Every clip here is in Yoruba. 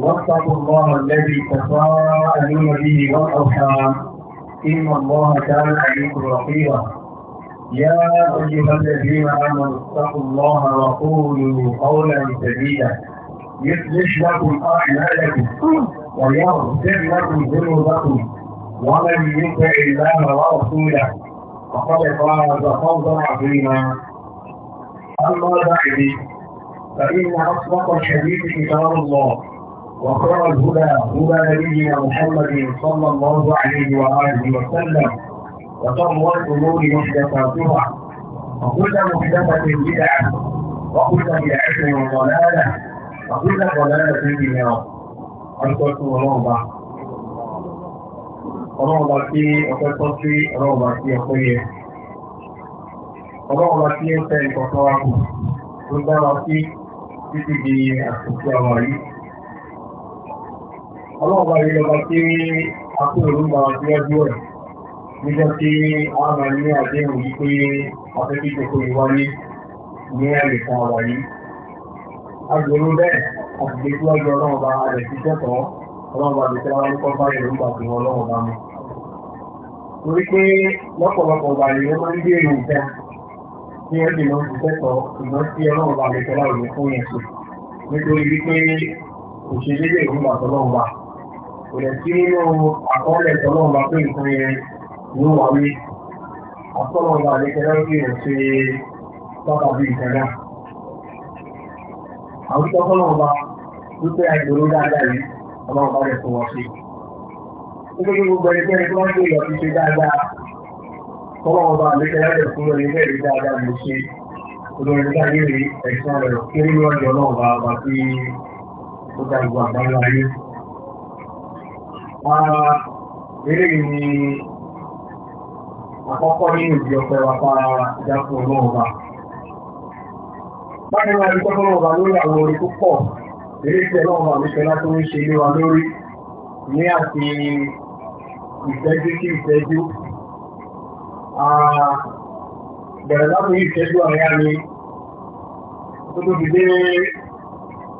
واتقوا الله الذي تساءلون به والارحام ان الله كان عليكم رقيبا يا ايها الذين امنوا اتقوا الله وقولوا قولا سديدا يصلح لكم اعمالكم ويغفر لكم ذنوبكم ومن يطع الله ورسوله فقد فاز فوزا عظيما اما بعد فان اصدق الحديث كتاب الله وقرأ الهدى هدى نبينا محمد صلى الله عليه واله وسلم وشر الامور محدثاتها وكل محدثه بدعه وكل بدعه ضلاله وكل ضلاله في النار أشكركم الله روضة في tí ọpẹ́ tọ́ sí ọlọ́run bá tí ọpẹ́ yẹ ọlọ́run bá في ó fẹ́ ọlọ́ọ̀bá ilẹ̀ ọba tí akóòlù máa fi ọjọ́ ẹ̀ níjọ́ tí a máa ní àdéhùn wípé afẹ́fẹ́ ìjọkọ̀ ìwáyé ní ẹ̀rẹ̀ kan wà yìí. agbèrò bẹ́ẹ̀ àtìgbèjú ọjọ́ ọlọ́ọ̀bá rẹ̀ ti kẹ́kọ̀ọ́ ọlọ́ọ̀bá rẹ̀ tí wọ́n kọ́ bá ìlú gbà fún ọlọ́ọ̀bá mi. torí pé lọ́pọ̀lọpọ̀ ọba yìí wọ́n máa ń béèrè nǹkan tí wọ́n sì máa ń fi kẹ́kọ̀ọ́ ìmọ̀ sí ọlọ́ọ̀bá rẹ̀ tọ́lá ìlú fún yẹn nítorí kò lè sí nínú àkọọ́lẹ̀ ìtọ́nà ọba pé nǹkan yẹn ló wà wí àtọ́nà ọba àdékẹ́lẹ́ kí ẹ̀ ṣe tọ́ka bí ìtẹ́lá àwọn tọ́kọ́nà ọba wípé àìgbòrò dáadáa yìí ọba ọba rẹ̀ fún wọn sí nítorí gbogbo ẹni tẹ́lẹ̀ tó wá gbé ìlọ ti ṣe dáadáa tọ́nà ọba àdékẹ́lẹ́ rẹ̀ fún ẹni tẹ́lẹ̀ dáadáa ló ṣe rí ẹ̀sán rẹ̀ kéré lọ́jọ́ náà ọba àbá tí ó dá gbogbo àgbáyé ayé Eré ni àkọ́kọ́ nínú ìdí ọ̀pẹ́ wa fara ìjápọ̀ ọlọ́ọ̀bá. Báyìí wọ́n ìjọba ọlọ́ọ̀bá lórí àwọn orí púpọ̀, eré tí ọlọ́ọ̀bá mi fẹ́ láti ń ṣe lé wa lórí ní àti ìṣẹ́jú sí ìṣẹ́jú. Bẹ̀rẹ̀ láti ìṣẹ́jú àríyá ni tó tóbi dé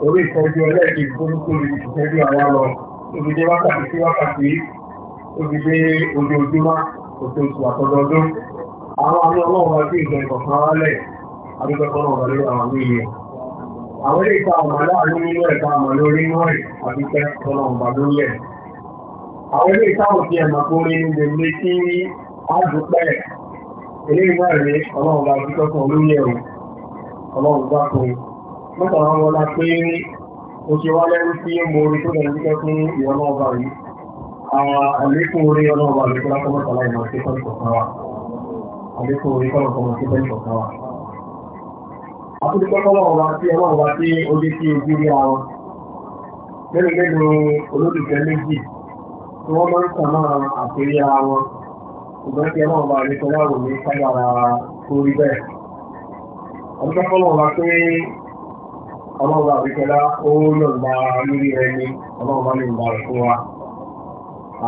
orí ìṣẹ́jú ẹlẹ́ẹ̀kì òdìdé wákàtí sí wákàtí òdìdé ojoojúmọ́ òtòtò àtọ́dọ́dún àwọn àmì ọlọ́run ọdún ìgbà ìkọ̀kan wálẹ̀ adúgbẹ́kọ́ náà àwọn àmì àwọn ilé ìta àmọ́ aláàánú nínú ẹ̀ka àmọ́ lórí inú ẹ̀ àbíkẹ́ ọ̀gbà lórí ẹ̀ àwọn ilé ìta òkè ẹ̀mà kó rí ní gbèmí tí àdúpẹ́ ilé ọlọ́run bá dúpẹ́ kan lórí ó ṣe wá lẹ́rú sí mo orí tó lẹ́rú pẹ́ fún ìwọ̀n ọba yìí àlékún orí ọ̀nà ọba yìí tó lápọ̀ mọ́tàlá ìmọ̀ sí pẹ́ ìkọ̀kan wa àlékún orí kọ́nà kọ́nà sí pẹ́ ìkọ̀kan wa. àtúndípẹ́ kọ́nà ọba tí ọlọ́run ọba tí ó dé sí ojú rí àwọn mẹ́rin mẹ́rin olódùfẹ́ méjì tí wọ́n máa ọlọ́ọ̀bá àbíkẹ́lá ó yọ̀gbà lórí ẹni ọlọ́ọ̀bá lè gbà fún wa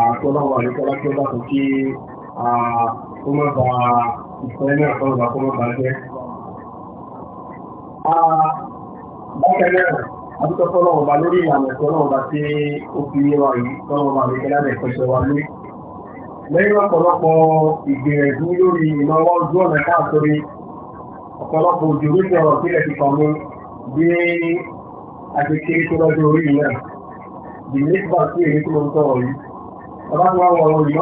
àti ọlọ́ọ̀bá àbíkẹ́lá tí ó bá kò kí ó má ba ìfẹ́ náà kọ́ ọ̀bá kó má ba jẹ́. bákan náà àdúgbò tọ́lọ́ọ̀bá lórí ìlànà tọ́lọ́ọ̀bá tí ó fi yé wa yìí tọ́lọ́ọ̀bá àbíkẹ́lá lè kọ́ṣẹ́ wa lé lẹ́yìn ọ̀pọ̀lọpọ̀ ìgbìyànjú lórí ìnáwó ojú ọ̀nà káàkiri ọ̀pọ̀lọpọ̀ òjò lójú ọ̀rọ̀ sílẹ̀ ti kàn mú bí agbèkéré tó lọ́jọ́ orí náà bí nípa sí èyí tó ń sọ̀rọ̀ yìí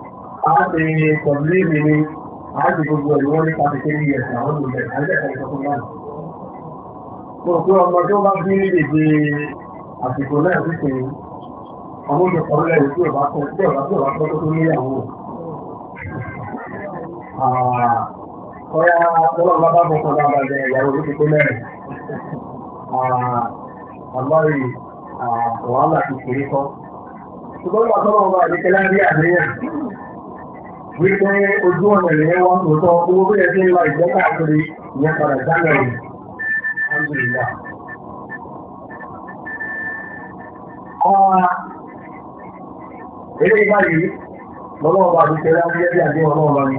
ọ̀rọ̀ yìí na wọn àti gbogbo ìwọ ní kàfẹ́tẹ́rì ẹ̀sìn àwọn olùgbẹ̀ àjẹ́kọ̀ọ́ ìtọ́kùn náà. Mo pé ọmọ tó bá bí ní èdè àsìkò náà ti pè é, ọmọ mi kọ̀ lẹ́yìn tí ọba kọ́ tí ọba tí ọba kọ́ tó tó níyàwó. Ọ̀yà ọlọ́run bá bá bọ̀kọ̀ náà bàjẹ́ ìyàwó ló ti pé mẹ́rin. Àgbáyé wàhálà ti pè é kọ́. Ṣùgbọ́n ìgbà tó lọ́wọ́ bá àdékẹ́lá rí àdéhùn. wípé ojú ọ̀nà ìyẹn wọn kò tọ́ owó bí ẹbí ńlá ìjẹ́ káàkiri padà jálẹ̀rì alhamdulillah ilé ìbáyìí lọ́lọ́wọ́ bá ti tẹ̀lé ayé bí àjẹ́ ni ọlọ́ọ̀lọ́ ni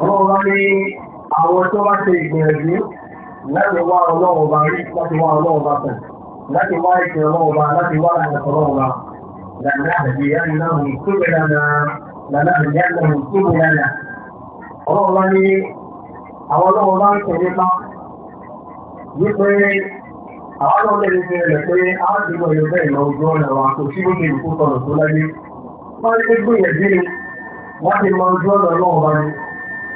Ọlọ́run bá ní àwọn tó bá ṣe ìgbìyànjú láti wá ọlọ́run bá rí láti wá ọlọ́run bá tẹ̀ láti wá ìṣẹ̀ ọlọ́run bá láti wá ìṣẹ̀ ọlọ́run bá. Làlá àdìyàn náà ń kúrò lánàá. Làlá àdìyàn náà ń kúrò lánàá. Ọlọ́run bá ní àwọn ọlọ́run bá ń tẹ̀ nípa wípé àwọn ọlọ́run lè fi rẹ̀ pé áàdìmọ̀ yóò bẹ́ẹ̀ lọ ojú ọ̀nà wa kò sí lóde ìkú sọ̀rọ̀ tó láyé. Wọ́n ti gbìyànjú ni wọ́n ti mọ ojú ọ̀nà ọlọ́run bá ní.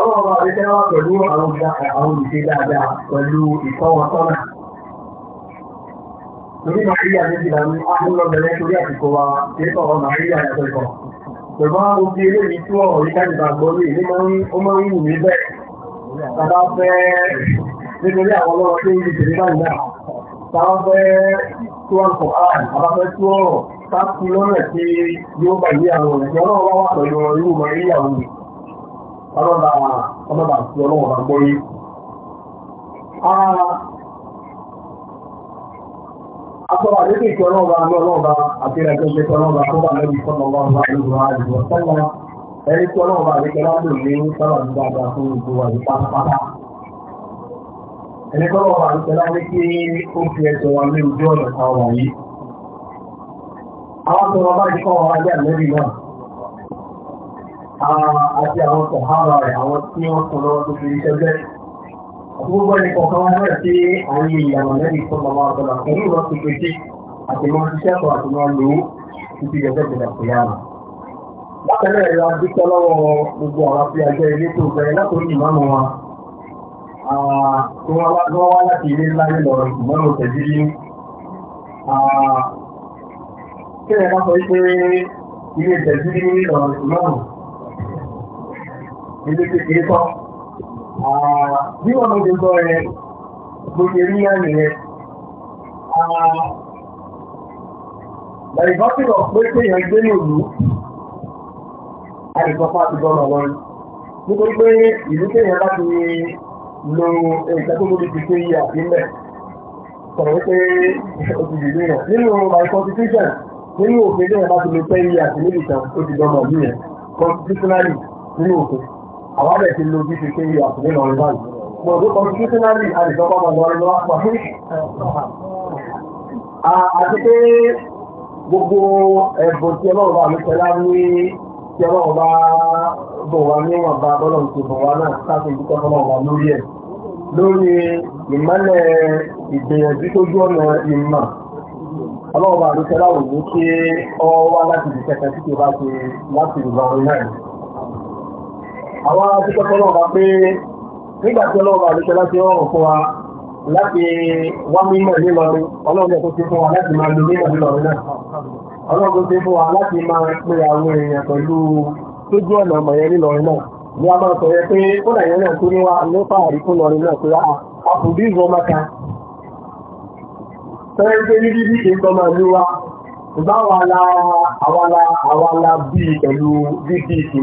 ọlọ́run àríkẹ́ wá pẹ̀lú àwọn ìṣe dáadáa pẹ̀lú ìfọwọ́sọ́nà torí màríyà ní ìlànà ní ápùlọ́bẹ̀rẹ̀ torí àsìkò wa tí sọ̀rọ̀ màríyà ẹ̀sọ̀ ìkọ̀ pẹ̀lú àwọn ojú eré yìí tí ọ̀rọ̀ yìí kájìbà gbọ́ ní ìlú ó máa ń wù àwọn ọlọ́run tó ń di tèmi báyìí náà bàbá fẹ́ tó wà kọ̀ á bàbá fẹ́ tó ọ̀rọ̀ sáàkù lọ́nà tí yóò bàyí àwọn ìjọ náà wá ọlọ́ba ọlọ́ba àti ọlọ́wọ̀ bá gbọ́ yìí. Àtọ́wà lédè ìkẹ́ ọlọ́ba ní ọlọ́ba àti ẹgbẹ́ ọlọ́ba tó wà lẹ́bí sọ́nà ọlọ́ba àlejò àlejò sọ́nà ẹni tí ọlọ́ba àlejò lọ́dọ̀ ní sọ́nà ní dáadáa fún ìgbò wà ní pátápátá. Ẹni tí ọlọ́ba àlejò lọ́dọ̀ kí ó fi ẹsẹ̀ wa ní ojú ọ̀nà àti àwọn sọ̀hárà rẹ̀ àwọn tí wọ́n sọ lọ́wọ́ tó fi iṣẹ́ bẹ́ẹ̀. àti gbogbo ẹni kọ̀ọ̀kan wọn náà sí àwọn ìyàwó lẹ́bi tó lọ máa tọ́lá pẹ̀lú ìwọ́n ti pété àti máa ṣiṣẹ́ kan àti máa lò ó títí ẹgbẹ́ ìjọba kò yára. látẹ́lẹ̀ ẹ̀rọ adúpẹ́ lọ́wọ́ gbogbo àwọn afi àjọ ilé tó bẹ̀rẹ̀ látòrí ìmáàmù wa tí wọ́n wá láti ilé ńlá nílọ ìmọ̀ràn tẹ̀síbí. kí ni wọ́n sọ wípé ilé tẹ̀síbí nílọ ìmọ̀ràn ilé kékeré tán. Ah, bí wọ́n lóde gbọ́ rẹ̀ gbogbo rí àmì rẹ̀. Lẹ́yìnbá tí lọ pé kéèyàn gbé ní òlú, a lè sọ fún àtijọ́ ọ̀nà wọn. Nítorí pé ìlú kéèyàn bá ti lo nǹkan tó lórí ti pé iye àbílẹ̀. Sọ̀rọ̀ wípé o ti dìde yàn. Nínú my constitution, nínú òfin kéèyàn bá ti lo pé iye àbílẹ̀ ìtàn tó ti nínú òfin àwọn àbẹ̀ ti lo bí ṣe pé àtúndé lọ rí báyìí mo rò constitutionally àdìsọ́pá máa lọ rí lọ́wọ́ pọ̀ sí. àti pé gbogbo ẹ̀bùn tí ọlọ́run bá mi tẹ́lá ní tí ọlọ́run bá bọ̀ wá níwọ̀n bá bọ́lọ̀ ti bọ̀ wá náà káfí ìdúpẹ́ ọlọ́run wá lórí ẹ̀ lórí ìmọ́lẹ̀ ìgbìyànjú tó jú ọ̀nà ìmọ̀ ọlọ́run bá mi tẹ́lá òní kí ọ wá láti ìdíkẹ́kẹ́ tí kò bá ti láti ìgbà orí náà àwọn akẹ́kọ̀ọ́ tọ́lọ̀ wá pé nígbà tí ọlọ́run àdúgbò láti rọrùn fún wa láti wá mímọ̀ nílọrin ọlọ́run tó ti fún wa láti máa lo mímọ̀ nílọrin náà ọlọ́run tó ti fún wa láti máa àwọn èèyàn pẹ̀lú ọ̀nà náà ni a máa sọ pé ó nà yẹn tó ní wa ló fàárí fún náà pé a kò bí ìwọ máa pé ní bíbí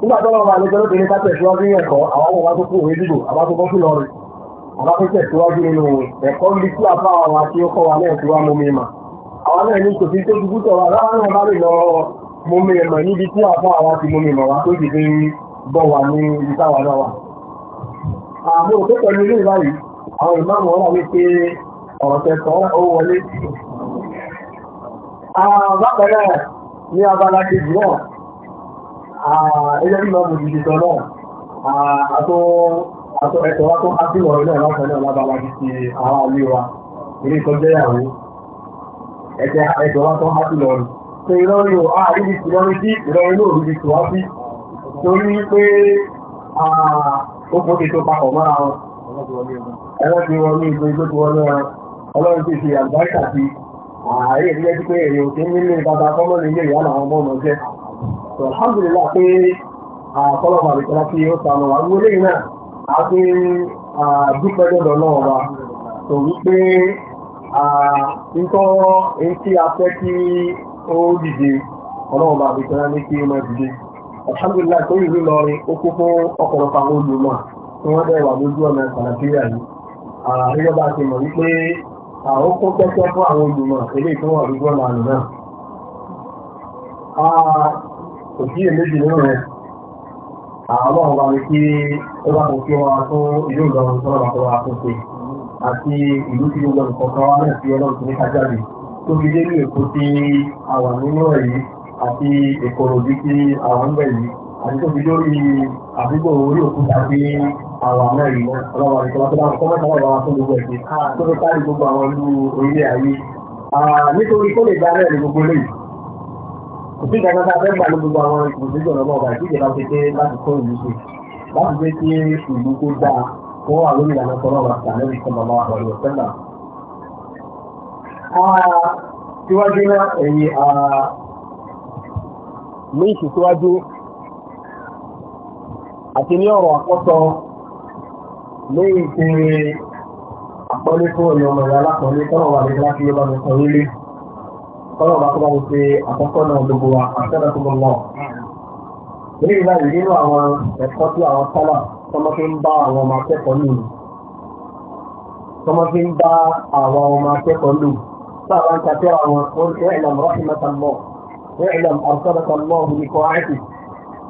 nígbà tó lọ́wọ́ àlejò lóbìnrin ká tẹ̀síwájú ní ẹ̀kọ́ àwọn ọmọ wa tó kúrò nídìbò àwọn tó kọ́kú lọ rẹ̀ àwọn tó tẹ̀síwájú nínú ẹ̀kọ́ bí tí àbá àwọn àti ọkọ̀ wa náà ti wá mú mímà àwọn náà ní kòtí tó dúdú tọ̀ wá láwọn náà bá lè lọ mú mímà níbi tí àbá àwọn ti mú mímà wá tó sì fi bọ̀ wà ní ibi táwa náà wà. àmọ́ òkè pẹ̀lú ilé ìbáyìí àwọn ìmáàmù ọ̀rọ̀ mi pé ọ̀rọ̀ tẹ̀sán ó wọlé. àwọn bákan náà ní abala kejì náà ẹgbẹ́ ìmọ̀ òjìjì sọ náà àtọ́ ẹ̀kọ́ wá tó ápí ọ̀rọ̀ náà láti ọ̀nà lábàbà ti ti àwọn ilé wa ilé tó jẹ́ ìyàwó ẹ̀kọ́ wá tó ápí lọ́rùn pé ìrọ̀rí o àríbi ah, ti lọ́rí sí ìrọ̀rí náà rí ti wá sí torí pé ah, ó kó ti tó papọ̀ mọ́ra wọn ẹ̀rọ ti wọlé ìgbé igbó ti wọlé wọn ọlọ́run ti fi àgbáríkà sí ààrẹ ah, ìdílé ti pé èrè òkè nílé bàbá kọ́mọ́ nílé ìyá làwọn ọmọ ọmọ jẹ́ alhamdulillah pé àkọlọ́pàá a pé àdúpẹ́ dọ́dọ̀ náà wa tó wípé nǹkan a fẹ́ kí ó dìde ọlọ́ọ̀bà àbíkọ́ láti kí ó máa dìde alhamdulillah tó ìlú lọrin ó kún fún ọ̀pọ̀lọpọ̀ àwọn olùmọ̀ tí wọ́n dẹ̀ wà lójú ọ̀nà nàìjíríà yìí àríyọ́bá ti mọ̀ wípé àwọn kò sí èméjì nínú rẹ̀ àwọn ọba mi kí ó bá kún kí wọn fún ìlú ìlọrin tó rọrùn tó wà fún pé àti ìlú tí ó lọrùn kọ̀ọ̀kan wá náà sí ọlọ́run tó ní kájáde tó fi dé ní èkó tí a wà nínú ẹ̀ yìí àti ìkòròdú tí a wà ń bẹ̀ yìí àti tó fi lórí àdúgbò orí òkúta tí a wà náà yìí ọlọ́run àti ìkọlá tó bá kọ́ mẹ́ta wà wá fún gbogbo ẹ̀sìn tó fi kárí gbogbo àwọn ìlú orílẹ̀ ayé nítorí kó lè dá náà ní gbogbo lẹ́yìn kò sí ìdájọ́ tá a fẹ́ gbà ní gbogbo àwọn ìgbòsíjọ lọ́wọ́ ọ̀gá ìdíje bá ṣe pé láti kó ìlú ṣe láti gbé sí ìlú tó dáa kó wà lórí ìlànà tọ́lọ́ wa tà lórí ìṣẹ́ bàbá wa ọ̀rọ̀ sẹ́lá. síwájú náà ẹ̀yìn ní ìṣèṣíwájú àti ní ọ̀rọ̀ àkọ́tọ̀ ní ìṣe àpọ́lé fún ọ̀yọ́ ọmọ ìyá alákọ̀ọ́lé tọ́lọ̀ wà lórí láti yọba mi sọ nílé kọ́lọ̀ bá kọ́ bá mi ṣe àkọ́kọ́ náà gbogbo wa àtẹ́rẹ́ tó lọ. Ní ìgbà yìí nínú àwọn ẹ̀kọ́ tí àwọn sálà tọmọ fi ń bá àwọn ọmọ akẹ́kọ̀ọ́ lù. Tọmọ fi ń bá àwọn ọmọ akẹ́kọ̀ọ́ lù. Sábà ń tàtẹ́ àwọn ìlànà rọ́ṣìmọ́ta lọ. Ìlànà àrùsọ́dọ̀ta lọ ní kọ́ àìsí.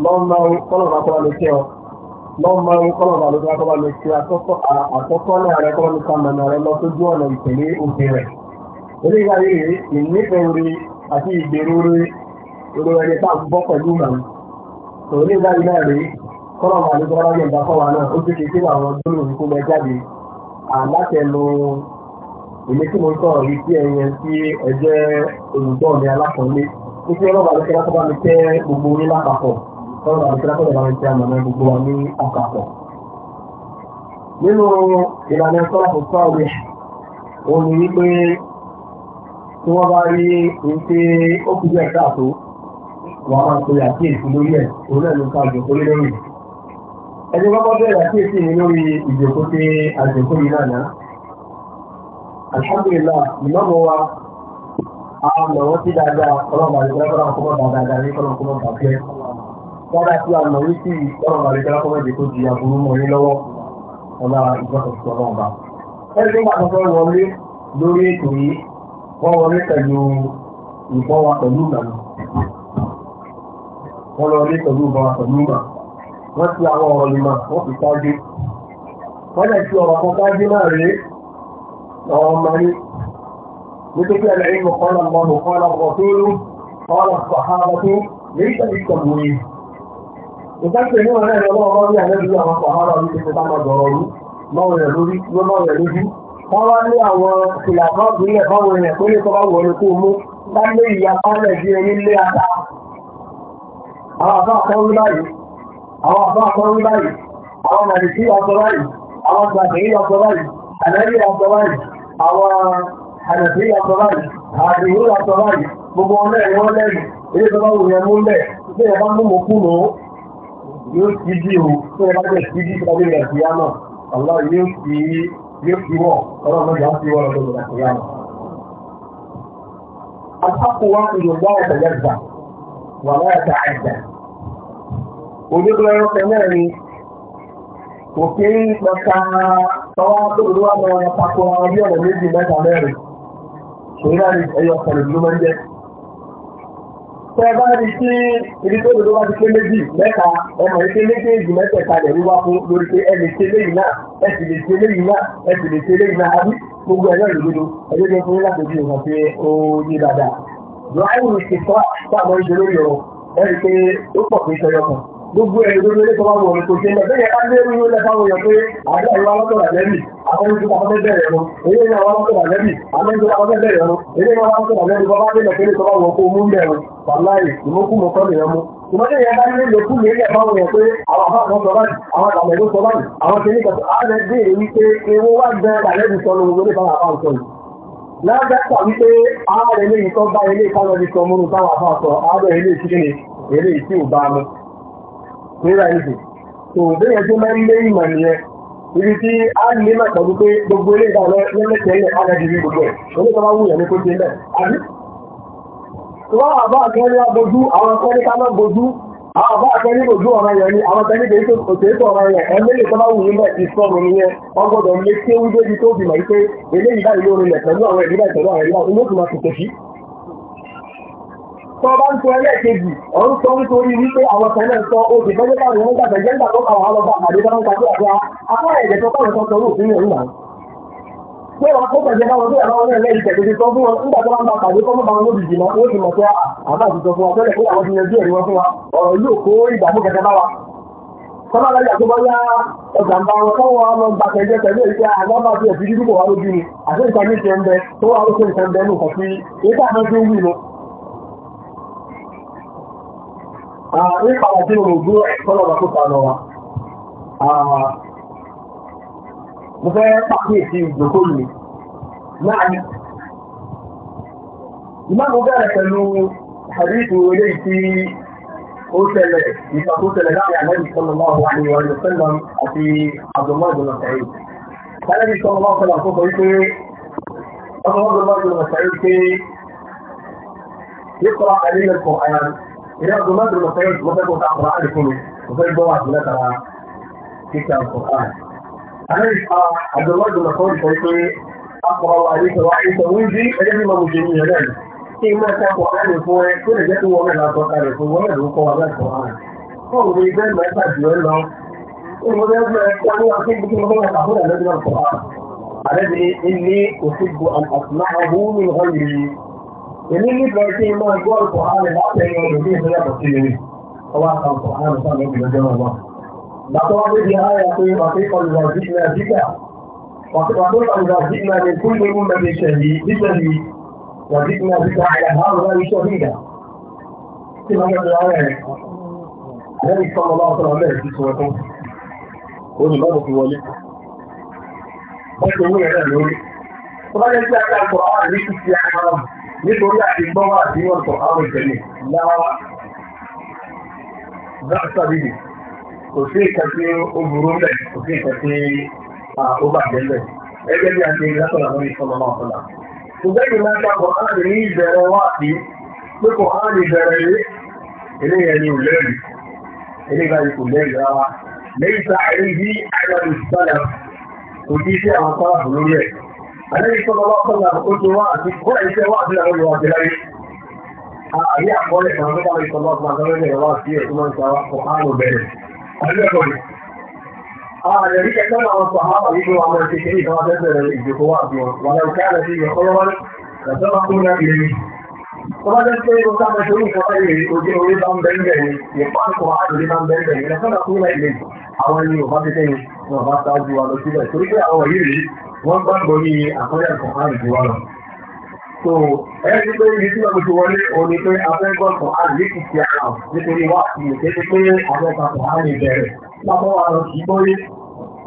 Lọ́mọ onígbà yìí rí ìnífẹ̀ẹ́ orí àti ìgbèrú orí orí ẹni tá à ń bọ́ pẹ̀lú màá tó onígbà yìí náà rí kọ́nà màá ní kọ́nà yẹn bá kọ́wà náà ó ti fi kí àwọn gbólóhùn kó lọ jáde àlátẹnu èmi tí mo sọ̀rọ̀ yìí sí ẹ̀yẹ sí ẹ̀jẹ̀ olùgbọ́ mi alákọ̀ọ́lé ó fi ọlọ́ba ló kẹ́lá tó bá mi tẹ́ gbogbo orí lápapọ̀ ọlọ́ba ló kẹ́lá tó bá mi tẹ́ àmọ́ gbogbo wa ní àpapọ̀ nínú tí wọ́n bá rí oúnjẹ ó fi jẹ́ káàtó wọ́n máa ń pe àkíyèsí lórí ẹ̀ òun náà ló ka àjòkó lé lórí. ẹni kọ́kọ́ bẹ̀rẹ̀ àkíyèsí mi lórí ìjòkó tí àjòkó yìí náà ná. àṣàbìlá ìmọ̀mọ̀ wa àwọn ọmọ wọn ti dáadáa ọlọ́mọ àti ìjọba náà kọ́mọ̀ dáadáa ní kọ́mọ̀ kọ́mọ̀ bàbẹ́. wọ́n á ti àmọ̀ wí sí ọlọ́mọ àti ìjọba kọ́mọ̀ jẹ́ kó di aburú mọ́ wọ́n wọlé pẹ̀lú ìbọn wa pẹ̀lú ìgbà wọ́n lọ rí pẹ̀lú ìbọn wa pẹ̀lú ìgbà wọ́n ti àwọn ọ̀rọ̀ ìmọ̀ wọ́n fi ṣáájú wọ́n lè fi ọ̀rọ̀ kan ṣáájú náà rí ọ̀rọ̀ ọmọ ní nítorí ẹ̀lẹ́ ìmọ̀ kọ́lá mọ́nù kọ́lá ọ̀tọ́rú kọ́lá fàhálàtú nígbà ìkọ̀wé ìtàkùn ní ọ̀rẹ́ ẹ̀rọ ọmọ ní àlejò àwọn fàhálà ní ti fi bá máa dọ̀rọ̀ wọ́n wá ní àwọn ìlànà ìbílẹ̀ fáwọn èèyàn tó lè kọ́kọ́ wọlé kó mú bá ìyá pálẹ̀ sí ẹni lé ata àwọn àbá àkọ́rí báyìí àwọn àbá àkọ́rí báyìí àwọn màlìkí ọ̀sọ̀ báyìí àwọn gbàgbé ọ̀sọ̀ báyìí báyìí àwọn àdẹ̀sí ọ̀sọ̀ báyìí àdìyó ọ̀sọ̀ báyìí yóò fi wọ́ ọlọ́run yóò fi wọ́ ọlọ́run lọ́dọ̀ ìyá rẹ̀. Àtàkù wa ń lò wá ọ̀tọ̀ lẹ́gbà wà láyàtà ẹ̀dà. Onígbọ́n ọ̀tọ̀ náà ni kò kí ń lọ́ta tọ́wọ́ tó lọ́wọ́ àwọn ọ̀pàpọ̀ àwọn ọ̀rẹ́ méjì mẹ́ta mẹ́rin. Ṣèyí náà ni ẹyọ ọ̀sẹ̀ lè tẹ bá rí sí ibi tó dodo bá ti pé méjì mẹ́ta ọmọ yìí pé méjèèjì mẹ́tẹ̀ẹ̀ta rẹ̀ wíwá fún lórí pé ẹ lè ṣe léyìí náà ẹ sì lè ṣe léyìí náà ẹ sì lè ṣe léyìí náà àbí gbogbo ẹ̀ náà lòdodo ẹgbẹ́ jẹ́ fún láti ojú ìwọ̀n pé ó yé dáadáa. lọ́wọ́ àìwòrán ti tọ́ àtàwọn ìṣòro yọ̀rọ̀ ẹ rí pé ó pọ̀ pé sọ́yọ́ kan. gbogbo ẹ̀rọ lórí tó bá wọ̀ ní kò ṣe lọ bẹ́ẹ̀ ká lérú yóò lẹ́fà wọ̀ pé àjọ àwọn alátọ̀ àlẹ́bì àwọn ìjọba ọmọdé bẹ̀rẹ̀ lọ èyí ni àwọn alátọ̀ àlẹ́bì àwọn ìjọba ọmọdé bẹ̀rẹ̀ lọ èyí ni àwọn alátọ̀ àlẹ́bì bọ́ bá délẹ̀ pé tó bá wọ̀ kó mú ń bẹ̀rẹ̀ wàláì ìmúkúmọ̀ kọ́ nìyẹn mú yẹn bá nílé nígbà níbi tó bẹ́ẹ̀ tó máa ń lé ìmọ̀ nìyẹn ibi tí a lè máa pẹ̀lú gbogbo ilé ìgbà rẹ lẹ́lẹ́kẹ̀ẹ́ ilẹ̀ alájì ní gbogbo ẹ̀ oníkan máa wúyàn ní kó ṣe náà àbí. wọ́n àbá àkẹ́rẹ́ abojú àwọn akẹ́rẹ́ ká máa bojú àwọn àbá àkẹ́rẹ́ bojú yẹn ni àwọn akẹ́rẹ́ yẹn lè sábà wù nìyẹn kéwú débi tó tó bá ń sọ ẹlẹ́ẹ̀kejì ọ̀run sọ nítorí wípé àwọn kan náà sọ oṣù tó jẹ́ káwọn ìwọ́n gbàgbẹ́ jẹ́ nígbà tó kàwọn alọ́gbà àdé bá ń gbàgbé àgbà apá ẹ̀jẹ̀ tó káwọn sọ sọrú òfin yẹn nà. pé wọn kó gbàgbé káwọn tó yàrá wọn náà lẹ́yìn tẹ̀gbẹ́sẹ̀ sọ fún wọn nígbà tó bá ń bá pàdé kọ́ mọ́ba wọn lóbi jìnnà ó sì mọ̀ pé àbá àtijọ́ fún wa tẹ́lẹ̀ pé àwọn ti yanjú ẹ̀rí wọn fún wa ọ̀rọ̀ yóò kó ìdààmú kẹta bá wa kọ́lá lọ́jà tó bá yá ọjà ń bá wọn kọ́ wọn lọ tẹ̀lé ìṣẹ́ àgbàbà tí ẹ̀sìn dídúgbò wà lójú ni àti ìta ní ìṣẹ́ ń bẹ tó wà lókè ìṣẹ́ ń bẹ ní nǹkan sí èyí tá a fẹ́ fi lọ nípa tí mo gbó ẹ̀kọ́lọ̀ bá tó pàánà wa mo fẹ́ pàkíyèsí ìgbòkó yìí náà ni ìmáàmù bẹ̀rẹ̀ pẹ̀lú àríkù eléyìí tí ó ṣẹlẹ̀ ìfà tó ṣẹlẹ̀ láàrin àmẹ́rì sọ́nà máa wà ní ìwà ìlúfẹ́nà àti àdùnmọ́dùnà sẹ́yìn sẹ́lẹ̀bí sọ́nà máa fẹ́lá tó sọ wípé ọdún mọ́dùnmọ́dùnà sẹ́yìn pé yíkọ́ àrílẹ̀kọ̀ àyàrí ìyá àgbo mẹ́rin mo fẹ́ mo fẹ́ kó ta àkùrá àdì fún mi mo fẹ́ gbọ́ àti lẹ́ta kíkà àkùrá. àlẹ́ ìfà àgbo mẹ́rin mo fẹ́ sọ pé àkùrá wa ní sọ wá ìtọ̀wé bí ẹgbẹ́ mi máa mo jẹ nìyẹn náà kí n máa ta àkùrá àdì fún ẹ kó lè jẹ́ kí wọ́n mẹ́rin àkọ́ kalẹ̀ fún wọ́n mẹ́rin kọ́ wa lẹ́kọ̀ọ́ àná. fọ́ọ̀mù mi bẹ́ẹ̀ mẹ́ta jù ẹ lọ Àlẹ́ ni ilé òṣèlú àmàlà ọ̀hún ní ọ̀hún yìí èmi nífẹ̀ẹ́ sí iná ẹgbẹ́ ọ̀pọ̀ ààrẹ látẹ̀yìn ọdún ní ìpínlẹ̀ kò sí rí ọba kan ọ̀pọ̀ ààrẹ sáà lọ́pọ̀ lọ́jọ́ ọ̀gbọ́n. Bàtọ́ wá dé di ààrẹ pé wàtí kọlùwà jíjìnà jíjà wàtí kọlùwà jíjìnà ní fún ewu mẹ́rin ṣẹ̀lì níṣẹ̀lì wà jíjìnà jíjà àyà ààrùn láì sọ nígbà. Tí wọ́n fẹ́ ààrẹ lẹ́yìn sọ́mọ bá sọ̀rọ̀ mẹ́rin ti sọ ẹ̀kọ́. Olùbọ́dọ̀ fi wọlé. Wọ́n ti wúyẹ̀ náà lórí. Wọ́n bá yẹ kí a ká nítorí àti gbọ́wà àti wọ́n sọ àwọn ìtẹ̀lẹ̀ láwá dáṣàbìdì kò sí ìkan tí ó burú mẹ́ kò sí ìkan tí ó bà jẹ́ mẹ́ ẹgbẹ́ bí a ti rí lásọ̀rọ̀ àwọn ìfọ̀nà náà fọ́nà ṣùgbọ́n ìlú máa ń ta kọ̀ á lè ní ìbẹ̀rẹ̀ wá sí pé kọ̀ á lè bẹ̀rẹ̀ ilé eléyẹ ni ò lẹ́rìí eléyẹ báyìí kò lẹ́rìí rárá lẹ́yìn tá àìrí yí àyàlù sálà kò kí sí àwọn sábà Àlẹ́yìn tó lọ́wọ́ fún àwọn ojú wá àti kó ẹ̀ṣẹ́ wá àti àwọn olùwà jẹ́ láyé. Àyé àkọọ́lẹ̀ kan tó báwọn ìtọ́lọ́ fún àwọn ẹgbẹ́ ìrọ̀lá sí ẹ̀ tó máa ń sọ àwọn àrùn bẹ̀rẹ̀. Àlẹ́ ẹ̀kọ́ ni. Ààrẹ rí kẹ́kẹ́ náà sọ àwọn ìlú àwọn ẹ̀ṣẹ̀ kiri ìkan fẹ́ bẹ̀rẹ̀ ìjòkó wà bí wọn. Wà lẹ́yìn káàrẹ̀ sí ìyẹn kọ́lọ́wọ́ ní ẹ̀sọ́ máa kún náà ìrìn. Tó bá jẹ́ pé ó sá mẹ́ṣẹ́ orí ìkan báyìí ojú orí bá ń bẹ́ẹ̀ bẹ́ẹ̀ ni, ìpánkọ̀ àdúrí bá ń bẹ́ẹ̀ bẹ́ẹ̀ ni, ẹ̀sọ́ máa kún náà ìrìn. Àwọn ẹni ò bá ti tẹ́yìn, wọn bá ṣáájú wa lọ síbẹ̀. Torí pé àwọn yìí rèé wọ́n gbàgbọ́ ní àkọ́lẹ̀ ìkọ̀kọ́ àrùjọ wa lọ. So ẹni pé ibi tí wọ́n ti wọlé òní pé afẹ́gbọ́n kan á lè kìí àwọn nítorí wà sí ìkéde pé afẹ́gbọ́n kan á lè bẹ̀rẹ̀. Lábọ́ wa lọ sí bóyé.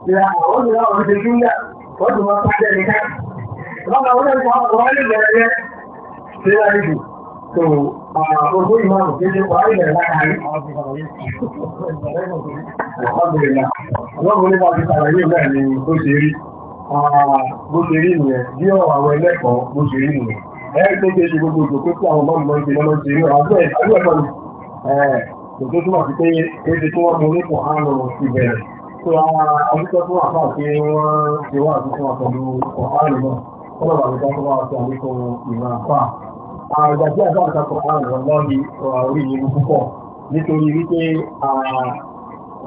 Ṣé àwọn ti láwọn ṣe wọ́n ti wọ́n pàdé ní ká. Lọ́nà wọlé ìwà ọ̀rọ̀ lè bẹ̀rẹ̀ yẹn. Ṣé wàá nìbò? So gbogbo ìmọ̀ràn kéde wà á ilẹ̀ láàárín. Ọ̀gbìn ìlà. Ọlọ́run ní bó ṣe rí nìyẹn bí ọ̀rọ̀ àwọn ẹlẹ́kọ̀ọ́ bó ṣe rí nìyẹn ẹ̀ẹ́ tó ṣe ṣe gbogbo ìjòkó tí àwọn ọmọ ìgbẹ́ ìgbẹ́ lọ́ọ́ ṣe rí ọ̀rọ̀ àgbẹ̀ ẹ̀kọ́ ni kò tó túmọ̀ sí pé kéde tí wọ́n mú nípò àánú ìbẹ̀rẹ̀ tó ara ọdún tó wà fún àti wọ́n ti wà àti fún àpẹ̀lú ọ̀hánì náà wọ́n lọ́wọ́ àti tó wà àti àlékún ìwà àpá. àgbà tí àgbà àti àpò àánú wọn lọ́ọ̀dì orí ìlú púpọ̀ nítorí wípé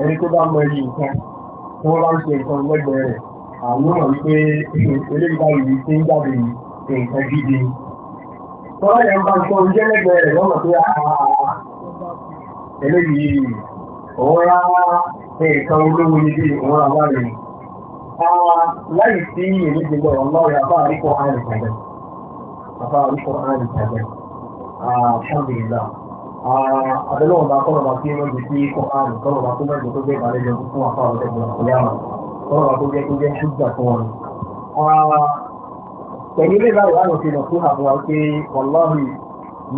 ẹni tó bá mọ ẹyí nǹkan tí wọ́n bá ń ṣe nǹkan lẹ́gbẹ̀ẹ́ rẹ̀ àwọn náà wípé olóògbà yìí ti ń jáde nǹkan gidi tọ́lá yẹn bá ń sọ oúnjẹ lẹ́gbẹ̀ẹ́ rẹ̀ lọ́nà tó yà á eléyìí òun rá nǹkan olówó ní bí òun rà wá rèé láì sí èmi gbogbo ọ̀rọ̀ náà rẹ̀ àbá àríkọ̀ àrùn ìtàgẹ̀ àbá àríkọ̀ àrùn ìtàgẹ̀ àṣàbìlá àbẹ̀lọ́wọ̀n bá kọ́nà bá sí ẹgbẹ́ sí kọ́ àrùn kọ́nà bá tó mẹ́jọ tó gbé ìbàlẹ́jọ fún àfáà ọ̀dẹ́gbọ̀n kò yára ọ̀rọ̀ àkójẹ́ tó jẹ́ ṣúgbà fún wọn. pẹ̀lú ilé ìbáwọ̀ láwọn fi hàn fún àwọn pé ọlọ́run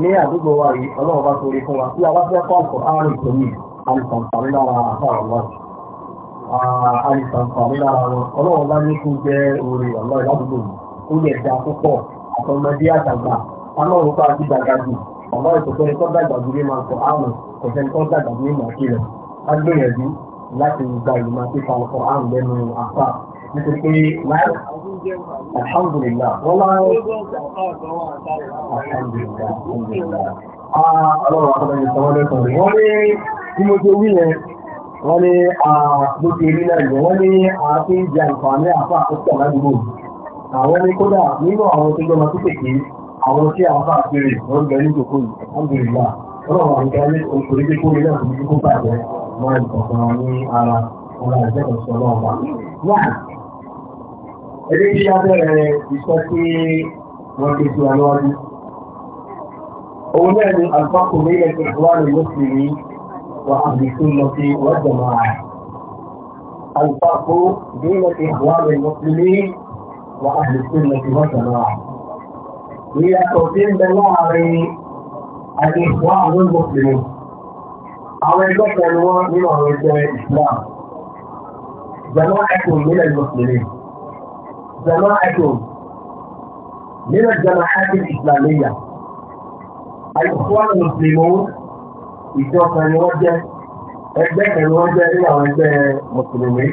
ní àdúgbò wa yìí ọlọ́run bá torí fún wa tí a bá fẹ́ kọ́ ọ̀pọ̀ àrùn ìtòmí àìsànfàmí lára àfa ọlọ́run àìsànfàmí lára wọn ọlọ́run bá ní kú jẹ́ orí ọlọ́run ládùúgbò yìí ó lè da púpọ̀ àtọmọdé àtàgbà ọlọ́run bá ti dàgbà jù ọlọ́run kò fẹ́ kọ́ dàgbà jù ní máa kọ àrùn kò fẹ́ kọ́ dàgbà jù ní màkì rẹ̀ á gbìyànjú láti gba ìmọ̀ pípa ọkọ̀ àrùn lẹ́nu àpá nítorí pé láì alhamdulillah wọ́n máa ń alhamdulillah alhamdulillah ọlọ́run akọ́bẹ̀rẹ̀ sọ wọ́n lẹ́kọ̀ọ́ rẹ̀ wọ́n ní bí mo ṣe wí yẹn wọ́n ní bó ṣe rí náà yẹn wọ́n ní àti ìjà ìfàmì àpá àkókò aládùúgbò àwọn ní kódà nínú àwọn tó jọmọ tó kékeré àwọn tí àwọn fàá kiri wọ́n gbẹ̀rẹ̀ ìjòkó yìí alhamdulillah ọlọ́run àgbẹ̀rẹ̀ oṣù mọ́ ìgbọ̀ngàn wọn ní ara ọ̀la ìjẹ́kọ̀ọ́ sí ọlọ́run wa. One, eré tí a bẹ̀rẹ̀ iṣẹ́ tí wọ́n ti fi ọlọ́ọ̀dún. Òun náà ni àgbákò nílẹ̀ tó wà ní Mùsùlùmí wà àbùkù lọ sí wọ́jọ̀ máa. Àgbákò nílẹ̀ tó wà ní Mùsùlùmí wà àbùkù lọ sí wọ́jọ̀ máa. Ìyàtọ̀ tí ń bẹ láàárín àti àwọn Mùsùlùmí àwọn ẹgbẹ́ kan ni wọ́n nínú àwọn ẹgbẹ́ Islam jama ẹkùn nílẹ̀ mùsùlùmí jama ẹkùn nínú jama ẹkùn Islamiyya àìsàn mùsùlùmí ìjọ kan ni wọ́n jẹ́ ẹgbẹ́ kan ni wọ́n jẹ́ nínú àwọn ẹgbẹ́ mùsùlùmí.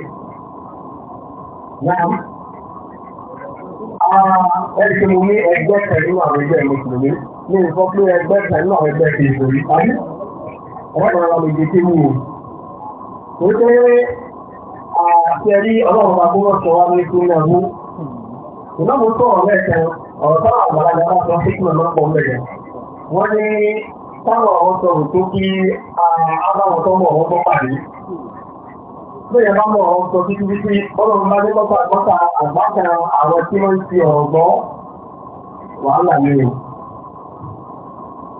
Náà ẹni tí mo ní ẹgbẹ́ kan nínú àwọn ẹgbẹ́ mùsùlùmí ní ìfọ́pẹ́ ẹgbẹ́ kan nínú àwọn ẹgbẹ́ kìí ọ̀rọ̀ àwọn ìgbésẹ̀ mú o. Ó pé àṣẹrí ọlọ́run bá gbọ́dọ̀ sọ wá ní ìpínlẹ̀ mú. Ìná mo sọ ọ̀rẹ́ kan, ọ̀rọ̀ táwọn àgbàlagbà bá sọ fíkùn ọ̀nà pọ̀ mẹ́rẹ̀. Wọ́n ní táwọn ọ̀rọ̀ sọ̀rọ̀ tó kí abáwọn tó mọ̀ ọ̀rọ̀ tó pàdé. Bẹ́ẹ̀ bá mọ̀ ọ̀rọ̀ sọ títí títí, ọlọ́run bá ní lọ́pàá àgbọ́ta àgbákan àwọn tí wọ́n ń fi ọ̀rọ̀ gbọ́ wàhálà ní o.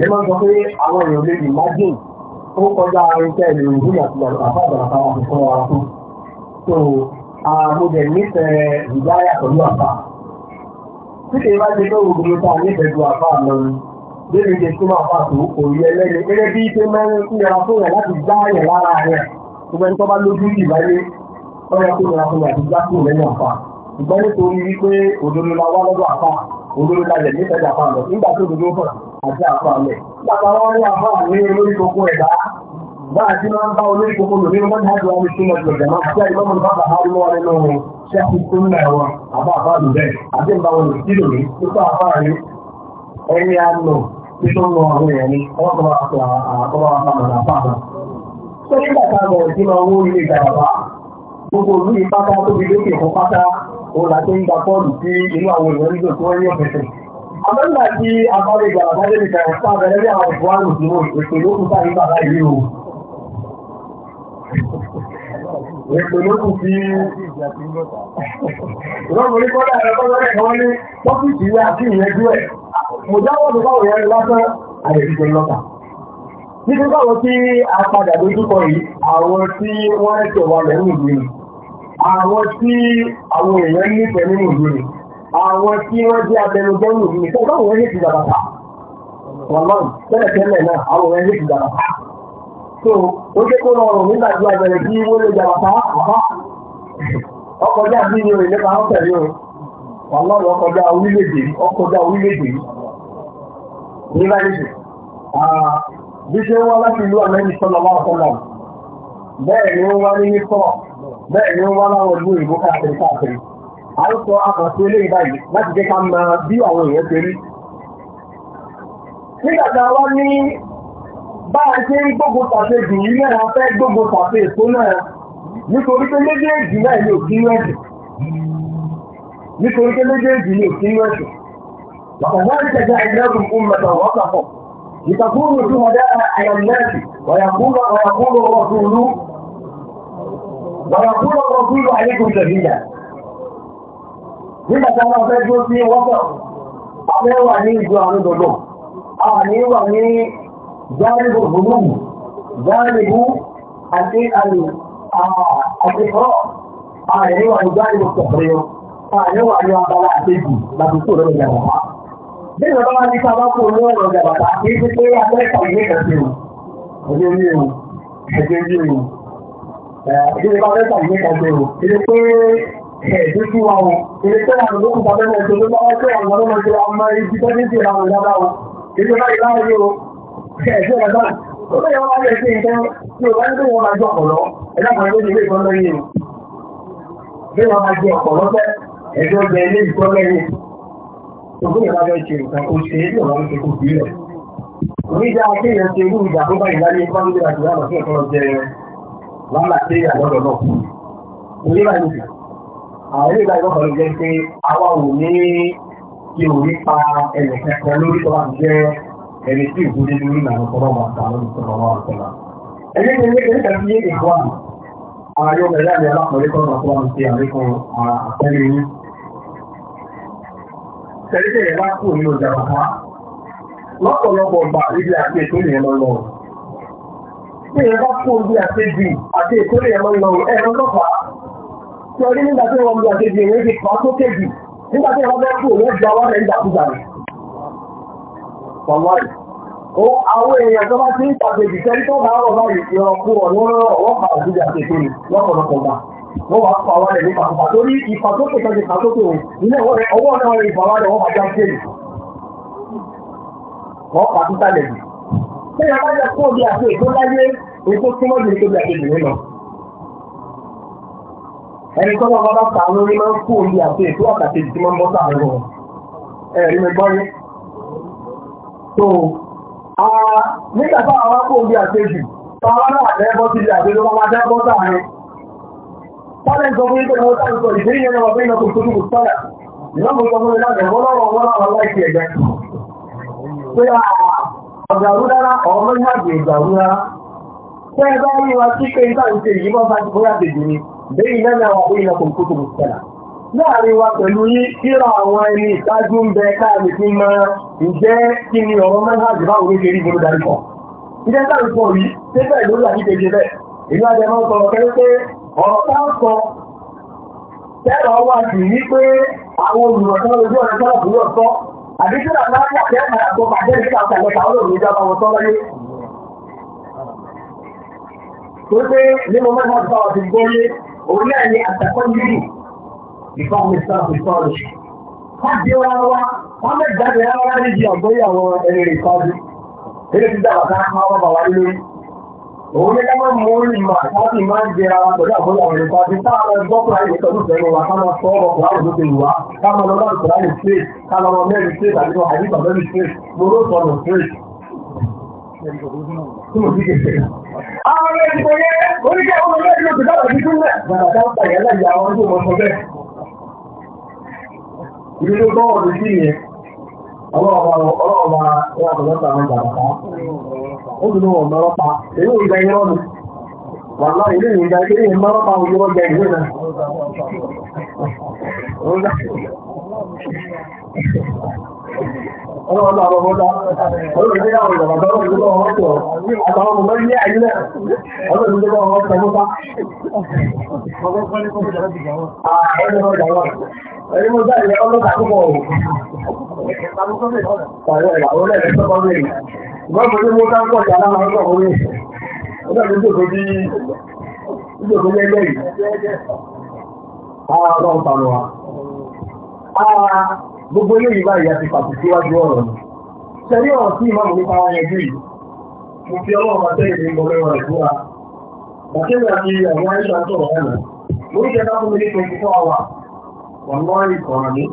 Ẹ máa ń sọ pé àwọn èèyàn lè imagine tó kọjá iṣẹ́ ìlú ìlú àti àbájára fáwọn àfikún wa fún. So, mo dẹ̀ nífẹ̀ẹ́ ìdáyà pẹ̀lú àbá. Títí bá ti pé ògùn ta nífẹ̀ẹ́ ju àbá lọ ni. Bébí ti súnmọ́ àbá tó kò yẹ lẹ́nu. Gẹ́gẹ́ bí pé mẹ́rin ń yẹra fún yẹn láti dá yẹn lára rẹ̀. Gbogbo ẹni tó bá lójú ìbáyé, ó yẹ kó yẹra fún yẹn àti dá fún yẹn ṣùgbọ́n nítorí wípé òdodo la wá lọ́dọ̀ àpá òdodo la yẹ̀ nífẹ̀ẹ́ àpá lọ nígbà tó òdodo fọ̀ àti àpá lẹ̀. Bàbá wọn ní àpá ní olórí kókó ẹ̀dá. Bá àti máa ń bá olórí kókó lò nínú mọ́ni àjọ àwọn ìṣúná ìjọ ìjọba àti àìbá mọ́ni bàbá ha lọ́wọ́ nínú ṣé àti ìṣúná ẹ̀wọ̀n àbá àbá lù bẹ́ẹ̀ àti ìbá wọn lò sí lòmí nípa àpá gbogbo olú yìí pátá tó fi lókè fún pátá òun láti ń gba bọ́ọ̀lù sí inú àwọn èèyàn nígbà tí wọ́n yẹ̀ pẹ̀tẹ̀. àbẹ́lá tí abáwé ìgbàlá bá débi kan fún abẹ́rẹ́ bí àwọn ìfowó àrùn sí wọn èpè ló kù sáà nígbà láì rí o. èpè ló kù sí. ìrọ̀rùn orí kọ́dà ẹ̀rọ kọ́dà rẹ̀ kan ní tọ́kìtì yá sí ìyẹjú ẹ̀. mo jáwọ́ mi báwo yẹn lásán àyẹ̀dìgbò lọ́ta. nítorí báwo tí a padà dojúkọ yìí àwọn tí wọ́n rẹ̀ tẹ̀ wà lẹ́yìn ìlú àwọn tí àwọn èèyàn nífẹ̀ẹ́ nínú ìlú ni àwọn tí wọ́n jẹ́ abẹnugbẹ́ nínú ìlú ni tó bá wọ́n yéèkì dàbàtà wọ́n tẹ́lẹ̀ tẹ́lẹ̀ náà àwọn èèyàn yéèkì dàbàtà so ó jẹ́ kó rọrùn nígbà tí a bẹ̀rẹ̀ kí wọ́n lè dàbàtà àbá ọkọjá bí ni òye nípa àwọn tẹ̀lé o wọ́n ọkọjá orílẹ̀-èdè ọkọjá orílẹ̀-èdè ní báyìí bí ṣe wọ́n láti ìlú àmẹ́ni sọ́nà bá ọ̀sán náà bẹ́ẹ̀ ni wọ́n wá ní ní sọ́ọ̀ bẹ́ẹ̀ ni wọ́n láwọn ìlú ìbò káàkiri káàkiri a ń sọ akọ̀sí eléyìí báyìí láti jẹ́ ká mọ bí àwọn èèyàn ṣe rí nígbà tá a wá ní bá a ṣe ń gbógun tàṣe jù yìí náà a fẹ́ gbógun tàṣe èso náà nítorí pé méjèèjì náà ni òkínú ẹ̀sìn nítorí pé méjèèjì ni òkínú ẹ̀sìn وكذلك جعلناكم أمة وسطا لتكونوا شهداء على الناس ويقول ويقول الرسول ويقول الرسول عليكم شهيدا nígbà tí wọ́n fẹ́ dúró sí wọ́pọ̀ àmẹ́wà ní ìjọ àwọn òdòdó àmẹ́wà ní jáàrìbò gbogbo jáàrìbò àti àtìkọ́ àmẹ́wà ní jáàrìbò pẹ̀lú àmẹ́wà ní abala àtẹ́jì láti kó lọ́rọ̀ ìjàmbá bí ìjọba wá ní sábà kó lọ́rọ̀ ìjàmbá kì í ti pé abẹ́ẹ̀kọ̀ ilé ẹ̀sìn ẹ̀jẹ̀ bí ẹ̀jẹ̀ bí ẹ̀jẹ̀ ìdílé bá fẹ́ sàgbé ìtàgbé o ìdílé pé ẹ̀ẹ́dí sí wa o ìdílé pé àwọn olókùn tàbí ọmọ ìṣòro bá wọ́n pé àwọn ọmọ ìṣòro ọmọ ibi tó ní ìṣòro àwọn ìdára o ìdílé bá ìlà ayé o ẹ̀ẹ́dí ọ̀dá ó lè wọ́n wáyé sí nǹkan tí o bá ń gbìyànjú àjọ ọ̀pọ̀lọ́ ẹ̀dá kan ló ní ilé ìtọ́ lẹ́yìn o bí wọ́n máa jẹ ọ̀pọ̀lọ́ fẹ́ ẹ̀dí ọ̀bẹ ilé ìtọ́ lẹ́yìn ògbóyè bá fẹ́ ṣe nǹkan wàhálà tí àlọ́dọ̀ náà kù. Ilé báyìí nìkan, àwọn ilé báyìí lọ́kọ̀ọ́ jẹ́ pé àwa ò ní kí o rí pa ẹnì kankan lórí tó wà jẹ́ ẹni tí ìbú nínú ìlànà tó náà wà tà lórí tó náà wà tẹ̀lá. Ẹni tí ilé kẹ̀kẹ́ fi yé ìkọ́ àmì, àwọn ayọ́ mẹ́lẹ́ àmì alákọ̀ọ́lé tó náà tó wà sí àlékún àtẹ́lẹ̀ yín. Tẹ̀lé tẹ̀lé bá kù nínú ìjàmbá. Lọ́pọ̀lọpọ̀ gbà níbi àti ètò ìyẹn lọ́wọ́ tí èyí bá kó bí àtẹ́jì àti ìkórè ẹ̀mọ́ ìlọ ẹ̀rọ lọ́pàá tí ọdún nígbà tí wọ́n bí àtẹ́jì èyí ti pa tó kéjì nígbà tí wọ́n bẹ́ kú òun gba wá rẹ̀ ìdàkúgbà rẹ̀. Wàláì, ó àwọn èèyàn tó bá ti ń pàtẹ́jì tẹ́lí tó bá rọ̀ báyìí ìrọ̀ kú ọ̀ lọ́rọ̀ wọ́n pa òbí àtẹ́jì lọ́pọ̀lọpọ̀ gbà. Wọ́n wá pa wá rẹ̀ ní pàtàkì torí ìfà tó pè tọ́jú ìfà tó pè òun. Ilé ọwọ́ náà ìfà wá rẹ̀ wọ́n bá já sí èyí. Wọ́n pa títà lẹ̀dì. Ṣé ìyá bá jẹ́ fún òbí àti èkó láyé èkó súnmọ́ ju ìtòbí àti ìdìbò lọ? Ẹni tó lọ́wọ́ bá ta lórí máa ń fún òbí àti èkó àkàtì tí máa ń bọ́ sáà lọ. Ẹ̀rí mi gbọ́ yé. So, nígbà táwọn wá fún òbí àti èkó, táwọn náà àtẹ́bọ́ sí ibi àti èkó máa dẹ́bọ́ sáàrin. Fọ́lẹ̀ ń sọ fún ìgbẹ́ ìwọ́n sáré sọ ìgbẹ́ ìyẹn lọ́wọ́ fún ìlọ́kùn ọ̀dàrú rárá láàrin wa pẹ̀lú yín kíra àwọn ẹni ìtajú ń bẹ káàmì fi mọ ǹjẹ́ kí ni ọ̀rọ̀ mẹ́jọ àjùbá òun ṣe gbogbo darí kan ǹjẹ́ yìí ṣé bẹ́ẹ̀ lórí àdíkejì bẹ́ẹ̀ èmi àti sọ̀rọ̀ àbí tí àwọn aláàbò ẹ̀ máa gbọ́ bàjẹ́ nípa àtàlẹ́ àwọn olóògbé ìjọba wọn tọ́lá yé. tó pé nínú mẹ́fà tó àwọn ti gbóyé òun náà ni àtàkọ́ yìí nípa àwọn ìsọ́ àti sọ́ọ̀lù. wọ́n di wọn wá wọ́n mẹ́ta jáde rárá níbi àgbóyàwó ẹni rẹ̀ òun ní káwọn mú orí mà láti máa ń jẹra wa pẹ̀lú àwọn ọmọ ìpa ti táàrà ẹgbọ́ kúráyè pẹ̀lú ìfẹ́nu wa ká máa sọ́ọ̀rọ̀ kúráyè tó ti wà ká máa lọ láti kúráyè ṣe ká lọ mẹ́rin ṣe tàbí lọ àyíká mẹ́rin ṣe mo ló sọ ọ̀nà ṣe. Àwọn ẹ̀sìn yẹn oníkẹ́ ọmọ ilé ìlú ti dábàá títún náà gbàgbà ká pàyẹ́ lẹ́yìn àwọn tó mọ sọ bẹ́ẹ̀. Ìdílé bọ́ọ̀lù sí yẹn, ó dùn wọn mọ́rọ́ pa èyí ìgbà irọ́ mi wàlá ilé ìgbà ilé ìmọ́rọ́ pa òyìnbó jẹ ìwé náà Ọlọ́run bá bọ̀ bọ́dá, ọlọ́run ní àwọn ìjọba tó ń gbọ́ wọn pọ̀, àtàwọn ọmọ mẹ́rin ní àyílẹ̀, ọlọ́run ní àwọn ọmọ ọmọ bá. Ọgbọ́n pẹ́lú kọ́ ìjọba ti gbà wọ́n. Ẹni mo dà wọ́n. Ẹni mo dá ilẹ̀ ọlọ́ta púpọ̀ o. Pàrọ̀ ẹ̀ àwọn ẹ̀rẹ́ tó bá wẹ̀. Ìgbọ́n mo ní mo dá ọlọ́ gbogbo ilé yìí báyìí àti pàtó síwájú ọ̀rọ̀ ni. Ṣẹ̀rí ọ̀rọ̀ sí ìmáàmù nípa wọn yẹn bíi mo fi ọlọ́run àti èdè ń bọ̀lẹ́ wọn ìfúnra. Bàtẹ́lẹ̀ àti àwọn àìsàn ń sọ̀rọ̀ ẹ̀nà. Mo ní kẹta fún mi ní twenty four hours. Wọ́n lọ ìkọ̀ràn ní.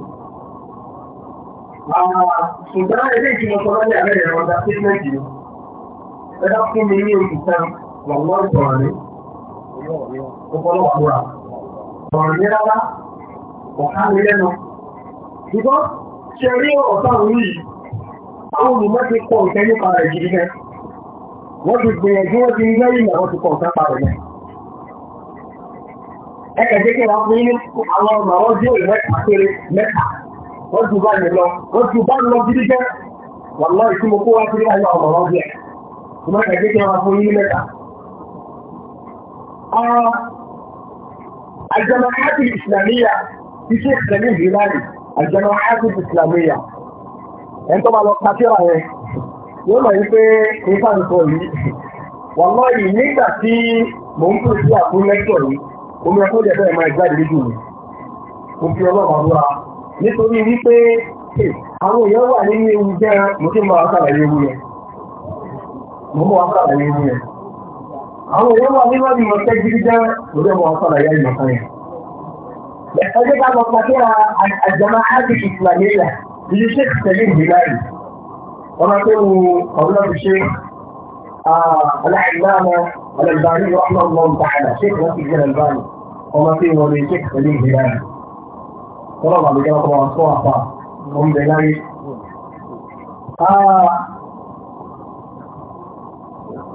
Ṣùgbọ́n ilé ìtumọ̀ sọ lọ́lẹ̀ àárẹ̀ ẹ̀rọ ọjà statement yìí. Ẹ̀dá fún mi ní oṣù kan, wọ́n lọ ìkọ̀ràn ní. Ọ̀pọ̀lọpọ̀ àbúrà. Ọ̀rọ̀ ní rárá, ọ̀ká mi lẹ́nu. Ṣùgbọ́n ṣe ọ̀sán ọ̀tá àwọn olùmọ́ pọ̀ ìfẹ́ nípa rẹ̀ gidi gan. Wọ́n ti gbìyànjú wọ́n ti ń lẹ́yìn ìyàwó ti pọ̀ ìfẹ́ parẹ̀ náà. Ẹ kẹ̀kẹ́ kí wọ́n fún àwọn ọmọ àwọn jẹ́ ìwé àpẹẹrẹ mẹ́ta. Wọ́n ju bá lọ, wọ́n ju bá lọ Wọ́n lọ ìtumọ̀ kó wá sí ọmọ wọn kí àjẹ́nà ágùn ìsìlàmìyà ẹni tó bá lọ kàtíra rẹ̀ yóò mọ̀ wípé nípa nǹkan yìí wọ́n lọ yìí nígbà tí mò ń pè sí àkún lẹ́kọ̀ọ́ yìí omi ẹ̀kọ́ jẹ́ bẹ́ẹ̀ máa jáde lójú mi mo fi ọlọ́run àbúrà nítorí wípé àwọn èèyàn wà nínú ewu jẹ́ mo ti mọ àkàlàyé ewu yẹn mo mọ àkàlàyé ewu yẹn àwọn èèyàn wà nínú ẹ̀mí mọ̀tẹ́ gidi jẹ́ mo jẹ́ mọ àkàlàyé ìmọ̀tán yẹn يحتاج بعض الفكرة عن الجماعات الإسلامية للشيخ سليم هلالي وما كانوا قبل الشيخ العلامة الألباني رحمه الله تعالى شيخ مسجد الألباني وما كانوا للشيخ سليم هلالي طبعا بجانب طبعا صورة هم بلاي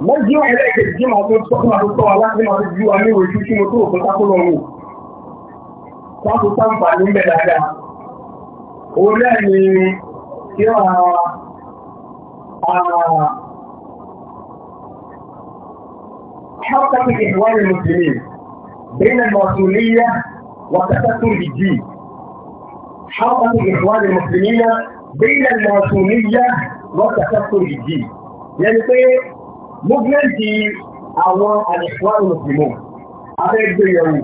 Lọ́jọ́ ẹ̀rẹ́ ìjẹ́ ìjẹ́ màá tó sọ́kùnmà tó tọ́ aláàbí màá tó ju àmì ìwòjú sí mo wọ́n tó sáǹfà ní bẹ̀ dáadáa. Ó lẹ́ni tí ó حركة إخوان المسلمين بين الموصولية وتكتل الجيل حركة إخوان المسلمين بين الموصولية وتكتل الجيل يعني pé movement àwọn àlèkùn àwọn mùsùlùmí abẹ́gbé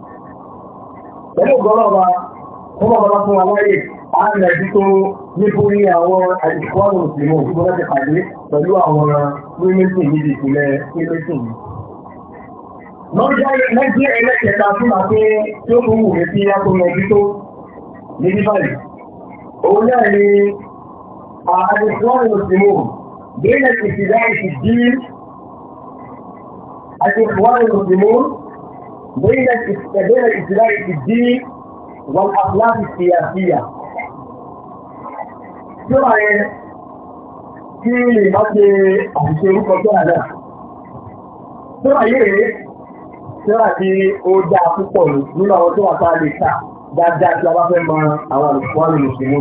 pẹ̀lú ọgọ́lọ́wà fún ọgọ́lọ́ fún wa láyé àárín ẹ̀dí tó nípo ní àwọn àìsíkọ́nù òsìmọ̀ òṣìṣẹ́ láti pàdé pẹ̀lú àwọn mímẹ́sìn níbi ìpínlẹ̀ mímẹ́sìn yìí. lọ́jọ́ ẹlẹ́kẹta tí máa pé tí ó fún wù mí sí akọ́nà ẹ̀dí tó níbi báyìí òun náà ni àìsíkọ́nù òsìmọ̀ bẹ́ẹ̀ ti fi dáìsì dí àìsíkọ́nù òsìmọ̀ بين بين الإجراء في الدين والأخلاق السياسية síwá yẹn kí lè má ṣe àṣìṣe orúkọ tó àdá. Síwá yìí rèé, síwá tí ó dáa púpọ̀ nínú àwọn tó wà fáà lè ta dáadáa tí a bá fẹ́ mọ àwọn àlùfáà lè mùsùlùmí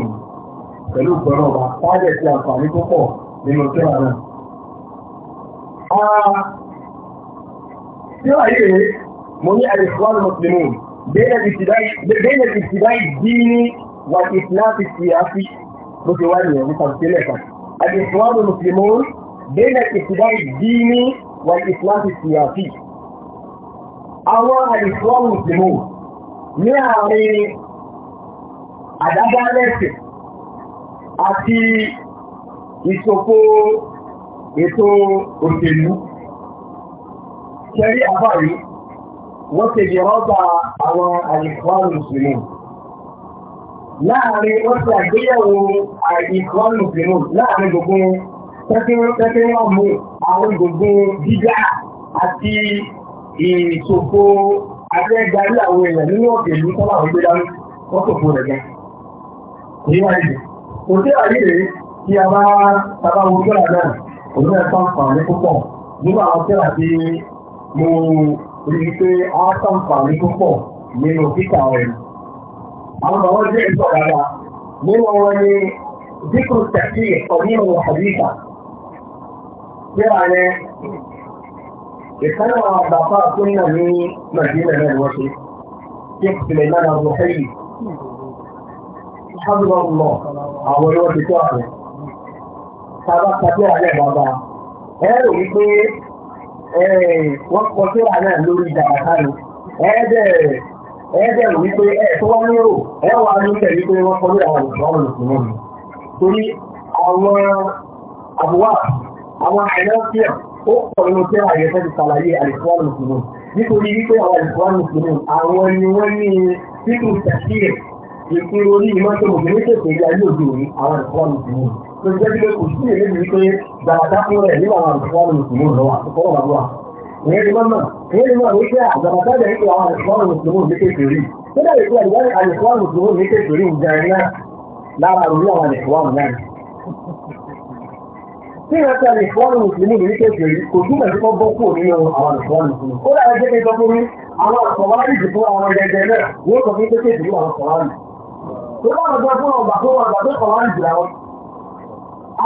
pẹ̀lú ìgbọ́nà ọba fáàjẹ̀ ti àǹfààní púpọ̀ nínú síwá náà. Síwá ah, yìí rèé, mo ní al-ikhwan muslimun bẹ́ẹ̀ ni ìtìdá ìdíní wà ìtìláfi ti àfi bó ṣe wá nìyẹn ní sàbùsílẹ̀ kan al-ikhwan muslimun bẹ́ẹ̀ ni ìtìdá ìdíní wà ìtìláfi ti àfi àwọn al-ikhwan al-muslimun ní àárín àdábálẹ̀sìn àti ìṣòfò ètò òṣèlú ṣẹ́rí àbáyé wọ́n ṣe ìrọ́bà àwọn àìkọ́rù mùsùlùmí. Láàárín wọ́n ṣe àgbéyẹ̀wò àìkọ́rù mùsùlùmí láàárín gbogbo tẹ́tẹ́ wọ́n mú àwọn gbogbo gíga àti ìṣòfò abẹ́gbàrí àwọn èèyàn nínú ọ̀gẹ̀ tọ́lá àwọn gbé dání wọ́n rẹ̀ ní pé a sàǹfààní púpọ̀ nínú kíkà rẹ̀. Àwọn ọmọ jẹ́ ìtọ̀ dáadáa nínú wọn ni dípò tẹ̀sí ẹ̀kọ́ nínú àdíkà. Bí a rẹ̀ ìkànnà àgbàfà tó nà ní Nàìjíríà náà wọ́n ṣe. Ṣé ìpìlẹ̀ náà náà wọ́n fẹ́yì? Ṣáàbùdọ̀ lọ àwọn ọmọ ti tó àrẹ̀. Sábà tàbí àrẹ̀ bàbá. Ẹ rò wípé Eh, wọ́n kọ sí wà náà lórí ìdàgbàsá ni ẹ̀ẹ́dẹ̀ ẹ̀ẹ́dẹ̀ wípé ẹ̀ tó wọ́n ní rò ẹ̀ wà ní ìtẹ̀ wípé wọ́n kọ lórí àwọn ìṣòro ìṣòro mi torí àwọn àbúwà àwọn àìlọ́síà ó pọ̀ nínú tí àyẹ̀ fẹ́ ti ṣàlàyé àìsíwájú ìṣòro nítorí wípé àwọn àìsíwájú ìṣòro àwọn ni wọ́n ní títù tẹ̀síẹ̀ ìpín orí ìmọ́tò òmìnir tó jẹ́ pé kò sí èlé mi pé gbàgbà fún rẹ̀ nígbà àwọn àlùfáàrù mùsùlùmí lọ́wọ́ àkọ́kọ́ wà lọ́wọ́ ìyẹn ni mọ́nà ìyẹn ni mọ́nà wípé àgbàgbà jẹ́ pé àwọn àlùfáàrù mùsùlùmí ní kékeré tó dẹ̀ pé àlùfáàrù mùsùlùmí ní kékeré ń jẹ ẹ̀yà lára orí àwọn àlùfáàrù náà tí ìyẹn tí àlùfáàrù mùsùlùmí ní kékeré kò túmọ̀ sí kọ́ bọ́ kúrò nínú àwọn àlùfáàrù mùsùlùmí ó dàgbà jẹ́ pé sọ fún mi àwọn àkọ̀wárì jù fún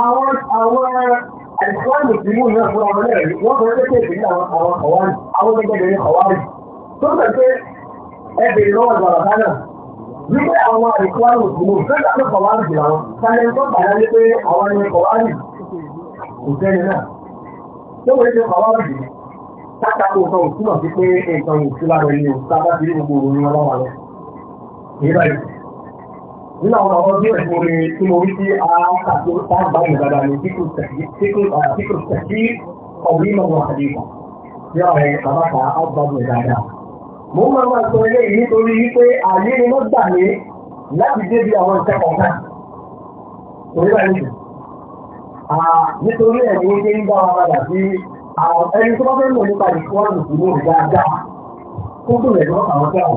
àwọn wípé àwọn àìsíwájú tí mú ìfẹ́ ìdájọ́ jù àwọn sálẹ̀ tó bàyá ní pé àwọn ẹni kọ̀wárì kò sẹ́ni náà tó wọ́n ṣe kọ̀wárì jù tákàtò nǹkan òtúmọ̀ sí pé nǹkan òtúmọ̀ rẹ̀ ni nínú àwọn ọmọ bí ẹ̀kọ́ ni tí mo rí sí aákàtó tábà ìgbàdà ní kíkò tẹ̀sí ọ̀rí mọ̀mọ́ àdìgbà yọ ẹ̀ àbáta àgbàdo ìgbàdà. mo máa máa sọ ilé yìí nítorí wípé ààyè ni wọ́n gbà mí láti débi àwọn ìkẹ́kọ̀ọ́ náà. torí bá yìí nítorí ẹ̀ ní oúnjẹ ń bá wa padà sí ẹni tó bá fẹ́ lò nípa ìfọ́nù ìlú dáadáa kó gbìyànjú àwọn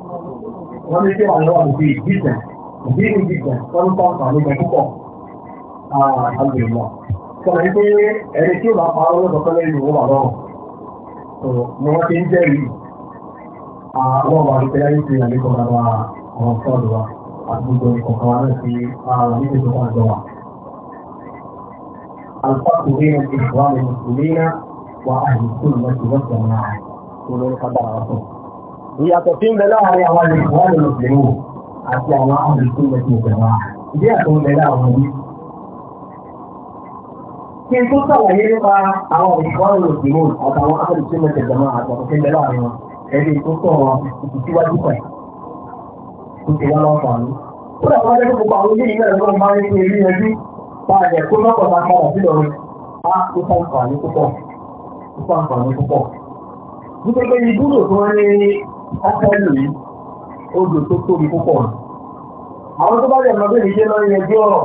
wọ́n ní kí wà lọ́wọ́ àti ìdíjẹ̀ ìdíjẹ̀ ìdíjẹ̀ wọ́n ń tọ́ka nípa púpọ̀ àgbègbè sọ̀rọ̀ wípé ẹni tí ó bá pa owó lọ́kọ́ lẹ́yìn owó wà lọ́wọ́ ni wọ́n ti ń jẹ́rìí àwọn ọmọ àti tẹ́lẹ̀ yìí ti rà nípa bàbá àwọn fọ́ọ̀dù wa àgbègbè ìkọ̀kan wa náà sí àwọn nípa ìjọba àjọ wa. الفرق بين الإخوان المسلمين وأهل السنة والجماعة. ولو قدر رسول ìyàtọ̀ tí ń bẹ láàrin àwọn ìwádìí mùsùlùmí àti àwọn àmìsí ẹ̀sìn ìjọba ìdí ẹ̀sìn ń bẹ láàrin yìí. kí n tó sàlàyé nípa àwọn ìwádìí mùsùlùmí àtàwọn àmìsí ẹ̀sìn ìjọba àtàwọn tí ń bẹ láàrin wọn ẹni tó sọ wọn ìtìsíwájú pẹ̀ tó ti wá lọ́fàánú. ó dà wọ́n lẹ́nu gbogbo àwọn ilé ìgbẹ́ ẹ̀rọ máa ń ṣe eré ẹbí pààyẹ̀ kó mọ́kọ̀ máa padà sí lọ́rùn á kó sàǹfààní púpọ̀. nítorí pé ibùdó tó ń ní ọpọlù yìí odò tó tóbi púpọ̀ àwọn tó bá lè mọ bẹ́ẹ̀ níṣẹ́ lọ́rọ̀ yẹn bí ọ̀rọ̀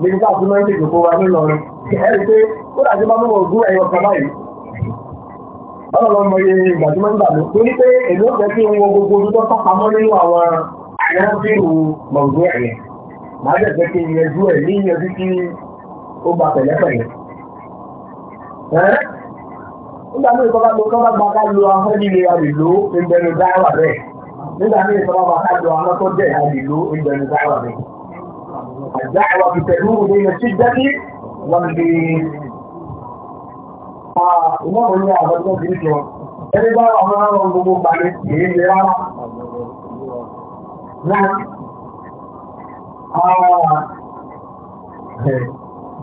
níbi tá a fi máa ń tètè kó wa nílọrin ẹ̀rí pé ó dàjú bá mọ̀ ogún ẹ̀yọ kan báyìí ọlọ́run mọ iye ìgbà tí wọ́n ń gbà lọ torí pé èmi ò fẹ́ kí n wo gbogbo ojú tó sọ́pamọ́ nínú àwọn àwọn bírù mọ̀gbọ́ ẹ̀yẹ màá dẹ̀ fẹ́ kí n yẹjú ẹ̀ ní yẹjú tí ó gba pẹ̀lẹ́pẹ̀lẹ́ nígbà míì tó bá lo tó bá gba ká lo ahọ́n líle àlèló ìgbẹ̀nu dáwà bẹ́ẹ̀ nígbà míì tó bá gba ká lo ahọ́n tó jẹ́ àlèló ìgbẹ̀nu dáwà bẹ́ẹ̀. àdáwà fi tẹ̀lú ní ilẹ̀ sí jẹ́kí wọ́n lè ìmọ̀ràn ní àwọn ọdún kìí jọ ẹni bá ọmọ ọmọ gbogbo balẹ̀ èyí lè rárá. àwọn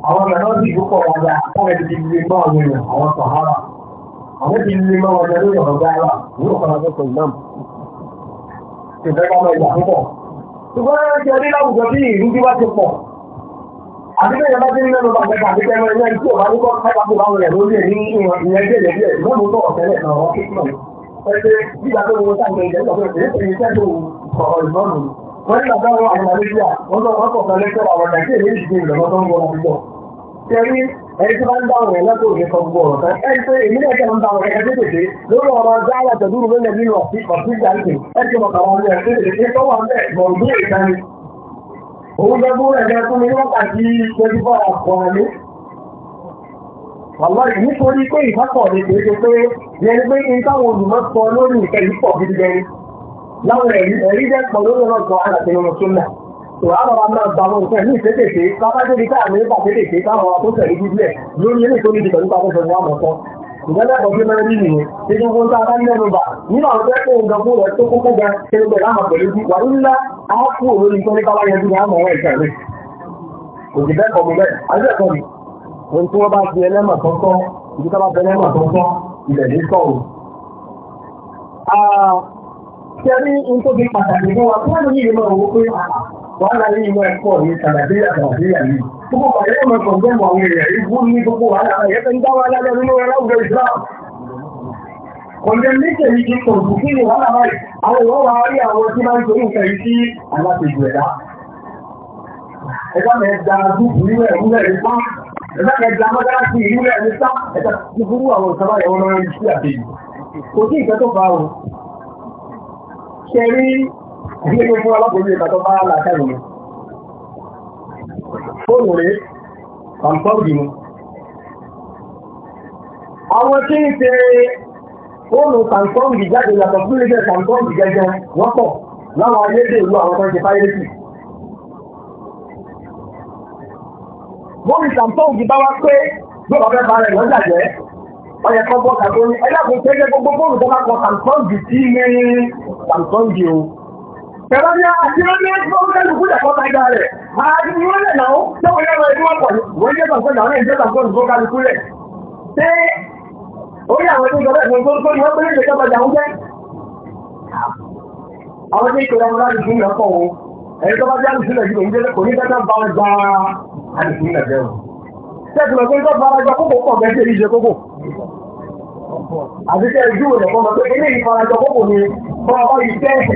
ọmọ náà sì púpọ̀ wọn dá fún ẹni tí ilé náà lè rìn àwọn sọ̀hárà àmọ́bí ní máa wọlé lórí ọ̀rọ̀ gbára ní ọ̀pọ̀lọpọ̀ pẹ̀lú náà ìfẹ́ká máa yà púpọ̀ ṣùgbọ́n ẹ̀rọ ti ọdí láwùjọ bí ìlú bí wá ti pọ̀ àbíkẹ́ yẹn bá ti ní lẹ́nu bá mẹ́ta àbíkẹ́ ẹ̀rọ ẹ̀yẹ tí ò bá ní kọ́ kápá tó bá wọlé lórí ẹ̀ ní ìyẹn díẹ̀ díẹ̀ lọ́mú tó ọ̀tẹ́lẹ̀ náà wọ́n kí mọ̀ ẹgbẹ́ gbígbà tó wọ́n sáà ń gbẹ̀yẹ̀ lọ́pọ̀ ìfẹ́ tó ọ̀rọ̀ ìmọ̀nù Ṣẹ̀rí ẹni tí bá ń dáhùn ẹ̀ lọ́tọ̀ òní kan gbọ́ ọ̀rọ̀ kan. Ẹni pé èmi náà tẹ̀lé ń dáhùn ẹ̀ka tó tètè lórí ọ̀rọ̀ dáhà tẹ̀dúrú lónìí nínú ọ̀sìn ọ̀sìn ìjàǹtì. Ẹ ti mọ̀ kàwọn ọmọ ẹ̀ tó tètè tó wà ń bẹ̀ gbọ̀ngbé ìtani. Òun jẹ́ bú ẹ̀jẹ̀ fún mi wákàtí twenty four hours ní. Àwọn nítorí pé ìfákọ̀ ni kì í ṣe pé yẹni pé kí n táwọn olùmọ̀ sọ lórí ìkẹyìí pọ̀ gidi gẹni. Láwọn ẹ̀rí ẹ̀rí jẹ́ pọ̀ lórí ọ̀nà kan àti ọ̀nà tó náà tó àbára náà gbàmọ́ nǹkan ní ìfẹ́tẹ̀ẹ̀fẹ́ lábájẹ́ ní káàmì ní pàtẹ́tẹ̀ẹ̀fẹ́ káwọn akóṣẹ̀ ní bíbí ẹ̀ lórí ilé ìtòlú ìdìbò nípa akóṣẹ̀ ní àmọ̀tán ìgbẹ́lẹ̀ ọ̀gbẹ́ mẹ́rin nínú yẹn tí kí wọ́n tán ní ẹnu bà nínú àwọn tẹ́ kó nǹkan fún rẹ̀ tó kókó gan kéré pẹ̀lú àmọ̀ pẹ̀lú bí wà nílá àápù olórí tó ní káwáyé bí wọ́n mọ̀ wọ́n ìtàn rẹ̀ kò sì bẹ́ẹ̀ kọ̀ mọ̀ bẹ́ẹ̀ ajẹ́kọ̀ mi ohun tí wọ́n bá wàhálà yìí wọ́n pọ̀ ní tàbàdíyà tàbàdíyà yìí. Gbogbo pàdé ọmọ kọ̀ọ̀gbọ́n àwọn èèyàn yìí ní gbogbo wàhálà yẹn fẹ́ ń dá wàhálà lọ nínú ẹ̀rọ ìjọ ìsìláà. àwọn ìwọ́n wà rí àwọn tí máa Kò sí ìkẹ́ tó fa o. Ṣẹ̀rí Ilé gbogbo ọlọ́pùnrin ìgbà tó bá làákà ìrìn. Fóònù rẹ̀, kọ̀ǹpọ́ọ̀dì mu. Àwọn tí ń ṣe fóònù kọ̀ǹpọ́ọ̀dì jáde yàtọ̀ fún ilé kọ̀ǹpọ́ọ̀dì gẹ́gẹ́ wọ́pọ̀ láwọn ayédè ìlú àwọn tó ń ṣe fáyẹ́sì. Bóyì kọ̀ǹpọ́ọ̀dì bá wá pé gbọ́dọ̀ fẹ́ bá rẹ̀ lọ́jà jẹ́ ọyẹ kan bọ́ kàtó ní ẹlẹ́kùn tẹ́gẹ́ gbogbo fóònù tó bá kọ kọ̀ǹpọ́ọ̀dì sí Ẹ̀rọ a ti rán ní ẹgbẹ́ ọ̀gẹ́lù fún ẹ̀kọ́ láìdá rẹ̀. Ààrùn ni wọ́n lẹ̀ náà, tó wọ́n yẹ́rọ ẹgbẹ́ wọn pọ̀ ní, wọ́n yẹ́ bàbá náà ẹgbẹ́ bàbá ọ̀gẹ́lù fún ẹ̀kọ́ lẹ̀. Ṣé orí àwọn tó jọ bẹ́ẹ̀ gbogbo ni wọ́n pé ní ìjọba jà ń jẹ́? Àwọn tí ìkọ̀rọ̀ ọmọ láti fún ẹ̀kọ́ wọn, ẹni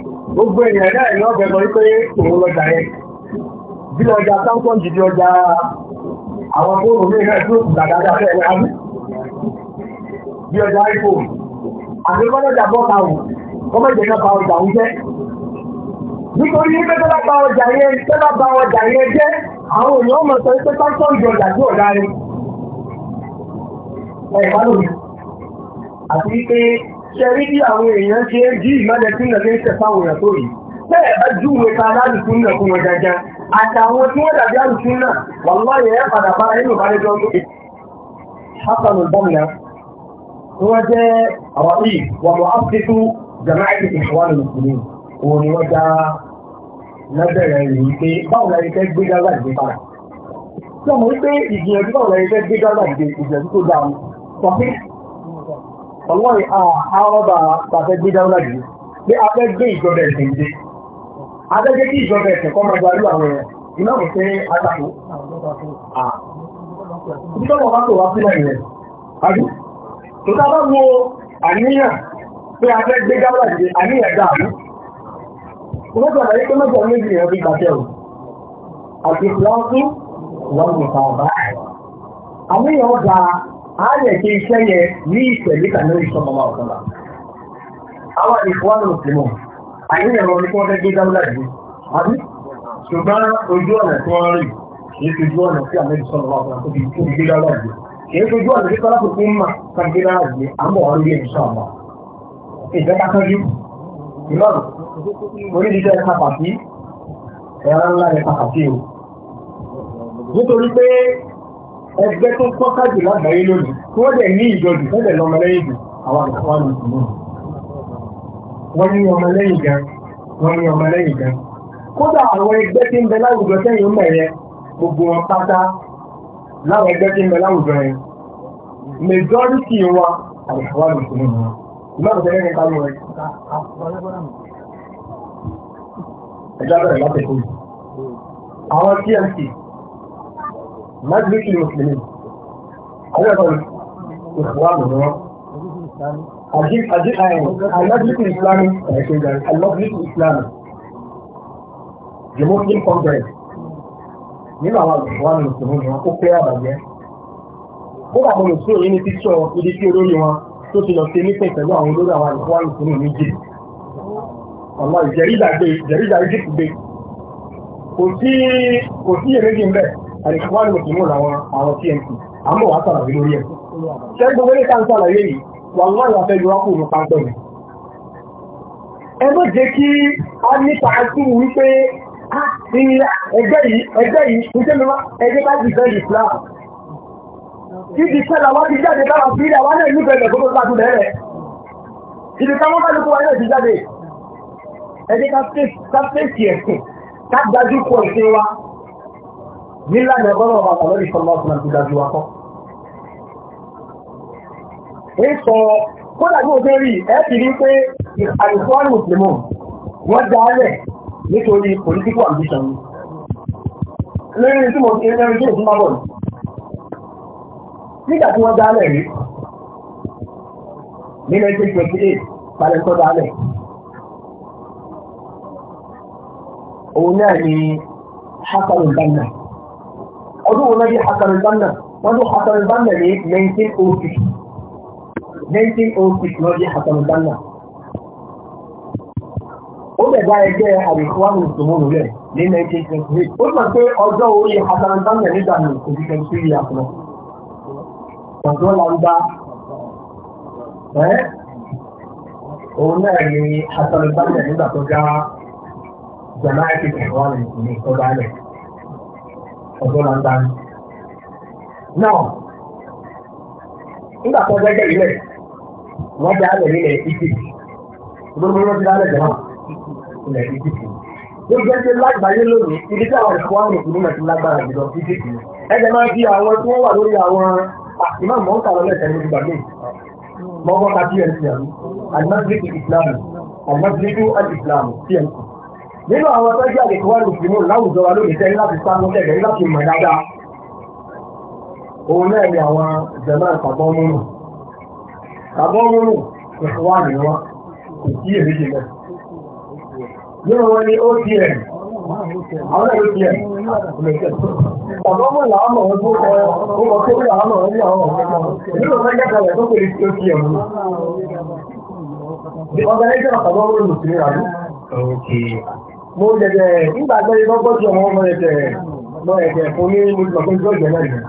gbogbo èèyàn náà ni ọ̀bẹ̀ mọ̀ wípé òun lọ́jà yẹn bí ọjà sáńkọ́ jìdí ọjà àwọn fóònù mi náà tó dàgbàdà fẹ́ ẹ̀rọ àmì bí ọjà iphone àti kọ́lọ́jà bọ́ta náà ọjà jẹ́ nítorí pé ọjà yẹn ọjà yẹn jẹ́ àwọn ọmọ sọ pé sáńkọ́ ọjà ọ̀dà rẹ̀ ẹ̀ ṣẹ̀rí bí àwọn èèyàn ṣe jí ìmọ́lẹ̀ tí nàbí ń tẹ̀fáwọn èèyàn tó yìí bẹ́ẹ̀ bá júwe ta alálùkún náà fún wọn dandan àtàwọn tí wọ́n dàbí alùkún náà wà lọ́yẹ̀ ẹ́ padà bá nínú ìbánidọ́ tó Hassan al-Banna wọ́n jẹ́ àwọn yìí wà mọ́ áfíríkú jamaica ìṣòwánì mùsùlùmí òun ni wọ́n já lọ́bẹ̀rẹ̀ rẹ̀ yìí pé báwo la ẹ̀kẹ́ gbé dáadáa ìgbé padà tí ọmọ wípé ìgbìyànjú báwo la ẹ̀kẹ́ gbé dáadáa ìgbé ìgbìyànjú tó dáa ọlọ́rin àwọn ah, ah, ọba tàfẹ́ gbé dáúlà jù pé a fẹ́ gbé ìjọba ẹ̀sìn gbé a fẹ́ gbé kí ìjọba ẹ̀sìn kọ́ máa gbarú àwọn ẹ̀ iná kò fẹ́ àtàkó ìjọba wá tó wá sílẹ̀ rẹ̀ àbí tó tá bá wo àníyàn pé a fẹ́ gbé dáúlà jù àníyàn dáàbí mo fẹ́ sọ̀rọ̀ yìí pé mẹ́jọ méjì yẹn fi gbàtẹ́ o àti ìfúláwọ́sí wọ́n mi ta ọ̀bá àníyàn dáa á yẹ kí iṣẹ́ yẹn ní ìtẹ̀lé tàbí ìṣọ́mọ máa ọ̀kan bá. Àwọn ìfọwọ́nù mùsùlùmọ̀, àìníyàn wọn ni kí wọ́n fẹ́ gbé dáúlà yìí, àbí? Ṣùgbọ́n ojú ọ̀nà tí wọ́n rìn, kì í ṣojú ọ̀nà tí àmì ìṣọ́mọ máa ọ̀kan tó fi gbé dáúlà yìí. Kì í ṣojú ọ̀nà tí kọ́lá kò fún mà kan gbé dáúlà yìí, à ń bọ̀ wọ́n lé ìṣọ́mọ. Ìjẹ́ ká kánjú, ìlọ́rùn, onídìíjẹ́ ẹ̀ka pàtí, ẹ̀rọ ńlá ẹ̀ka pàtí o. Nítorí pé ẹgbẹ́ tó pọ́ká jù lágbàáyé lónìí tí wọ́n dẹ̀ ní ìjọdù tó lọ́mọlẹ́yìn jù àwọn àkọ́kọ́ ní wọ́n ní ọmọlẹ́yìn gan wọ́n ní ọmọlẹ́yìn gan kódà àwọn ẹgbẹ́ tí ń bẹ láwùjọ sẹ́yìn ń bẹ̀rẹ̀ gbogbo wọn pátá láwọn ẹgbẹ́ tí ń bẹ láwùjọ yẹn majority wọn àlùfáà ní ìtumọ̀ ìmọ̀ ìfẹ́ ní kálí wọn. ẹ̀dá bẹ̀rẹ̀ láti مجلس المسلمين هو طيب إخوانه هو أجيب أجيب المجلس الإسلامي المجلس الإسلامي The Muslim Congress nínú àwọn ìṣòwò mùsùlùmí wọn kó pé àbàjẹ́ ó wà fún mùsùlùmí ní píṣọ ibi tí olórí wọn tó ti lọ sí nípìn pẹ̀lú àwọn olórí àwọn ìṣòwò mùsùlùmí méjì ọ̀nà ìjẹ̀ríjà gbé ìjẹ̀ríjà Egypt gbé kò sí kò sí èrèjì àdìsíwájú mùsùlùmí làwọn àwọn tmc àmọ́ wàá sàlàyé lórí ẹ̀ ṣé gbogbo ní káńtà àlàyé yìí wà láwọn afẹ́ yọ ápò ní páńpẹ́ mi. ẹ má jẹ́ kí a ní pàṣẹ wípé ah, ẹgbẹ́ yìí ẹgbẹ́ yìí níṣẹ́ mi wá ẹgbẹ́ bá ti fẹ́ ìsìlá ibi sẹ́lá wá ti jáde lára sí ilé àwọn ẹ̀mí bẹ̀rẹ̀ tó tó dájú lẹ́rẹ̀ ibi táwọn kálukú wa náà ti jáde ẹgbẹ́ ká fèsì ẹ̀sìn ká dájú pọ̀ ìṣe wa nílànà bọ́lá ọba àtàlọ́rì sọlọ́ ọ̀sán àti ìdájú wa kọ́. ń sọ kódà bí òjò rí ẹ ti rí pé àìsàn mùsùlùmù wọ́n dá lẹ̀ nítorí political ambition ni. lórí tí mo ti rí lórí tí mo ti máa bọ̀ ní. nígbà tí wọ́n dá lẹ̀ rí ní 1928 balẹ̀ tó dá lẹ̀. òun náà ni Hassan al ọdún wo lọ́dí hasan al-banna wọ́n tún hasan al-banna ní 1906 1906 lọ́dí hasan al-banna ó bẹ̀dá ẹgbẹ́ àdìsíwájú ìsòmónú rẹ̀ ní 1928 ó mọ̀ pé ọjọ́ orí hasan al-banna nígbà ní òbí kẹ́ńtì rí àpọ̀ ọ̀dọ́ làǹdà òun náà ni hasan al-banna nígbà tó já jama'a ti tẹ̀wá ní ìsòmí tó dálẹ̀ ọ̀dọ́ máa ń ta ni. náà nígbà tó gbẹ́gbẹ́ ilẹ̀ wọ́n ti alẹ̀ nílẹ̀ egypt gbogbo wọn ti alẹ̀ jọ̀wọ́ ilẹ̀ egypt ó jẹ́ lágbàáyé lónìí ibi tí àwọn ìfọwọ́ àwọn òkú náà ti lágbára jùlọ egypt ni máa fi àwọn tí wọ́n wà lórí àwọn àtìmọ́ mọ́ńkà lọ́lẹ́sẹ̀ ní gbàgbé mọ́wọ́ ká pmc àmì àdìmọ́ nínú àwọn tó jáde kí wọ́n lè fi mú láwùjọ wa lónìí tẹ́lẹ̀ láti sá mú tẹ́lẹ̀ láti mọ̀ dáadáa òun náà ni àwọn jẹ̀mọ́ ìpàgbọ́ múnú ìpàgbọ́ múnú ìfọwọ́ àmì wọn kò sí èrè jẹ náà nínú wọn ni OTM àwọn ẹ̀rọ OTM ìpàgbọ́ múnú làwọn ọmọ wọn tó kọ ó kọ tó làwọn ọmọ wọn ní àwọn ọmọ nínú wọn jẹ́ kalẹ̀ tó pèlè sí OTM ní ọgbẹ́lẹ́jọ́ mo dẹ̀dẹ̀ nígbà tó yẹ kọ́kọ́ sí ọmọ ọmọ ẹ̀tẹ̀ lọ ẹ̀tẹ̀ fún ní mo ti lọ́kọ́ ìjọ́jẹ̀ náà yìí.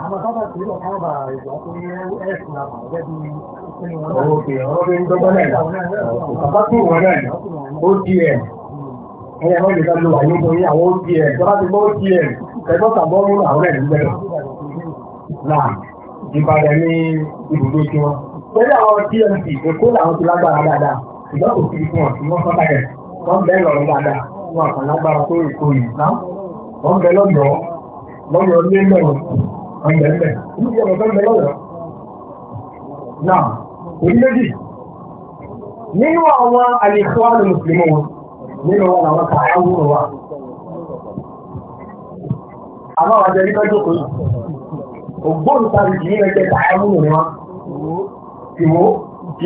Òkè ọ̀rọ̀ bí ń dọ́gbọ́ náà bàbá kú wọn náà ODM ẹ̀yà wọ́n lè dájú wà nítorí àwọn ODM tọ́lá ti gbọ́ ODM ẹ̀gbọ́n tàbọ́ mú àwọn ẹ̀rí bẹ̀rẹ̀. Náà Ìbàdàn ní ibùdó tí wọn. Pẹ̀lú àwọn TMC, Èkó làwọn ti lágbára dáadáa, ìgbà kò sí fún ọ̀ tí wọ́n sọ́tàkẹ̀, bẹ́ẹ̀ lọ́rùn dáadáa fún àkànlágbára tó èkó ìgbà wọ́n bẹ lọ́dọ̀ lọ́dọ̀ ní mẹ́rin ọ̀gbẹ̀lẹ̀ níbi ọ̀rọ̀ tó ń bẹ lọ́dọ̀ náà èyí méjì nínú àwọn àlèkọ́ àlè mùsùlùmí wọn nínú wọn àwọn kàáwùrọ̀ wa àwọn àwọn àjẹ́ nípa jókòó ògbóòrùn sáré jì nínú ẹgbẹ́ kàáwùrọ̀ wa ìwò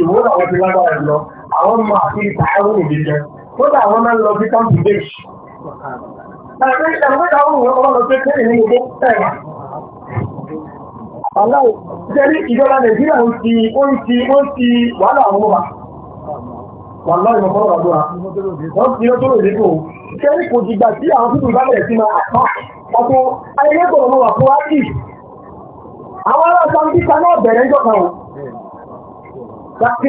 ìwò làwọn ti lágbára jùlọ àwọn máa fi kàáwùrọ̀ jíjẹ kódà àwọn máa ń lọ sí káńtì déjì. Ẹgbẹ́ ìdàgbẹ́ta ó wùwọ́ ọmọ lọ sí kẹ́rin ní ilé ẹ̀wà. Aláwọ̀ jẹ́rí ìjọba Nàìjíríà ń ti ó ń ti ó ń ti wàhálà àwọn ọmọ wa. Wàhálà ìmọ̀ fọ́nà wà lóra. Wọ́n ti ó tó lè dínkù. Jẹ́rí kò dìgbà tí àwọn tuntun bá bẹ̀rẹ̀ sí máa àpá. Ọ̀pọ̀ ayẹyẹ gbọ̀dọ̀ mọ̀ wà fún Ákì. Àwọn ará Sambíta náà bẹ̀rẹ̀ ń jọ̀kan o. Kàkì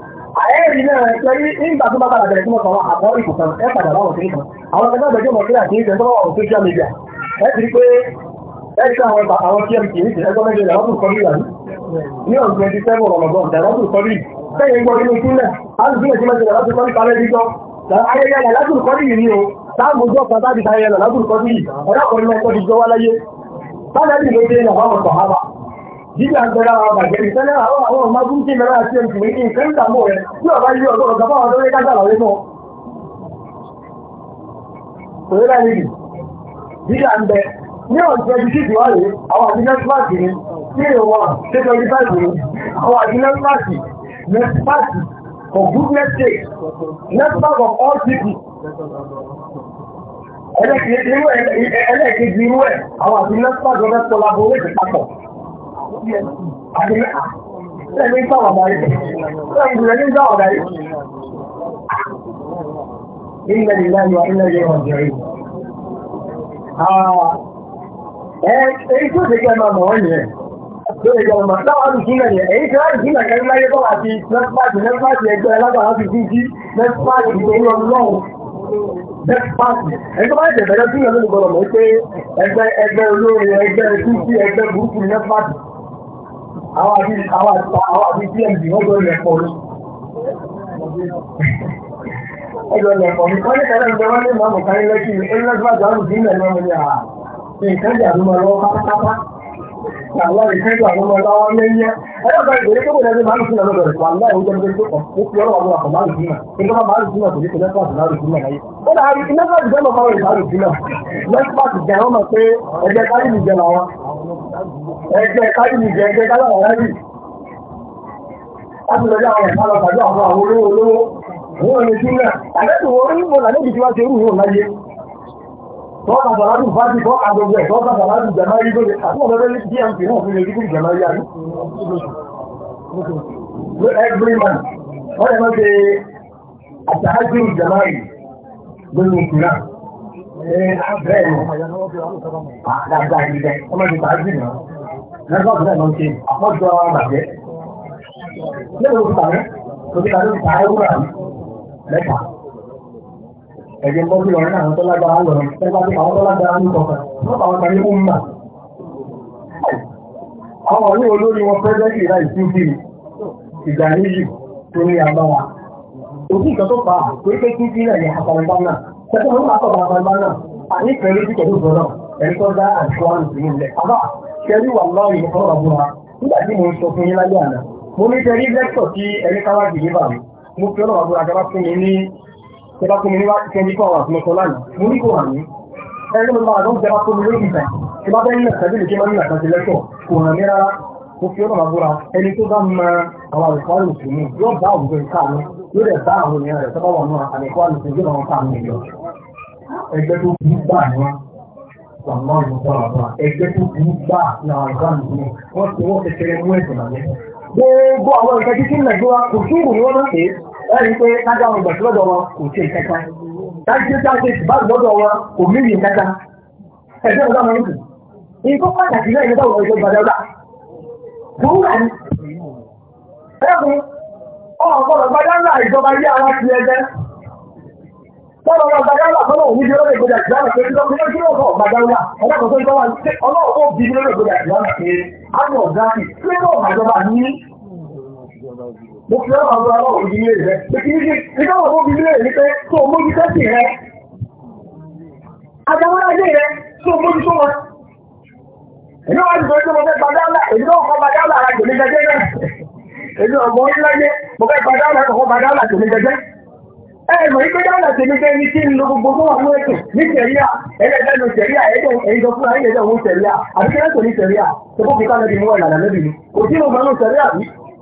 àẹ́rì náà ṣẹ́rí nígbà tó bá padà bẹ̀rẹ̀ fún ọkọ̀ àkọ́ ìkùnkàn ẹ padà báwọn kiri kan àwọn ọ̀gá náà gbẹ̀jọ́ mọ̀ sílẹ̀ àti ìṣẹ́ tọ́wọ́ àwọn social media ẹ ti rí pé ẹ ti àwọn ẹgbà àwọn tmc ní ti ẹgbẹ́ mẹ́jọ ìyàwó tó kọ́ nílà ní ọ̀n twenty seven ọ̀lọ́gbọ̀n ìyàwó tó kọ́ ní sẹ́yìn gbọ́ nínú sílẹ̀ alùpùpù ti mẹ́jọ ìyàwó tó kọ́ ní kalẹ́ jíjọ ayẹyẹ ìyàwó tó kọ́ ní ìní o táàmù ọjọ́ kan táàbì táyẹ ìyàwó tó kọ́ ní ọ̀dà kan ní ọkọ̀ ìjọ wáláyé táàbì ló dé jíjà gbẹ́ra àwọn àgbàjẹ́ ìtẹ́lẹ̀ àwọn àwọn ọmọ gúúsì mẹ́rẹ́ àti ẹ̀kù ní ìkẹ́ ìtàmọ́ rẹ̀ tí ọ̀bá yí ọ̀dọ́ ọ̀gbọ́n ọ̀dọ́ rẹ̀ kájà lọ́wọ́ mọ́. òye láyé nì jíjà ń bẹ ní ọ̀sẹ̀ ibi tí ìwà rèé àwọn àti nẹ́tíwáàkì ni tí èrò wọn ṣe tó ní báyìí ni àwọn àti nẹ́tíwáàkì nẹ́tíwáàkì for goodness sake network of all people ẹlẹ́kejì irú ẹ̀ àwọn àti nẹ́tíwáàkì ọ̀dọ́ Ẹni àwọn àti àwọn àti àwọn àti tmd wọ́n jọ lẹ̀ pọ̀ ní. wọ́n jọ pọ̀ ní wọ́n ní kẹ́lẹ́ ìjọba ní màmù kan ní lẹ́kì ní ẹni lọ́sibájú àrùn sí ilẹ̀ náà ní à nǹkan jà lọ́wọ́ pátápátá. Àwọn ìṣẹ́jú àwọn ọmọ ọlọ́wọ́ lẹ́yẹ. Ẹ̀yọ́ ń sínú ọlọ́dọ̀ rẹ̀ pàlá ìwújẹ́ máa ń sínú ọmọ pé ẹgbẹ́ kárí mi jẹ làwọn. Ẹgbẹ́ kárí mi jẹ ẹgbẹ́ kárí àwọn rárí. Láti lọ jẹ́ àwọn ìbáàrù tàbí àwọn olówó olówó. Wọ́n ní sínú. Àlẹ́ tọ́ka bàbáàdù fájì tọ́ agbègbè tọ́ka bàbáàdù jàmáyé lórí àtúwọ̀n lọ́wọ́ dmp náà fún mi dígbì jàmáyé àrí every man wọ́n yẹ máa ṣe àtàájú jàmáyé lórí ìpìlá bẹ́ẹ̀ ni dáadáa ìdílé wọ́n máa ṣe tàájú náà lẹ́gbọ́n tó náà máa ṣe àpọ́jọ àgbàjẹ́ lẹ́gbọ́n ẹ̀jẹ̀ bọ́ sí ọ̀rẹ́ àwọn tó lágbára lọ́rọ̀ tẹ́gbà tí àwọn tó lágbára ní kọ̀ọ̀kan lọ́pàá àwọn tàbí ó ń mà. Àwọn ọ̀rẹ́ olórí wọn pẹ́jẹ́kì láì sí bí ìgbà níyì tó ní agbára. Òkú ìkan tó fà á pé pé kí sílẹ̀ ní àpàlẹ́gbá náà. Tẹ́tẹ́ ló máa tọ̀gbà àpàlẹ́gbá náà. Àní pẹ̀lú tí kẹ̀lú gbọ́dọ̀ ẹ̀rí tó dá àṣùwárù sí ilẹ̀. Àbá kẹrí wà lọ́rùn ọ̀rọ̀ búra nígbà tí mo ń sọ fi ọ̀rọ̀ búra fún mi ní se kò mú ní wá ti kẹ́ nípa ọ̀rọ̀ àtúnmọ̀tọ́ lánàá. Mo ní kò wà ní. Ẹgbẹ́ mi máa dán ìjọba kò mú ní ìgbà. Ìjọba bẹ́ẹ̀ ní ẹ̀sẹ̀ bíi kí wọ́n ní ẹ̀sẹ̀ ti lẹ́tọ̀. Kò hàn mí rárá. Mo fi ọ̀nà àbúra ẹni tó bá ma àwọn àlùkò àrùn òsì mú. Yóò bá àwùjọ ìka mi. Yóò dẹ̀ bá àwọn ènìyàn rẹ̀ tó bá wà nù àlùkò àrùn òsì yóò máa fa àwọn èèyàn. Ẹgbẹ́ tó burú gbà ni wọ́n. Wàmọ́ ìlú bọ̀rọ̀ bọ̀. Ẹgbẹ́ tó burú gbà ni àwọn àlùkò àrùn òsì mú. Wọ́n ti wọ́n kékeré mú ẹ̀sùn àlẹ́. Gbogbo àwọn ìkẹ́jú sí Nàìjíríà kò túbù ni wọ́n máa ń pè é wọ́n pé kájà wọn gbà lọ́dọ̀ wọn kò ṣe ìkẹta kájí kájí bá lọ́dọ̀ wọn kò mí ní ìkẹta ẹgbẹ́ ọ̀dọ́ wọn nìkú nǹkó pàtàkì náà ìjọba wọn ìjọba dọ́là wúrà ni ẹkùn ọ̀gbọ̀n gbadá ìjọba yé àwọn ti ẹgbẹ́ Bọ́lá gbadá ńlá fọ́lọ́ ní mo fi ọ̀rọ̀ ọ̀rọ̀ ọlọ́run bí ilé rẹ̀ pé kí ní káwọn tó bí ilé rẹ̀ pé tó o mójú tẹ́sì rẹ̀ àjàmọ́lá ilé rẹ̀ tó o mójú tó wọn. èmi wá nítorí pé mo fẹ́ gbadálà èmi náà kọ́ gbadálà ara jòlè jẹjẹ náà èmi ọ̀gbọ́n ńláyé mo fẹ́ gbadálà kọ́ gbadálà jòlè jẹjẹ. ẹ ẹ mọ̀ ní pé dáhùn àti èmi jẹ́ ní kí n lo gbogbo fún àwọn ètò ní sẹ̀ríà ẹlẹ́dẹ́nu sẹ̀ríà ẹ̀yìn fún ayé ẹ̀dẹ́ òun sẹ̀ríà àbíkẹ́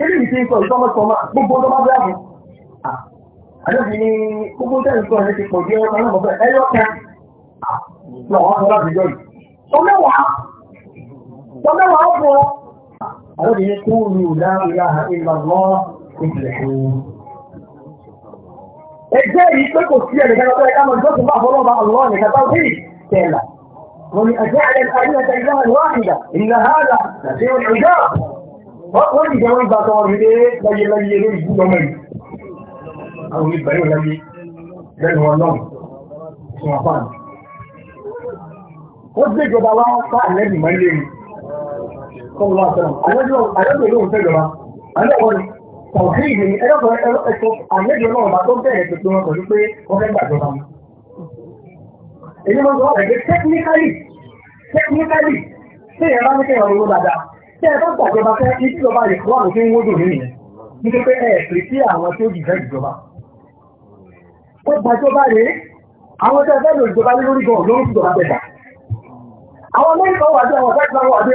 Ilé ìṣe ń sọ ìtọ́mọ́tọ́mọ́ gbogbo tó bá bẹ́ àbú. Àdébí ni gbogbo tẹ́lẹ̀ sọ ẹ̀rẹ́ ti pọ̀ jẹ́ ọmọ náà bọ̀bẹ̀ ẹyọ kan. Lọ́wọ́ sọ láti jọ yìí. Tọ́mẹ́wàá. Tọ́mẹ́wàá ó bọ̀. Àdébí ni kú ni ò dáa ìlà ìlànà ìpìlẹ̀ Ẹgbẹ́ yìí pé kò sí ẹ̀rẹ̀ kẹ́kọ̀ọ́ ẹ̀ká mọ̀ ìjọ́sìn bá fọlọ́ba ọ̀lọ́ ẹ̀kẹ́ bá wí tẹ̀lá. ومن أجعل الآلهة إلها واحدة إن هذا لشيء عجاب wọ́n ti gbà wọ́n gba tọwọ́ mi lé láyé láyé lórí ìlú lọ́mọ yìí àwọn ìbẹ̀rẹ̀ láyé lẹ́nu ọlọ́run fún apá mi. ó gbé ìjọba wá pa àlẹ́bì máa lé mi kọ́mọ wá sọ́nà àlẹ́bì olóhùn fẹ́ jọba àlẹ́bì ọ̀rẹ́ kọ̀ọ̀kì ìgbè ni ẹ̀rọ ẹ̀kọ́ àlẹ́bì ọlọ́run bá tó bẹ̀rẹ̀ tuntun wọn pẹ̀lú pé wọ́n fẹ́ gbàjọba mi. èyí máa ń sọ wọ́n pẹ̀lú technically technically tí ìyẹn bá ní kéèyàn ronú dáadáa tẹ́ ẹ bá gbàjọba fẹ́ ní ìjọba lè kó àwọn tó ń wódò nínú yẹn pé ẹ pè sí àwọn tó jìfẹ́ ìjọba. ó gbàjọba rèé àwọn tẹ́ ẹ ìjọba lórí gan-an ló àwọn mẹ́rin kan wà dé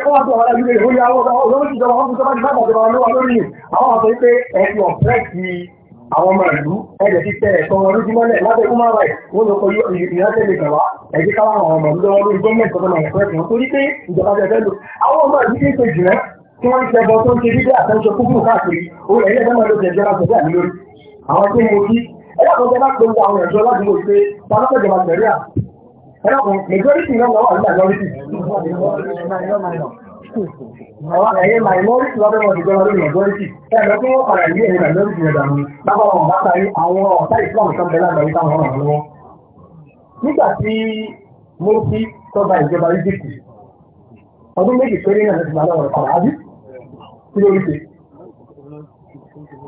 àwọn ọ̀gá àwọn ọmọ ìlú ẹ̀jẹ̀ ti tẹ ẹ̀tọ́ wọn lójú mọ́lẹ̀ lábẹ́ human rights wọ́n lọ kọ united nations wa ẹ̀jẹ̀ káwọn àwọn ọmọ ìlú lọ́wọ́ lórí gọ́ọ̀mẹ̀ntì tó máa ẹ̀kọ́ ẹ̀kọ́ torí pé ìjọba ti ẹ̀fẹ́ lò àwọn ọmọ ìlú ti ń ṣe jìnnà tí wọ́n ti ṣe ẹbọ tó ń ṣe dídé àtẹ́ńṣe kúkúrú káàkiri orí ẹ̀yẹ́ ẹ̀dá máa ló jẹ ìjọba tẹ̀lé àmì lórí àwọn tí mo kí ẹlẹ́kọ̀ọ́ jẹ́ bá pé wo àwọn ẹ̀ṣọ́ ládùúgbò pé pàlọ́pọ̀ ìjọba tẹ̀lé à ẹlẹ́kọ̀ọ́ majority náà wà wà ní majority Àwọn àyè minority lọ́dọ̀ wọn ìjọba lórí majority. Ẹ̀rọ tí wọ́n padà yí ẹ̀yìn minority rẹ̀ dànù. Bábá wọn bá parí àwọn ọ̀tá ìsìlámù kan bẹ̀rẹ̀ àgbáyé táwọn ọ̀rọ̀ lọ́wọ́. Nígbà tí mo ti tọ́ba ìjọba Egypt, ọdún méjì péré náà ti máa lọ́wọ́ ọ̀rọ̀ àbí kí ló rí ṣe.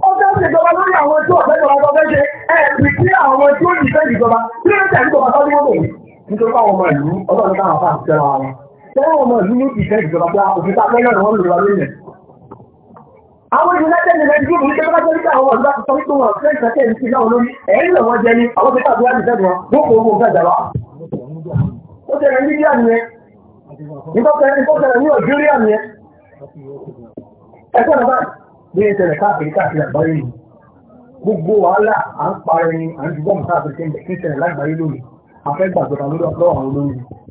Ó fẹ́ ṣe ìjọba lórí àwọn tí ọ̀fẹ́ ìjọba tó fẹ́ ṣe ẹ̀ẹ́dì tí àwọn tí ó yìí fẹ́ ìjọba tí ó ń tẹ̀lé ìjọba tó ní wọ́n bẹ̀rẹ̀ nítorí báwọn ọmọ ìlú ọlọ́run táwọn fáà ń tẹ́ra wọn tẹ́wọ̀n ọmọ ìlú ní ìfẹ́ ìjọba pé òfìta pẹ́lẹ́ wọn lè wà lónìí. Àwọn United Nations Group ní kẹ́kẹ́ tó níta àwọn ọ̀dọ́ àtúntò tó wọn fẹ́ ìfẹ́ ìfẹ́ ìfẹ́ ìwọn lórí ẹ̀yìn lọ wọn jẹ ní àwọn tó tàbí láti fẹ́ wọn bó kó owó nǹkan ìjọba. Ó ṣẹlẹ̀ ní Libya nìyẹn. Ìtọ́sẹ̀lẹ̀ ní Algeria nìyẹn. Ẹ̀kọ́ náà bí ẹ ṣẹlẹ̀ káàkiri káàkiri àgbáyé yìí. Gbogbo wàhálà à ń parẹ́ ni à ń dùgbọ́n káàkiri kí ń ṣẹlẹ̀ lágbàáyé lónìí. Afẹ́ gbàgbọ́ta lọ́wọ́ àwọn olóyìn.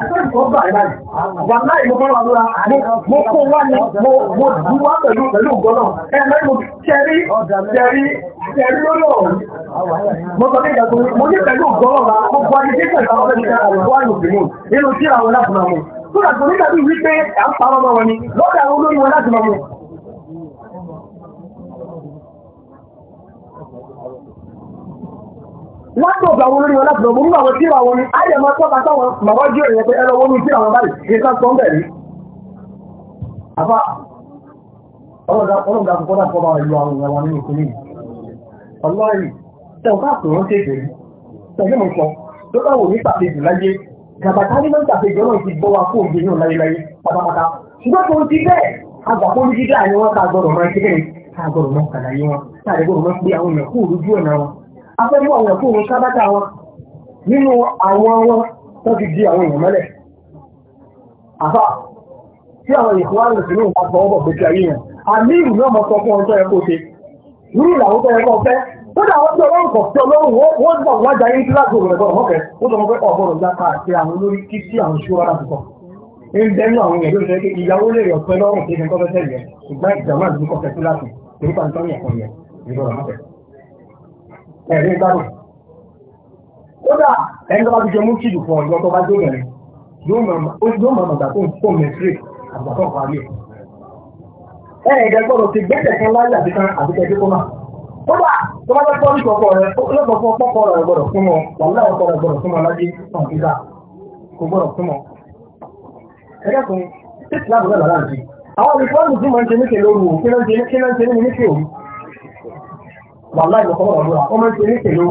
Wà láì mo fọ́nà lọ́la, mo kó wá ní mo dú wá pẹ̀lú pẹ̀lú ìgbọ́nà. Ẹ mẹ́rin mo kẹrí, kẹrí, kẹrí lọ́lọ́. Mo sọ ní ìdàgbò, mo ní pẹ̀lú ìgbọ́nà ra, mo gbọ́ ní kí pẹ̀lú àwọn ọmọdé àwọn ìwọ́ àyò sí mú, nínú tí àwọn láti máa mú. Tó dàgbò nígbà bí wípé à ń pa ọmọ wọn ni, lọ́dà àwọn olóyún wọn láti máa mú. látọ̀bù àwọn olórin wọn látọ̀bù nínú àwọn tíra wọn ni ayẹ̀ máa tọ́ka táwọn bàbá jù èèyàn pé ẹlọ́wọ́ ní tíra wọn báyìí kí n ká sọ ń bẹ̀ àbá ọlọ́dà ọlọ́dà àkọ́kọ́ dà ìlú àwọn ìyàwó nínú ní pàtẹ́jù láyé gàbàtà ní máa ń pàtẹ́jù ọlọ́run ti gbọ́ wa fún òbí náà láyéláyé pátápátá ṣùgbọ́n tó ń ti bẹ́ẹ̀ agbàpọ̀ ní dídá ni wọ́n ká gbọ́dọ̀ máa ń kékeré ká gbọ́dọ̀ máa afẹ́fọ́ àwọn ẹ̀kọ́ wọn sábátà wọn nínú àwọn wọn tó ti di àwọn èèyàn mọ́lẹ̀ àfà tí àwọn ìkúwárì sí ní ìpapọ̀ ọbọ̀ gbèsè ayé yẹn àmì ìlú náà mọ̀ sọ fún ọjọ́ ẹ̀kọ́ ṣe nínú ìlàwọ́ tó ẹ̀kọ́ fẹ́ kódà wọ́n tí ọlọ́run kọ̀ sí ọlọ́run wọ́n gbọ̀ wọ́n jayé ní kíláàsì òwúrẹ̀ bọ̀ mọ́kẹ́ ó sọ pé ọ̀bọ̀rọ̀ ìjà ká àti àwọn olórí kí sí àwọn ìṣúra láti sọ ń bẹnu àwọn èèyàn pé ìyàwó lè yọ̀ pẹ́ lọ́rùn tí kò fẹ́ tẹ̀lé ṣùgbọ́n ìjàmbá ìdúkọ̀ fẹ́ kíláàsì torípa nítorí ẹ̀kọ́ yẹn ìrọ̀rọ̀ mọ́kẹ́ ẹ̀rí gbádùn. Kódà ẹni tó bá ti jẹ mú kìlù fún ọ̀yọ́ tó bá jó bẹ̀rẹ̀ yóò mọ̀ mọ̀gbà tó ń pò mẹ́tírì àgbà tó ń parí ẹ̀. Ẹ̀rẹ̀ ìdẹ gbọ́dọ̀ ti gbẹ́sẹ̀ kan láyé àti kan àti kẹ́kẹ́ tó máa. Kódà tó bá fẹ́ pọ́lì kọ̀ọ̀kọ̀ rẹ̀ lọ́gbọ̀n fún ọpọ́kọ̀ rẹ̀ gbọ́dọ̀ fún wọn wàhálà ọkọ̀ rẹ̀ gbọ́dọ̀ fún wọn lájé kọ̀ǹpútà kò gbọ́dọ̀ fún wọn. Ẹ dẹ́kun, tí ìsìláàbù náà lára àti àwọn olùkọ́ wàhálà ìmọ̀kọ́ wọn lọ́wọ́ ọmọ ìṣe ní ìṣèlú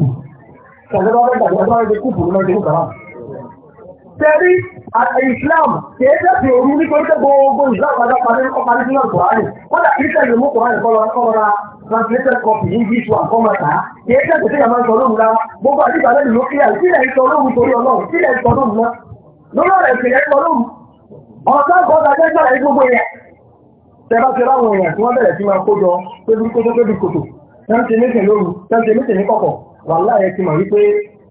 òwò ṣàgbọ́n wọn gbàgbọ́ ọjọ́ ẹgbẹ́ kúùpù lọ́wọ́ ìṣe nìkan náà. tẹ̀rí islam kìí tẹ̀sí òru nítorí pé gbogbo islam padà parí ọkọ̀ parí sínú àkùránì kódà kìí tẹ̀lé mú kùránì kọ́ lọ́ra translated copy ní gíṣù àkọ́mọ̀tà kìí tẹ̀sí sí àmọ́ ìṣọ̀ lóhùn náà gbogbo àdìgbà lẹ́nu ló kíyà sílẹ̀ ìṣọ̀ lóhùn torí ọlọ́run sílẹ̀ ìṣọ̀ lóhùn náà lórí ọ̀rẹ́ ìṣẹ̀lẹ̀ ìṣọ̀ lóhùn ọ̀sán gbọ́dọ̀ ajẹ́jọ́ rẹ̀ gbogbo yẹn tẹ́lá ti ráwọn èèyàn tí wọ́n bẹ̀rẹ̀ sí máa kójọ pébí kótó pébí kòtò tẹ́ǹtì méjì lóru tẹ́ǹtì méjì ní kọ̀kọ̀ wà láàyè ti mọ̀ wípé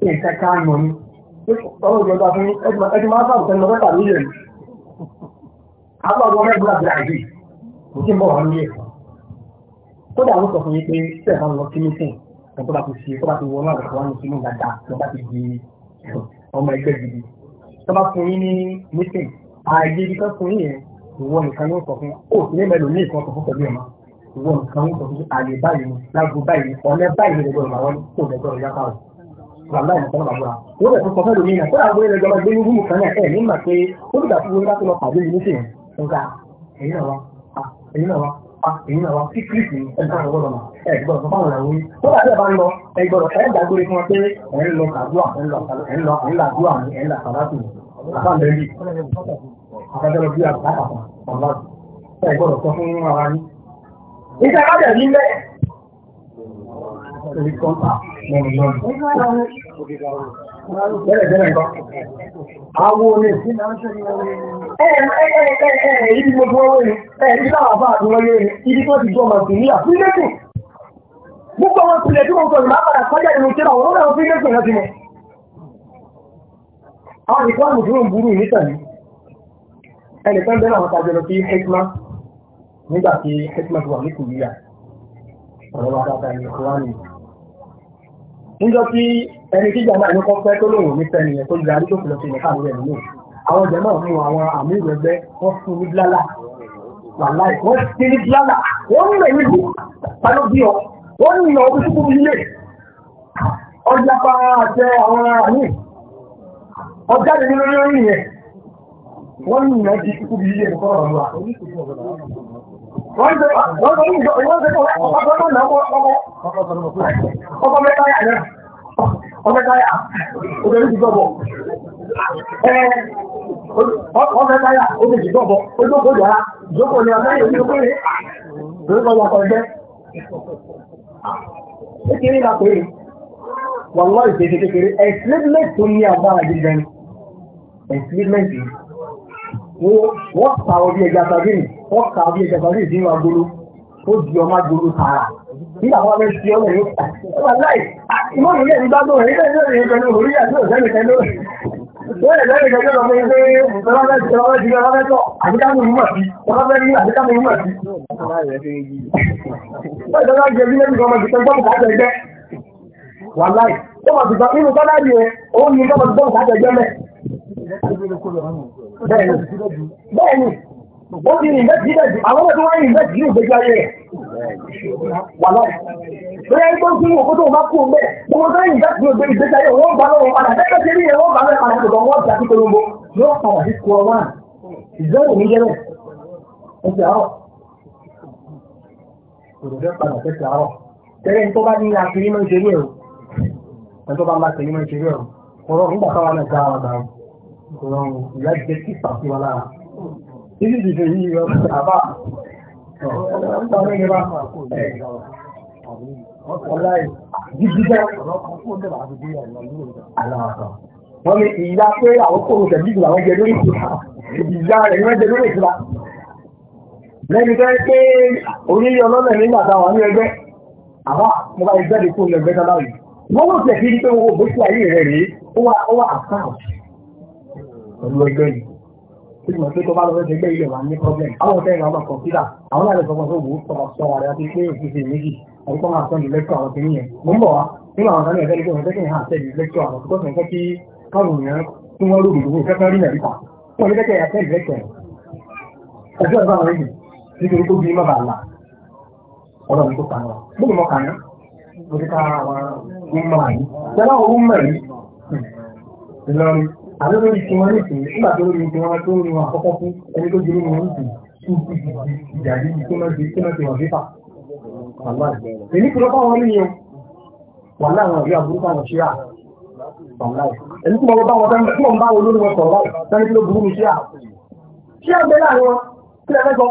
nǹkan ká nù ní ọwọ́ ìjọba fún ẹjú máa sábà tẹnu ọgọ́ta mílíọ̀nù apáwọn ọmọ ẹgbẹ́ àbíláàjì kò sí ń bọ̀ wọn nílé kódà ó sọ fún yín pé sẹ́ẹ̀fà ń lọ sí mítìn tó bá ti ṣe tó bá ti wọ náà lọ́wọ́ ní sínú dáadáa tó bá ti di ọmọ ẹgbẹ́ gidi tó ìwọ nǹkan ń fún àlè báyìí lágbo báyìí ọ̀lẹ́ báyìí lẹ́gbẹ̀rún àwọn tó lẹ́gbẹ̀rún yàtọ̀ rẹ̀ wàlá ìfọwọ́ bàbúrà ó lè tún sọ fẹ́ lómi náà kódà wọ́n lè jọba gbé ní rúmù kan náà ẹ̀ nígbà pé ó dìgbà tí wọ́n bá tó lọ pàdé yìí nísìnyí nígbà èyí náà wá èyí náà wá èyí náà wá sí kírísì ẹgbẹ́ àwọn ẹ gbọ́dọ̀ fún bá ń lọ ẹ gbọ́dọ̀ ẹ Iṣẹ́ kájẹ̀ nílẹ̀. Àwọn olè sí náà ń ṣe ní ọ̀rẹ́ ẹ̀ẹ̀ẹ̀ẹ̀ẹ̀ẹ̀ ibi gbogbo owó ni, ẹ̀ẹ̀ẹ̀ẹ̀ẹ̀ láwọn bá àti wọlé ni, ibi tó ti jọ mọ̀ sí ní àfílẹ́kùn. Gbogbo wọn tilẹ̀ tí wọ́n sọ ìmá padà kọjá ìlú tí wọ́n rọrọ̀ àfílẹ́kùn láti mọ̀. Àwọn ìkọ́ àmùsùn burú nítàn ní. Ẹnìkan bẹ́ẹ̀ náà wọ́n tàbí lọ sí Hekma nígbà tí hikmat wà ní kùbíyà ọ̀rọ̀ wa dáadáa ní kúránì. níjọ́ tí ẹni tí jàmbá ìlú kan fẹ́ tó lòun ní fẹ́ni ẹ̀ tó gbé àdúgbò kìlọ̀ sí ìyẹ̀ká rẹ̀ nínú àwọn jẹ̀mọ́ mú àwọn àmì ìrẹ̀gbẹ́ wọ́n fún ní blálà wàláì wọ́n ti ní blálà wọ́n ń lè ní bò pálọ́ bí ọ wọ́n ń lọ ojú kúrú nílé ọjà pa àṣẹ àwọn àmì ọjà lè ní lórí yẹn wọ́n ń lọ ojú kúrú nílé nǹkan ọ̀rọ̀ wa wọ́n ṣe wọ́n ṣe kékeré tó ní agbára gidi gan ẹ̀sìlẹ́mẹ̀tì wọ́n pa ọdún ẹja sardine wọ́n kà á bí ẹja sáré ìdí wa gbolo ó di ọmọ agbolo tààrà nígbà wọn bẹ fi ọmọ yóò kà wọn láì ìmọ̀ mi yẹ nígbà tó rẹ̀ nígbà tó rẹ̀ nígbà tó rẹ̀ nígbà tó rẹ̀ nígbà tó rẹ̀ wọ́n lè lẹ́yìn ìgbẹ́jọ́ lọ pé pé ọlọ́fẹ́ ti ọlọ́fẹ́ ti ọlọ́fẹ́ tọ̀ àbíkámi ìmọ̀ sí ọlọ́fẹ́ ní àbíkámi ìmọ̀ sí. wọ́n ìjọba jẹ bí lẹ́yìn ọmọ ìgbẹ́ gbọ́dọ̀ káàtẹ̀ ẹgbẹ́ wà láì tó bá ti gbà nínú sọ́dá yẹ òun ní gbọ́dọ̀ gbọ́dọ̀ káàtẹ̀ ẹgbẹ́ wọ́n ti rìn bẹ́ẹ̀ síbẹ̀ jù àwọn ọ̀dọ́ wọ́n rìn bẹ́ẹ̀ sí ìgbésí ayé wà láì. Bóyá ń tó ń fún òkú tó bá kú bẹ́ẹ̀, gbogbo tó rìn bẹ́ẹ̀ sí ìgbésí ayé wọ́n bá lọ́wọ́ padà bẹ́ẹ̀ ṣe rí ẹ̀wọ́n bá lọ́wọ́ padà tó wọ́n ti àti polongo yóò padà sí kú ọwọ́ náà. Ìjọ́rò ẹsẹ̀ padà Tẹ́lẹ̀ ń Títí ti fi yí ọ àbá. Wọ́n ní ìyá pé àwọn kòrò tẹ̀lé ìgbà wọn jẹ lórí ìtura. Ìyá rẹ̀ ni wọ́n jẹ lórí ìtura. Lẹ́ni tẹ́ pé oníyí ọlọ́lẹ̀ nígbà táwọn ní ẹgbẹ́. Àbá mo bá ẹgbẹ́ dínkù ní ẹgbẹ́ tábà yìí. Wọ́n mọ̀ tẹ̀ kí ní pé owó bóṣù ayé rẹ̀ rèé ó wà àkáàtì pẹ̀lú ẹgbẹ́ yìí tó mọ̀ pé tó bá lọ lọ́sẹ̀ gbé ilẹ̀ wà ní problem àwọn ọ̀tẹ́ ìwà máa kọ̀ǹpútà àwọn náà lè sọ fún ọ wò ó sọ̀rọ̀ sọ̀rọ̀ rẹ̀ àti pé òṣìṣe méjì àti kọ́ máa sọ ní lẹ́kọ̀ọ́ àwọn kìíní yẹn mo ń bọ̀ wá nínú àwọn ọ̀tẹ́ ìfẹ́ nígbà tẹ́kẹ̀ hàn sẹ́ni lẹ́kọ̀ọ́ àwọn tó sọ̀rọ̀ kí káwọn èèyàn tí wọ́n lòdì lówó kẹ́kẹ́ rí nàìjíríà wọ́n lè kẹ́kẹ́ àtẹ́ ìlẹ́kọ̀ọ́ ẹjọ́ ìbá wọn rèé nítorí tó bí má bàa là mi tó kàn wá gbogbo mọ̀ kàn án mo ti ká àwọn ọmọ yìí tẹ́lá òun mọ̀ Ìlọrin àbí lórí tí wọ́n nìsín nígbà tó lórí tí wọ́n tó lórí wọn àkọ́kọ́ fún ẹni tó jẹ́ wọn nìsín tún ti ìjàdí tó náà ti tó náà ti wà fífà. èmi kúrò bá wọn níyẹn wà láwọn ìlú àbúrúkọ àwọn ṣíà èmi tí mo bá wọn tán tí mo bá wọn lórí wọn sọ̀rọ̀ báyìí tán kí ló burú mi ṣíà. ṣíà ń bẹ láàrin wọn kí lè fẹ́ sọ.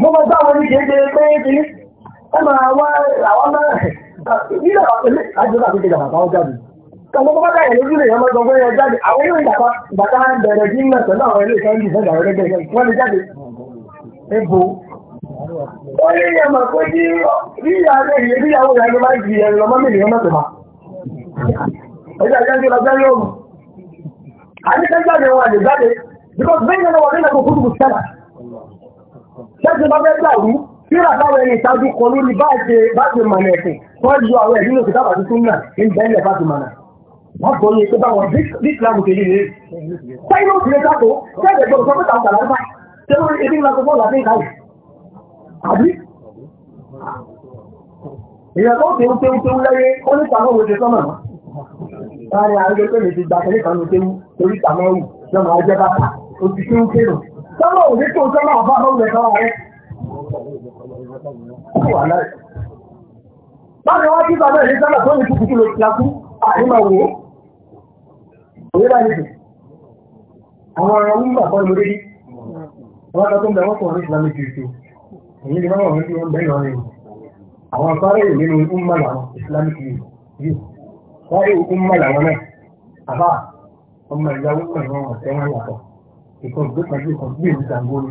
mo máa bá wọn ní kéde pé kìíní ẹ máa wá àwọn náà nígbà àjọyọ̀ àti ìjọba àtàwọn jáde. Kàmọ́ bọ́ bá yẹn lójú lè yẹn mọ́tò fún yẹn jáde. Àwọn yóò gbàgbá gbàgbá bẹ̀rẹ̀ sí mẹ́tọ̀ náà àwọn ilé ìtọ́jú ìfẹ́dà rẹ̀ gẹ̀gẹ̀ wọ́n lè jáde. Ebo. Ó yẹ yẹn mọ̀ pé bí ìyá rẹ̀ yẹ bí ìyàwó rẹ̀ ló bá jì ẹ̀rọ lọ́mọ́ mi nìyẹn mọ́tò bá. Ẹja jáde lọ jáde òmù. Àníkẹ́ jáde wọn àlè jáde. Because bẹ́ẹ̀ ni wọ́n nílẹ̀ kó kúrú sẹ́là. Ṣẹ́gun bá fẹ́ gbà wú. Kíra táwọn ẹni ìtajú kan lórí bá ṣe bá ṣe mọ̀nà ẹ̀sìn. Wọ́n ju àwọn ẹ̀dínlẹ̀ kìtàbà tuntun náà ń bẹ́ẹ̀ lẹ̀ bá ṣe mọ̀nà wọ́n bọ̀ ní ìpínlẹ̀ wọn bí ìsìlámù kejì rẹ̀. sáyẹ́nì ó ti lè dáko sáyẹ́nì ẹ̀gbọ́n sọ pé tàwọn tàwọn àlùfáà ṣé wọ́n ní ebi ńlá tó bọ́ọ̀lù àti ìdáhùn. àbí èèyàn tó tẹ̀wú tẹ̀wú tẹ̀wú lẹ́yẹ ó ní tàwọn òwe ṣe sọ́nà mọ́. láàrin àrùn pé mi ti gba kẹ́lẹ́ kan tẹ̀wú torí tàwọn òwú lọ́nà ajẹ́ bàtà ó ti tẹ̀wú tẹ̀wú. sọ́nà òwe tó sọ́nà àbá Báwo ni wọ́n ti bàbá ìlú sábà tó ní kúkú lọ sí akú? Àyè máa wò ó. Òwe bá nìkù. Àwọn ọ̀rọ̀ wíwà kọ́ lórí rí. Wọ́n lọ tó ń bẹ wọ́n fún ọ̀rọ̀ ìsìlámi kiri tó. Èyí ni báwọn ọ̀rọ̀ ń bẹ ìrọ̀rùn. Àwọn afárá èrò nínú ikú mọ́ làwọn ìsìlámi kiri yìí. Wọ́n rí ikú mọ́ làwọn náà. Àbá ọmọ ìyàwó pẹ̀lú ọ̀tẹ́ wọn yàtọ̀. Ìkọ̀ ìgbé ìkọ̀ bí ìlú Ṣàngó ni.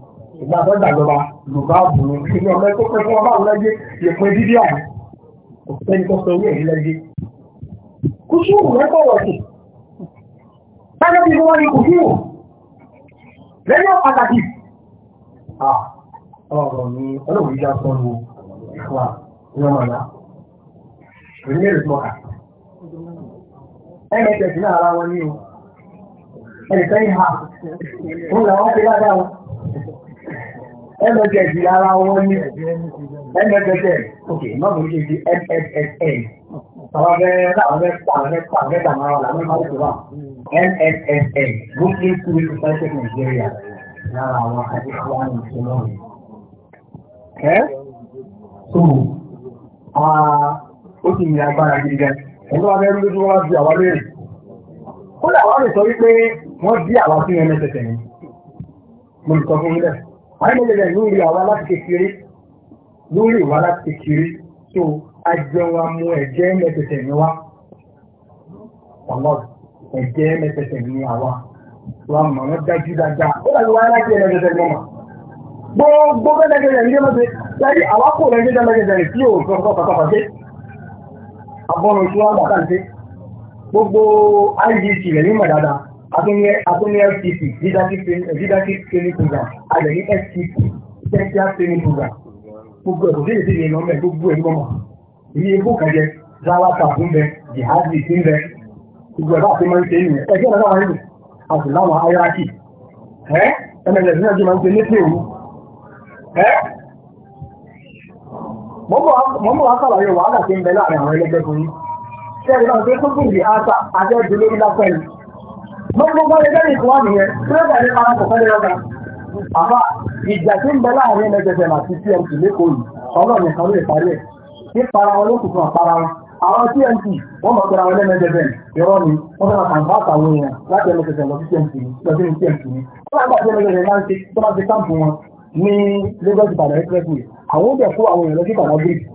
ìgbà tó dàjọba yorùbá bù ú kí ni ọmọ ẹgbẹ́ pẹ́ fún ọba òlẹ́gbé ìpín dídí àná kò sẹ́ni tó sọ owó èyí lẹ́gbé. kùsùrù rẹ̀ kọ̀wọ̀ sí tájọ́ bí wọ́n ní kùsùrù lẹ́yìn pàtàkì. ọ̀rọ̀ ni ọlọ́run yíyá sọ́nu wa ní ọmọ ọ̀la èmi ní èrè mọ́ka nhs náà ara wọn ní o ẹnìkan yìí ha òun làwọn fi lágbára MSS ara wọn ní MSS ok náà kò ní ṣe àwọn fẹ́ àwọn fẹ́ àwọn fẹ́ àwọn fẹ́ tàmà wà láwọn máa ń wà MSSN Muslim School Society of Nigeria lára àwọn akẹ́kọ̀ọ́ àwọn ìṣẹ̀lẹ̀ ọ̀hún. ẹ́ so ó sì ní agbára gidi gan ẹ̀rọ abẹ́rú lójú wọn láti àwọn léèrè kódà wọn lè sọ wípé wọ́n bí àwọn sí MSSN mo lè sọ fún yín bẹ́ẹ̀ àìmọ̀lẹ̀lẹ̀ lórí àwa láti kékeré lórí ìwà láti kékeré tó ajẹwa mu ẹ̀jẹ̀ mẹ́tẹ̀ẹ̀tẹ̀ ni wá ọlọ́run ẹ̀jẹ̀ mẹ́tẹ̀ẹ̀tẹ̀ ni àwa wa mọ̀ wọ́n dájú dáadáa ó dàbí wáyé láti ẹ̀rọ ẹ̀jẹ̀ mọ́mọ́ gbogbo mẹ́tẹ̀ẹ̀tẹ̀ ní wọ́n bàtà gbogbo atúnyẹ FTP leadership training program alẹ̀ ní FTP essential training program gbogbo ẹ̀kọ́ sí èdè ìrìnà mẹ́ gbogbo ẹ̀ lọ́mọ èyí epo kẹjẹ zawa tàbí bẹ jihadi ti bẹ gbogbo ẹ̀bá àti máa ń ṣe é nìyẹn ẹ̀jẹ̀ náà wà nínú àti láwọn hierarchy ẹ̀ mls náà jẹ́ máa ń ṣe ní pèrú ẹ̀ mọ́mọ́ wa sàlàyé wàhálà ti ń bẹ láàrin àwọn ẹlẹgbẹ́ fún yín ṣé ẹ̀rọ náà tó tó kùn di àṣà àjẹ́ ìdílórí lápẹ́ yìí Gbogbo bá lè lẹ́yìn ìkọ́wà nìyẹn, tí ó bẹ̀rẹ̀ máa ń kọ̀ fẹ́lẹ́ ọ̀gá. Àmá ìjà tí ń bẹ láàrin ẹlẹ́gbẹ̀gbẹ̀ àti TMC lẹ́kọ̀ọ́ yìí, ọlọ́run nìkan ló lè parí ẹ̀. Ní para wọn ló kù fún àpara wọn. Àwọn TMC wọ́n mọ̀ pẹ̀lú àwọn ẹlẹ́gbẹ̀gbẹ̀ ìrọ́ ni wọ́n fẹ́ máa kàn bá àtàwọn èèyàn láti ẹlẹ́gbẹ̀gbẹ̀ lọ sí TMC ni lọ sí TMC ni. Wọ́n lágbà tí ẹlẹ́gbẹ̀gbẹ̀ máa ń ṣe tó máa ti káàpù wọn ní Lagos Ìbàdàn Expressway. Àwọn ó bẹ̀ fún àwọn èèyàn lọ sí Ìbàdàn Bridge.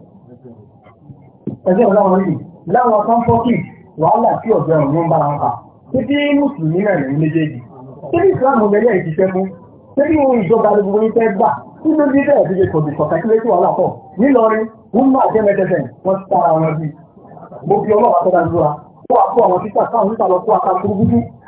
Ẹgbẹ́ ìlànà yìí láwọn kọ́ńpọ́kì wàhálà tí ọ̀gbẹ́ ọ̀run ń bára wọn kà títí mùsùlùmí náà ní méjèèjì títí ìsìláàmù lẹ́yìn ìṣiṣẹ́ fún títí ohun ìjọba gbogbo yín fẹ́ gbà tí ló dé bẹ́ẹ̀ fíjẹ kò dùkọ̀ kàkílẹ́tì wàhálà pọ̀ nílọrin wọ́n máa jẹ́ mẹ́tẹ́fẹ̀ wọ́n ti tara wọn bí mo fi ọlọ́wà tọ́ta lura ó wà fún àwọn títà káwọn níta lọ fún aka kúrúkúrú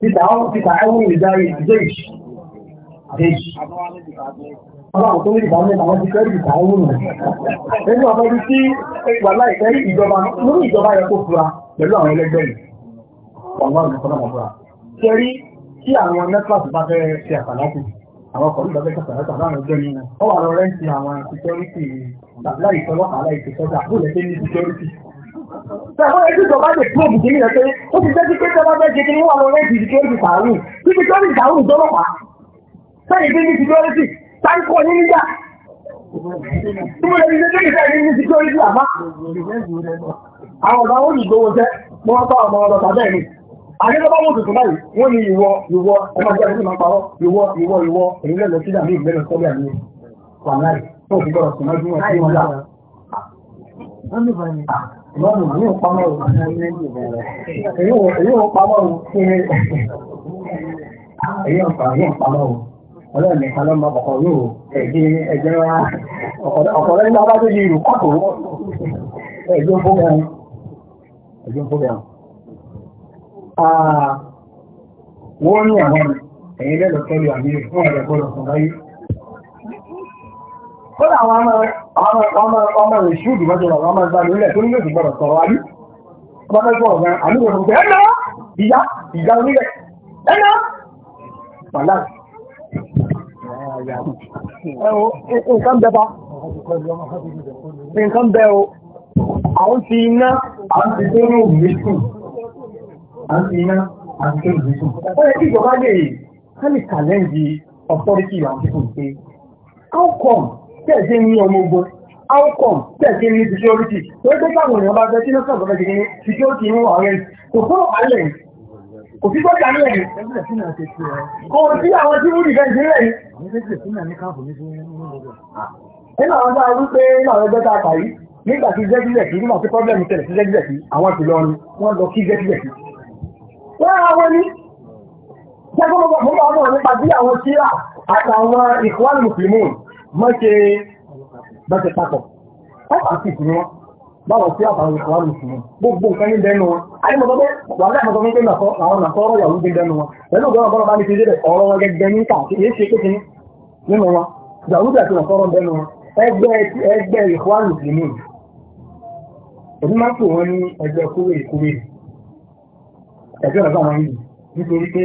títàáwò Ọlọ́run tó ní ìbámu àwọn ti fẹ́ ìdáwó rẹ̀. Nínú ọ̀pọ̀ ibi tí ìgbà láìpẹ́ ìjọba lórí ìjọba yẹ fura pẹ̀lú àwọn ẹlẹ́gbẹ́ yìí. Ọlọ́run tó náà fura. Ṣé rí tí àwọn nẹ́tíwàsì bá fẹ́ ṣe àkàlákù, àwọn ọkọ̀ nígbà fẹ́ ṣàkàlákù àwọn ẹgbẹ́ yìí náà. Ó wà lọ rẹ́ǹtì àwọn security láìpẹ́ lọ́kàá láìpẹ́ sọ́jà, bó lẹ́sẹ̀ ní security. Ṣàkóso ẹgbẹ́ ìjọba lè fún òbí nílẹ̀ pé ó ti jẹ́ pé tọ́lá fẹ́ ṣe kí ní wà lọ rẹ́ẹ̀dì ìdíkẹ́rì ìtàrù. Títí tó ní ìtàrù ìjọlọ́pàá. Sẹ́yìn bí ní security, táńkọ ní níjà. Tí Àwọn ọ̀gá wọ́n tuntun báyìí, wọ́n ní ìwọ, ìwọ, ẹ máa jẹ́ máa parọ́, ìwọ, ìwọ, ìwọ, èyí lẹ́lọ sí ìdàmú ìgbẹ́lẹ̀ sọ́bí àmì wà láì, tó fi gbọ́dọ̀ mọ́jú wọn sí wọn láà lọ́nà ní ìpamọ́ èyí ò pamọ́ ṣe èyí ọ̀pá ní ìpamọ́ ọlọ́run nìkan ló máa bọ̀kọ̀ yóò ẹ̀gbẹ́ ẹgbẹ́ wa ọ̀pọ̀lọ́ nígbà bá tó di ìlú kọ́tò ẹ̀gbẹ́ fúnbẹ̀rún ẹ̀gbẹ́ fúnbẹ̀rún wọ́n ní àwọn ẹ̀yìn lẹ́lọ́tọ́lù àmì ìfún ẹ̀rẹ̀kọ́ lọ́sọ̀rọ̀ yìí kódà àwọn ọmọ ìṣú ìdìbọn jọrọ àwọn ọmọ ìgbàlú ilẹ̀ tó nílò ìgbọ̀rọ̀ sọ̀rọ̀ àbí ọmọ fẹ́ sọ̀rọ̀ gan àmì ìwọ̀n pé ẹ̀nà ìyá ìyá onílẹ̀ ẹ̀nà pàlá nǹkan bẹ bá nǹkan bẹ o ti iná àwọn ti tó ní òbí sùn ti iná àwọn ti tó ní ó yẹ kí ìjọba lè kálí kàlẹ́ǹdì ọ̀pọ̀rìkì àwọn ti sùn pé how come tẹ̀sí ní ọmọ ogun outcome tẹ̀sí ní security tó gbé káwọn èèyàn bá fẹ́ sí lọ́sàn ọ̀gbọ́n jẹ́ security ní ààrẹ kò fún ààrẹ kò sí gbọ́dọ̀ ààrẹ kò sí àwọn tí wọ́n dìbẹ̀ ìdílé nínú àwọn bá wípé nínú àwọn ẹgbẹ́ tá a kà yìí nígbà tí zẹ́gílẹ̀kì nígbà tí pọ́blẹ́mù tẹ̀lẹ̀ sí zẹ́gílẹ̀kì àwọn ti lọ ni wọ́n lọ kí zẹ́gílẹ̀kì. wọ́n á wọ́n ní jẹ́gbọ́n mọ́ nípa bí àwọn síra àtàwọn ìkọ́wàlù mùsùlùmí mọ́ṣe bẹ́ṣẹ̀ papọ̀ ọ̀pá sì sí wọn báwọn sí àtàwọn ìsìláàmù sí wọn gbogbo nǹkan ní dẹnu wọn ayémọ̀tọ́gbẹ́ wàhálà àmọ́tọ́ ní pé àwọn nàkọ́rọ̀ yàwó gbé dẹnu wọn pẹ̀lú ọgbọ́n ọgbọ́n bá ní ti dé ọ̀rọ̀ wọn gẹ́gẹ́ ní káàkiri èé ṣe pé kí nínú wọn yàwúdà àti nàkọ́rọ̀ dẹnu wọn ẹgbẹ́ ìkọ́wàlù sí ní èmi máa ń pè wọ́n ní ẹgbẹ́ kúrè kúrè ẹgbẹ́ ọ̀gá wọn yìí nítorí pé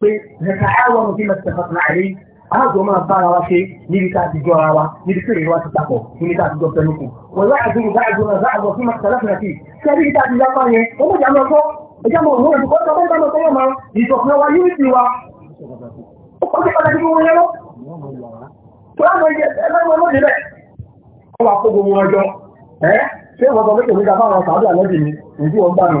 pé ẹ̀ka àwọn ọmọ tí mo ti tẹ̀fọ́ láàrin àjọ máa bára wa ṣe níbi ká àtijọ́ ara wa níbi tí èrè wa ti papọ̀ níbi ká àtijọ́ fẹ́ lókun wọ́n láàbí ìgbà àjọ náà láàbọ̀ fún màtí tẹ̀lẹ́fẹ̀ náà sí sẹ́bí ìta àti ìyapa yẹn ó mọ̀ jà lọ́kọ́ ẹjá mọ̀ òun ẹ̀dùkọ́ tó bẹ́ẹ̀ bá lọ́kọ́ máa ìṣọ̀kan wa unity wa ó kọ́ sí pàtàkì fún wọn yẹn lọ. tó láwọn ẹgbẹ́ ẹlẹ́wọ̀n lóde bẹ́ẹ̀ wọ́n wá kó gbogbo wọn jọ ẹ́ ṣé ìwọ̀n sọ pé kò ní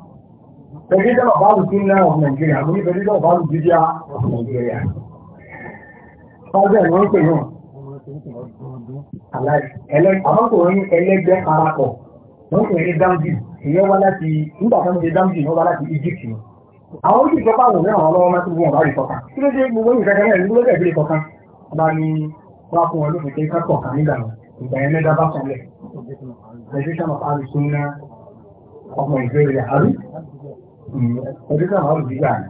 Federation of Báàlù sí of Nigeria, mo ní Federation of Báàlù of Nigeria. Fájẹ̀ wọ́n ń pè náà. Àwọn kò ẹlẹ́gbẹ́ parapọ̀, wọ́n kò ní Dámjì, ìyẹn wá láti, nígbà kan ní Dámjì wọ́n wá láti Egypt Àwọn ojú ìjọba wò ní àwọn máa tó wọn bá rí kọ̀ọ̀kan. Kí ló dé gbogbo ìgbà kan ní gbogbo ìgbà kọ̀ọ̀kan? Bá ní wá fún wọn lófin pé kọ̀ọ̀kan nígbà náà, ìgbà yẹn condition how is done.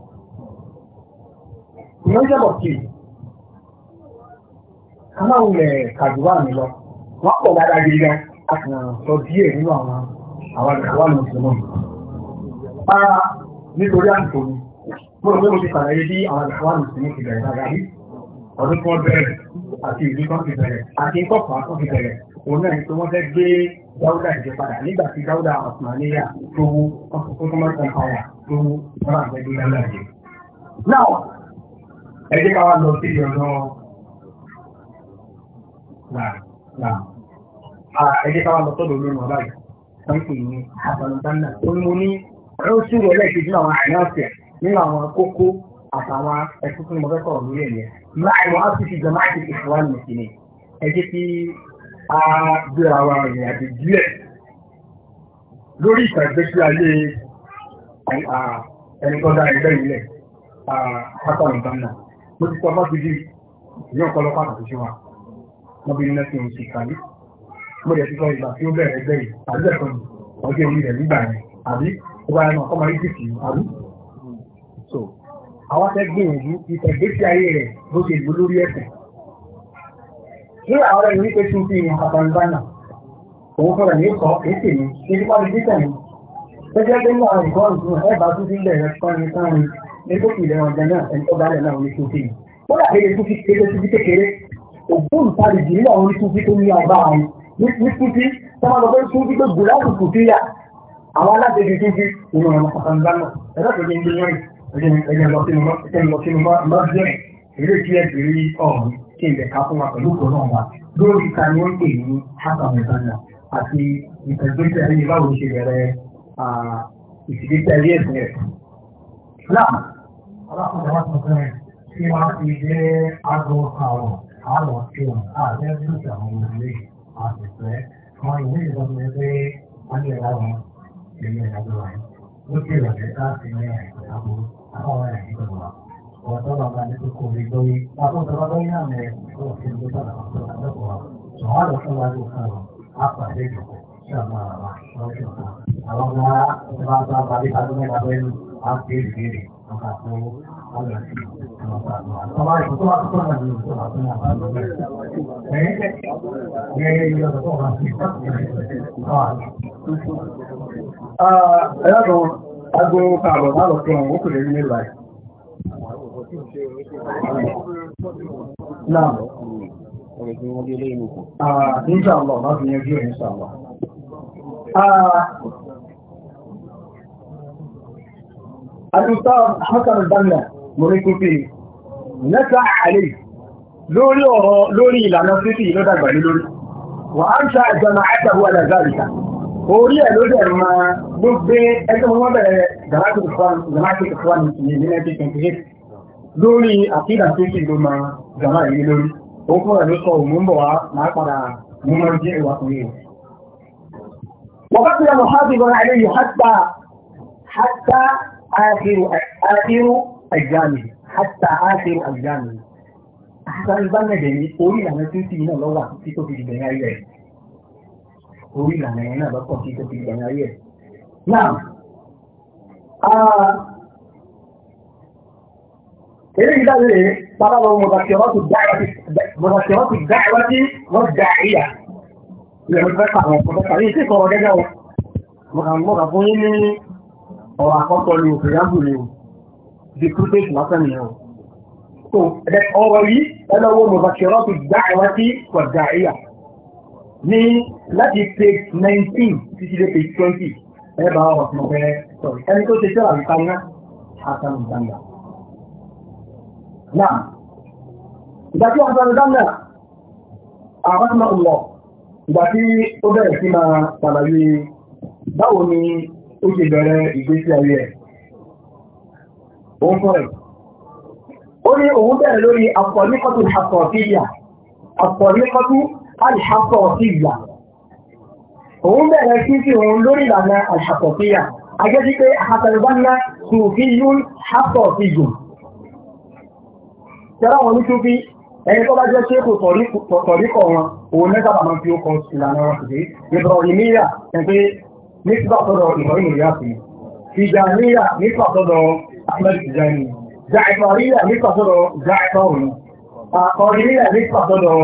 Ìyọ́n jẹ́bọ̀ sí i, a máa wulẹ̀ kàdúrà mi lọ, wọ́n pọ̀ dáadáa yìí gan, a kàn sọ díẹ̀ nínú àwọn àwọn àgbà lọ sí wọn. Ara nítorí àtìkò mi, mo rò pé mo ti ṣàlàyé bí àwọn àgbà lọ sí mi ti bẹ̀rẹ̀ dáadáa rí. Ọdún tí wọ́n bẹ̀rẹ̀ àti ìlú kan ti bẹ̀rẹ̀ àti ìkọ̀kọ̀ kan ti bẹ̀rẹ̀, òun náà ni pé wọ́n fẹ́ gbé dáúdà ìjẹ padà nígbà tí dáúdà ọ̀sùnmáníyà tó wú ọkùnkùnkùn kọ̀ọ̀kọ̀ọ̀yà tó wú ọmọ àgbẹ̀dún náà jẹ. náà ẹ jẹ́ ká wá lọ sí ọ̀dọ́ ah, ẹ jẹ́ ká wá lọ sọ́dọ̀ olóyún ọ̀bá yìí sáńkì ní àbàlùbánà tó ní mo ní rẹ́ọ̀sì rẹ̀ lẹ́ẹ̀kejì nínú àwọn àyànfẹ́ nínú àwọn kókó àtàwọn ẹ̀kú fún mọ́fẹ́ sọ̀rọ̀ lórí ẹ̀yẹ láì á sì fi jẹ́ máàkì ìfọwọ́ a gbé ara rìn àti díẹ̀ lórí ìtàgbé sí ayé ẹni tó dá ẹgbẹ́ ilẹ̀ pátá ìbáná mo ti sọ bá ti di ìyá ọ̀pọ̀lọ́ pàtàkì sí wa wọ́n bí nílẹ̀ tí mo ti kàlí mo dẹ̀ ti sọ ìgbà tí ó bẹ̀rẹ̀ ẹgbẹ́ yìí àbí ẹ̀kọ́ mi ọjọ́ orí rẹ̀ nígbà yẹn àbí ó bá yẹn ọkọ̀ máa ń dìtì àbí. àwọn akẹgbẹ́ òògùn ìtàgbé sí ayé rẹ̀ bó ṣe lò lórí ẹ̀sìn kí àwọn ẹ̀rí pé tún fi hàn àtàlùbánà òun fọ̀rọ̀ ní kọ́ èsì ní ibi pàdé títẹ̀ ní gẹ́gẹ́ bí wọ́n àwọn ìkọ́ ìtún ẹ̀bá tún sí ilẹ̀ rẹ̀ kọ́ni kọ́ni ní tó kìlẹ̀ ọ̀gá náà ẹni tó balẹ̀ náà oníṣun fi ó dà kéde tún fi kéde tún fi kékeré ògbón ìparí jì nílẹ̀ oníṣun fi tó ní ọgbà àwọn ní tún fi tọ́mọ lọ pé tún fi tó gùn láti kù sí yà àwọn alájẹjì tún fi nínú ọ̀nà àtàlùbánà ẹ̀dá tó jẹ́ ń gbé ṣe ìlẹ̀ka fún wa pẹ̀lú kò náà wa lórí ta ni wọ́n pè ní hasan ìbànà àti ìtẹ̀gbẹ́sẹ̀ ẹni báwo ṣe bẹ̀rẹ̀ ìṣègbésẹ̀ ẹ̀rí ẹ̀sìn ẹ̀. Láà alákùnrin wa ti bẹ̀rẹ̀ tí wọ́n ti dé aago kàwọ̀ àwọ̀ tí wọ́n àti ẹgbẹ́ ìṣàwọn ọmọ ilé àṣìṣẹ́ wọn ìwé ìdọ́gbẹ́ pé wọ́n lè ra wọn ilé ìdájọ́ wa. Ó ti rẹ̀ وطلب أن يتركوا في الدوي وأقول ترضينا من يروح في المدرسة وهذا صلى الله عليه وسلم حق عليكم إن شاء tadi aku nak kawin aktif maka aku ada sih. Sama itu tu aku pernah dulu Eh, ya ya ya, tu orang Ah, ah, aku aku kalau kalau aku boleh ni Náà. Ọ̀rọ̀ tí wọ́n dé lé inú kù. Àà, ah, inshallah, máa fi yanjú ẹ̀ inshallah. Àà, Àdúgbò Hakan Dánà, mo rí kú pé, Nẹ́ta Àlè, lórí ọ̀rọ̀ lórí ìlànà títì ló dàgbà ní lórí. Wà á ń ṣá ìjọna àtàwọ̀ àdàzáríkà. Orí ẹ̀ ló dẹ̀ máa gbogbo ẹgbẹ́ wọn bẹ̀rẹ̀ Dramatic Fund ní 1928 lórí àkídà tó kí ló máa jàmá ìlú lórí ó fún ẹ̀ ló sọ òun ń bọ̀ wá máa padà mú máa jẹ́ ìwà fún yìí وقتل محافظ عليه حتى حتى آخر آخر أيامه حتى آخر أيامه àṣàrí bá mẹ́jẹ̀ ní orí ìlànà tí ó ti iná lọ́wọ́ àti tó fi ìgbẹ̀yìn ayé ẹ̀ orí ìlànà ẹ̀ náà lọ́pọ̀ tí èyí yìí dáre rèé bàbá wọn mọ̀tàkìrọ́tì dáwàtí wọ́n dà ìyà ilẹ̀ mọ̀tàkà àwọn mọ̀tàkà yìí sí sọ̀rọ̀ gẹ́gẹ́ o mọ̀tàkà fún yín ní ọ̀rọ̀ àkọ́kọ́ ni òkè yàgò ni o recruitment lásán ni o so ọ̀rọ̀ yìí ẹlọ́wọ́ mọ̀tàkìrọ́tì dáwàtí wọ́n dà ìyà ní láti page nineteen títí dé page twenty ẹ bá ọ̀rọ̀ tó fẹ́ sọ̀rọ̀ ẹni tó ṣe sẹ́wà ìtaná àtàlùgbàǹgà náà ìgbà tí wọ́n sọ́rọ̀ dáńdà àwọn ọmọ ọmọ ìgbà tí ó bẹ̀rẹ̀ sí máa pàdàlẹ́ báwo ni ó ṣe bẹ̀rẹ̀ ìgbésí ayé ẹ̀ òun sọ̀rọ̀ ó ní òun bẹ̀rẹ̀ lórí àpọ̀lẹ́kọ́tù àpọ̀síyà àpọ̀lẹ́kọ́tù àìsàpọ̀síyà òun bẹ̀rẹ̀ sí sí òun lórí ìlànà àìsàpọ̀síyà ajẹ́ sí pé àtàlùbánná tẹ́lá wọn ní túbí ẹni tó bá jẹ́ ṣé kò tọ̀ríkọ̀ wọn òun mẹ́ta bàmọ́ fi ó kọ ìlànà wọn sì ìbọ̀rọ̀ ìmíyà pẹ̀pẹ́ nípa sọ́dọ̀ ìbọ̀rọ̀ ìmìyà sí ìjàníyà nípa sọ́dọ̀ ahmed tijani jàìfàríyà nípa sọ́dọ̀ jàìfàrún àkọríyà nípa sọ́dọ̀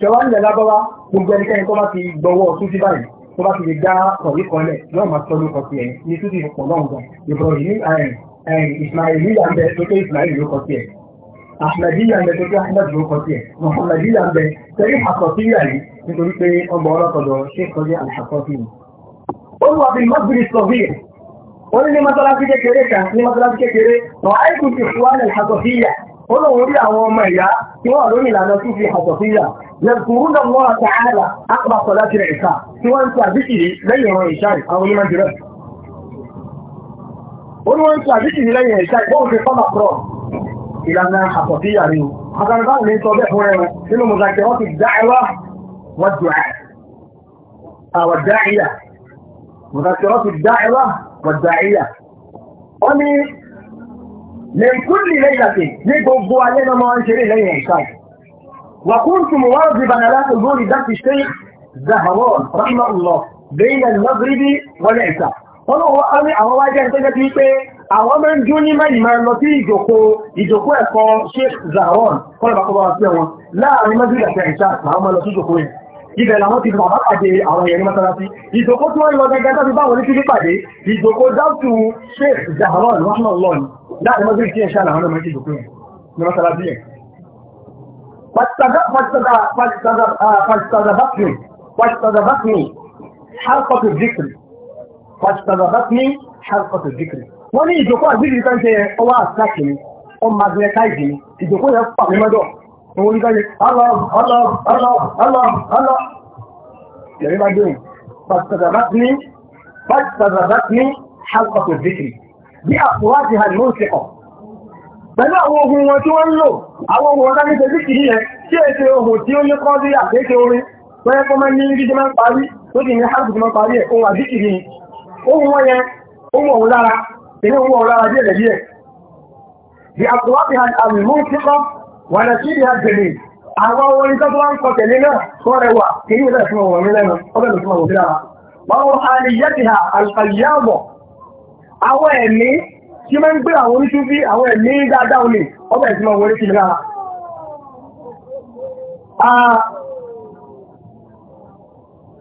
ṣọwọ́n ilẹ̀ lábọ́wá gbogbo ẹnikẹ́ni tó bá ti gbọ́wọ́ túbí báyìí tó bá ti lè dá tọ̀ríkọ̀ lẹ̀ yóò máa tọ́lú kọ sí ẹ̀ ní túbí pọ̀ náà gan ìbọ̀rọ̀ ìmí ìsmaili yà ń bẹ tó tó ìsmaili ló kọ sí ẹ̀ àmàdíyà ń bẹ tó kí ahmed ló kọtí ẹ mọ̀hàmàdíyà ń bẹ tẹ̀lé àkọsíyà yìí nítorí pé ọgbà ọlọ́kọ̀dọ̀ ṣe kọjá àkọsí yìí. ó wà bí mọ́gbìrì sọ̀bí ẹ̀ ó ní ní mọ́sálásí kékeré kan ní mọ́sálásí kékeré ọ̀ àìkùn ti fún wa ní àkọsíyà ó lọ wọ́n rí àwọn ọmọ ìyá tí wọ́n lórí ìlànà tó fi àkọsíyà yẹ̀kùrún náà wọ́n ta àlà àkọ́bà sọ̀lá ìlànà àkọ̀síyà ni o àtàrí báwo ní sọ bẹ́ẹ̀ fún ẹ nínú mọ̀sàkì wọ́n ti dá ẹ wá wọ́n dùn ẹ̀ àwọn dá ìyà mọ̀sàkì wọ́n ti dá ẹ wá wọ́n dá ìyà wọ́n ní gbogbo alẹ́ náà ń ṣeré lẹ́yìn ẹ̀ka وكنت مواظبا رحمه الله بين المغرب والعشاء wọn lọ́wọ́ àwọn wájẹ́ tó jẹ́ pé àwọn ọmọ ń dún ní mẹ́rin mẹ́rin lọ sí ìjòkó ìjòkó ẹ̀kọ́ Sheikh Zaron kọ́lọ̀bàkọ́bà sí ẹ̀wọ̀n láàrin mẹ́rin àti ẹ̀ṣà àwọn ọmọ lọ sí ìjòkó yẹn ibẹ̀ làwọn ti bàbá pàdé àwọn èèyàn mọ́sálásí ìjòkó tí wọ́n lọ gẹ́gẹ́ tó fi báwọn ní títí pàdé ìjòkó dáútù Sheikh Zaron rahman lọ́nà láàrin mọ́sálásí tí ẹ̀ṣà làwọn ọmọ ìjòkó yẹn ní mọ́sálásí yẹn فاستضافتني حلقة الذكر فاستضافتني حلقة الذكر wọ́n ní ìjòkó àgbìrì kan ṣe ọwọ́ àtàkì ni wọ́n ni ìjòkó yẹn pà mí mọ́dọ̀ òun ní ilé owó ọ̀rọ̀ ajé rẹ̀ díẹ̀ di àtúwábí àmìmúkíkọ́ wà ní sí ìyá gbèrè àwọn orin tó tó wá ń kọ tẹ̀lé náà tó rẹwà kì í rẹ̀ fún ọmọ mílẹ́nu ọbẹ̀ lọ fún ọmọ mílẹ́nu wọn wọ àlìyẹ́tì ha àlùfàyàbọ̀ àwọn ẹ̀mí tí máa ń gbé àwọn oníṣú bí àwọn ẹ̀mí dáadáa òní ọbẹ̀ tí máa wọlé sí lára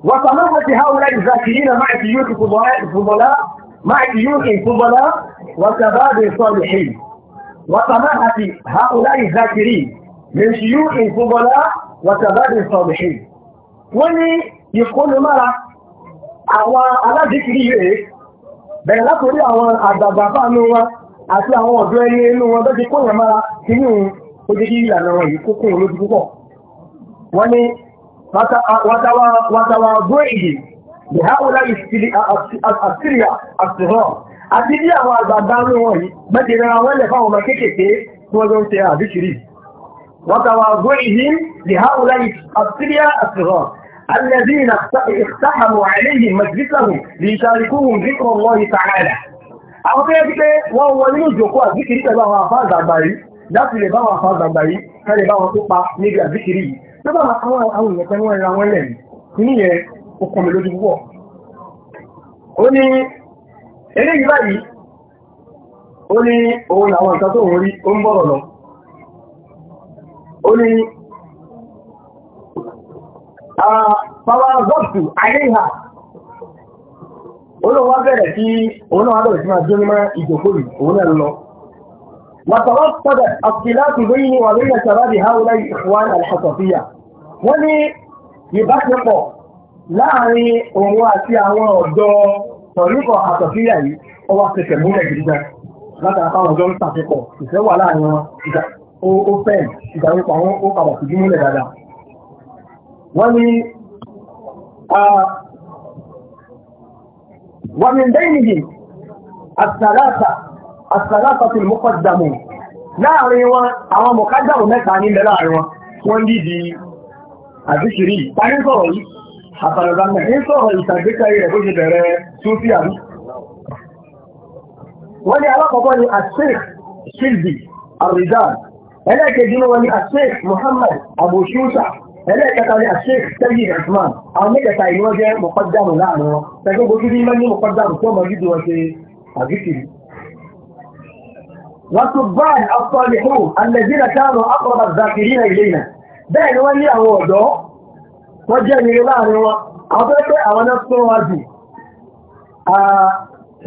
وسماحة هؤلاء مع جيوش كبلاء وشباب صالحين وسماحة هؤلاء الذاكرين من شيوخ كبلاء وشباب صالحين وإن يكون مرة àwọn alájíkiri mara bẹ̀rẹ̀ ala àwọn àgbàgbàfà inú wọn àti àwọn ọ̀dọ́ ẹni inú wọn bẹ́ẹ̀ ti kó yẹn mára kínú ojúdí ìlànà wọn yìí kókó olójú púpọ̀ wọ́n ní wàtàwà gbóyìí بهؤلاء السرية الصغار àti bí àwọn àgbàgbà ní wọ́n yìí mẹ́tẹ̀ rẹra wọ́n lè fáwọn ọmọ kéèkéé tí wọ́n jọ ń tẹ àbíṣìrí wọ́tàwà góìhìn lè haúlá àtíríà àtìrọ̀ alẹ́bíìn ìsáhàmù àìlèyìn mẹ́tìrísàmù lè ṣàríkúhùn ríkọ̀ lọ́yí tààlà àwọn tó yẹ sí pé wọ́n wọ nínú ìjòkó àbíṣìrí pẹ̀lú àwọn àfáà àgbàgbàrí láti lè báwọn àfáà àgbàgbàrí kẹ́lẹ̀ báwọn tó pa níbi àbíṣìrí yìí tó bá àwọn àwọn ìyẹ̀pẹ̀ wọn ra wọn lẹ̀ nínú yẹn okùn mi lójú púpọ̀ ó ní eré yìí báyìí ó ní òun àwọn nǹkan tó ń rí ó ń bọ̀rọ̀ lọ ó ní bàbá gọ́ọ̀tù àyíhà olówó bẹ̀rẹ̀ sí òun náà bẹ̀rẹ̀ sí máa jó nímọ̀ ìjòkó هؤلاء الإخوان الحصفية ولي يبقى láàrin òun àti àwọn ọ̀dọ́ tọ̀lúkọ̀ àtọ̀síyà yìí ó wá ṣe tẹ̀múlẹ̀ gidida látara fáwọn ọjọ́ ń tàfikọ̀ ìfẹ́ wà láàrin wọn ìgbà ó fẹ́ ìgbàlópa wọn ó padà sí gímúlẹ̀ dáadáa wọ́n ní ومن بينهم الثلاثة الثلاثة المقدمون láàrin wọn àwọn mọ̀kájáwò mẹ́ta ní lẹ́láàrin wọn wọ́n dìdí àdíṣìrí tàbí sọ̀rọ̀ yìí àfàràdà mẹ́ ń sọ̀rọ̀ ìtàgbékáyé rẹ̀ bó ṣe bẹ̀rẹ̀ súfì àbí. wọ́n ní alákọ̀ọ́kọ́ ni asif silvi arizal ẹlẹ́ẹ̀kejì ní wọn ni asif muhammad abu shusa ẹlẹ́ẹ̀kẹta ni asif sayyid usman àwọn mẹ́tẹ̀ẹ̀ta yìí wọ́n jẹ́ mọ̀kọ́dàmù láàrin wọn tẹ̀sán gbogbo bí mẹ́ni mọ̀kọ́dàmù tó mọ̀ gidi wọn ṣe àbíkiri. wàtúbàn afọ́lẹ́hùn alẹ́dínà káàrọ̀ akọ̀rọ̀ bàtàkìrì náà ilé náà bẹ́ẹ̀ ni wọ́n ní àwọn ọ̀dọ́ wọ́n jẹ́ ìrìn láàrin wọn àwọn tó pé àwọn náà tó wá jù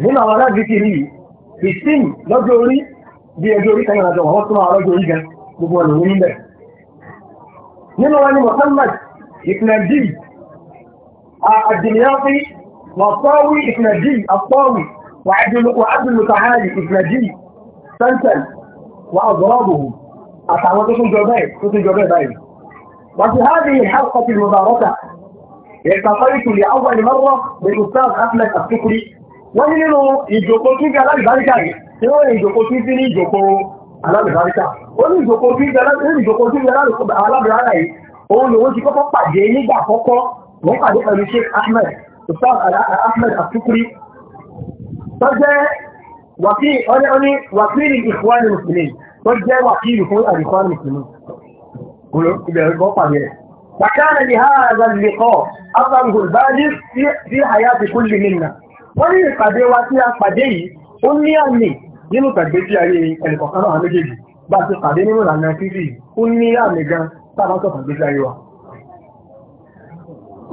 nínú àwọn aláàbìkì rí ìsìn lọ́jọ́ orí bí ẹjọ́ orí kan ìrìnàjò àwọn tó máa lọ́jọ́ orí gan gbogbo ọ̀nà ní níbẹ̀ nínú wọn ni Muhammad ìpìnàjì àdìmíyàfi wàtọ́wí ìpìnàjì àpọ́wì wàádùlùkàhálì ìpìnàjì sẹ́ńtẹ̀l wà ọ̀gọ́rọ̀gùn àtàwọn tó tún jọ báyìí وفي هذه الحلقة المباركة التقيت لأول مرة بالأستاذ أحمد الفكري ونحن يجوكو كيف على البركة هو يجوكو كيف يجوكو على البركة oníjòkó tí ìjòkó tí ìjọba alábìrárá yìí òun lòun ti kọ́kọ́ pàdé nígbà àkọ́kọ́ wọ́n pàdé pẹ̀lú Sheikh Ahmed Ustaz Ahmed Atukuri tó jẹ́ wàkílì Ikhwan Muslimin tó jẹ́ wàkílì fún Ikhwan Muslimin وكان لهذا اللقاء أثره البادر في حياة كل منا ولي قدي واتي قدي أمي أمي nínú tàgbéjì ayé ẹnìkọ̀kan náà méjèèjì bá ti pàdé nínú ìlànà títì ó ní àmì gan sábà sọ tàgbéjì ayé wa.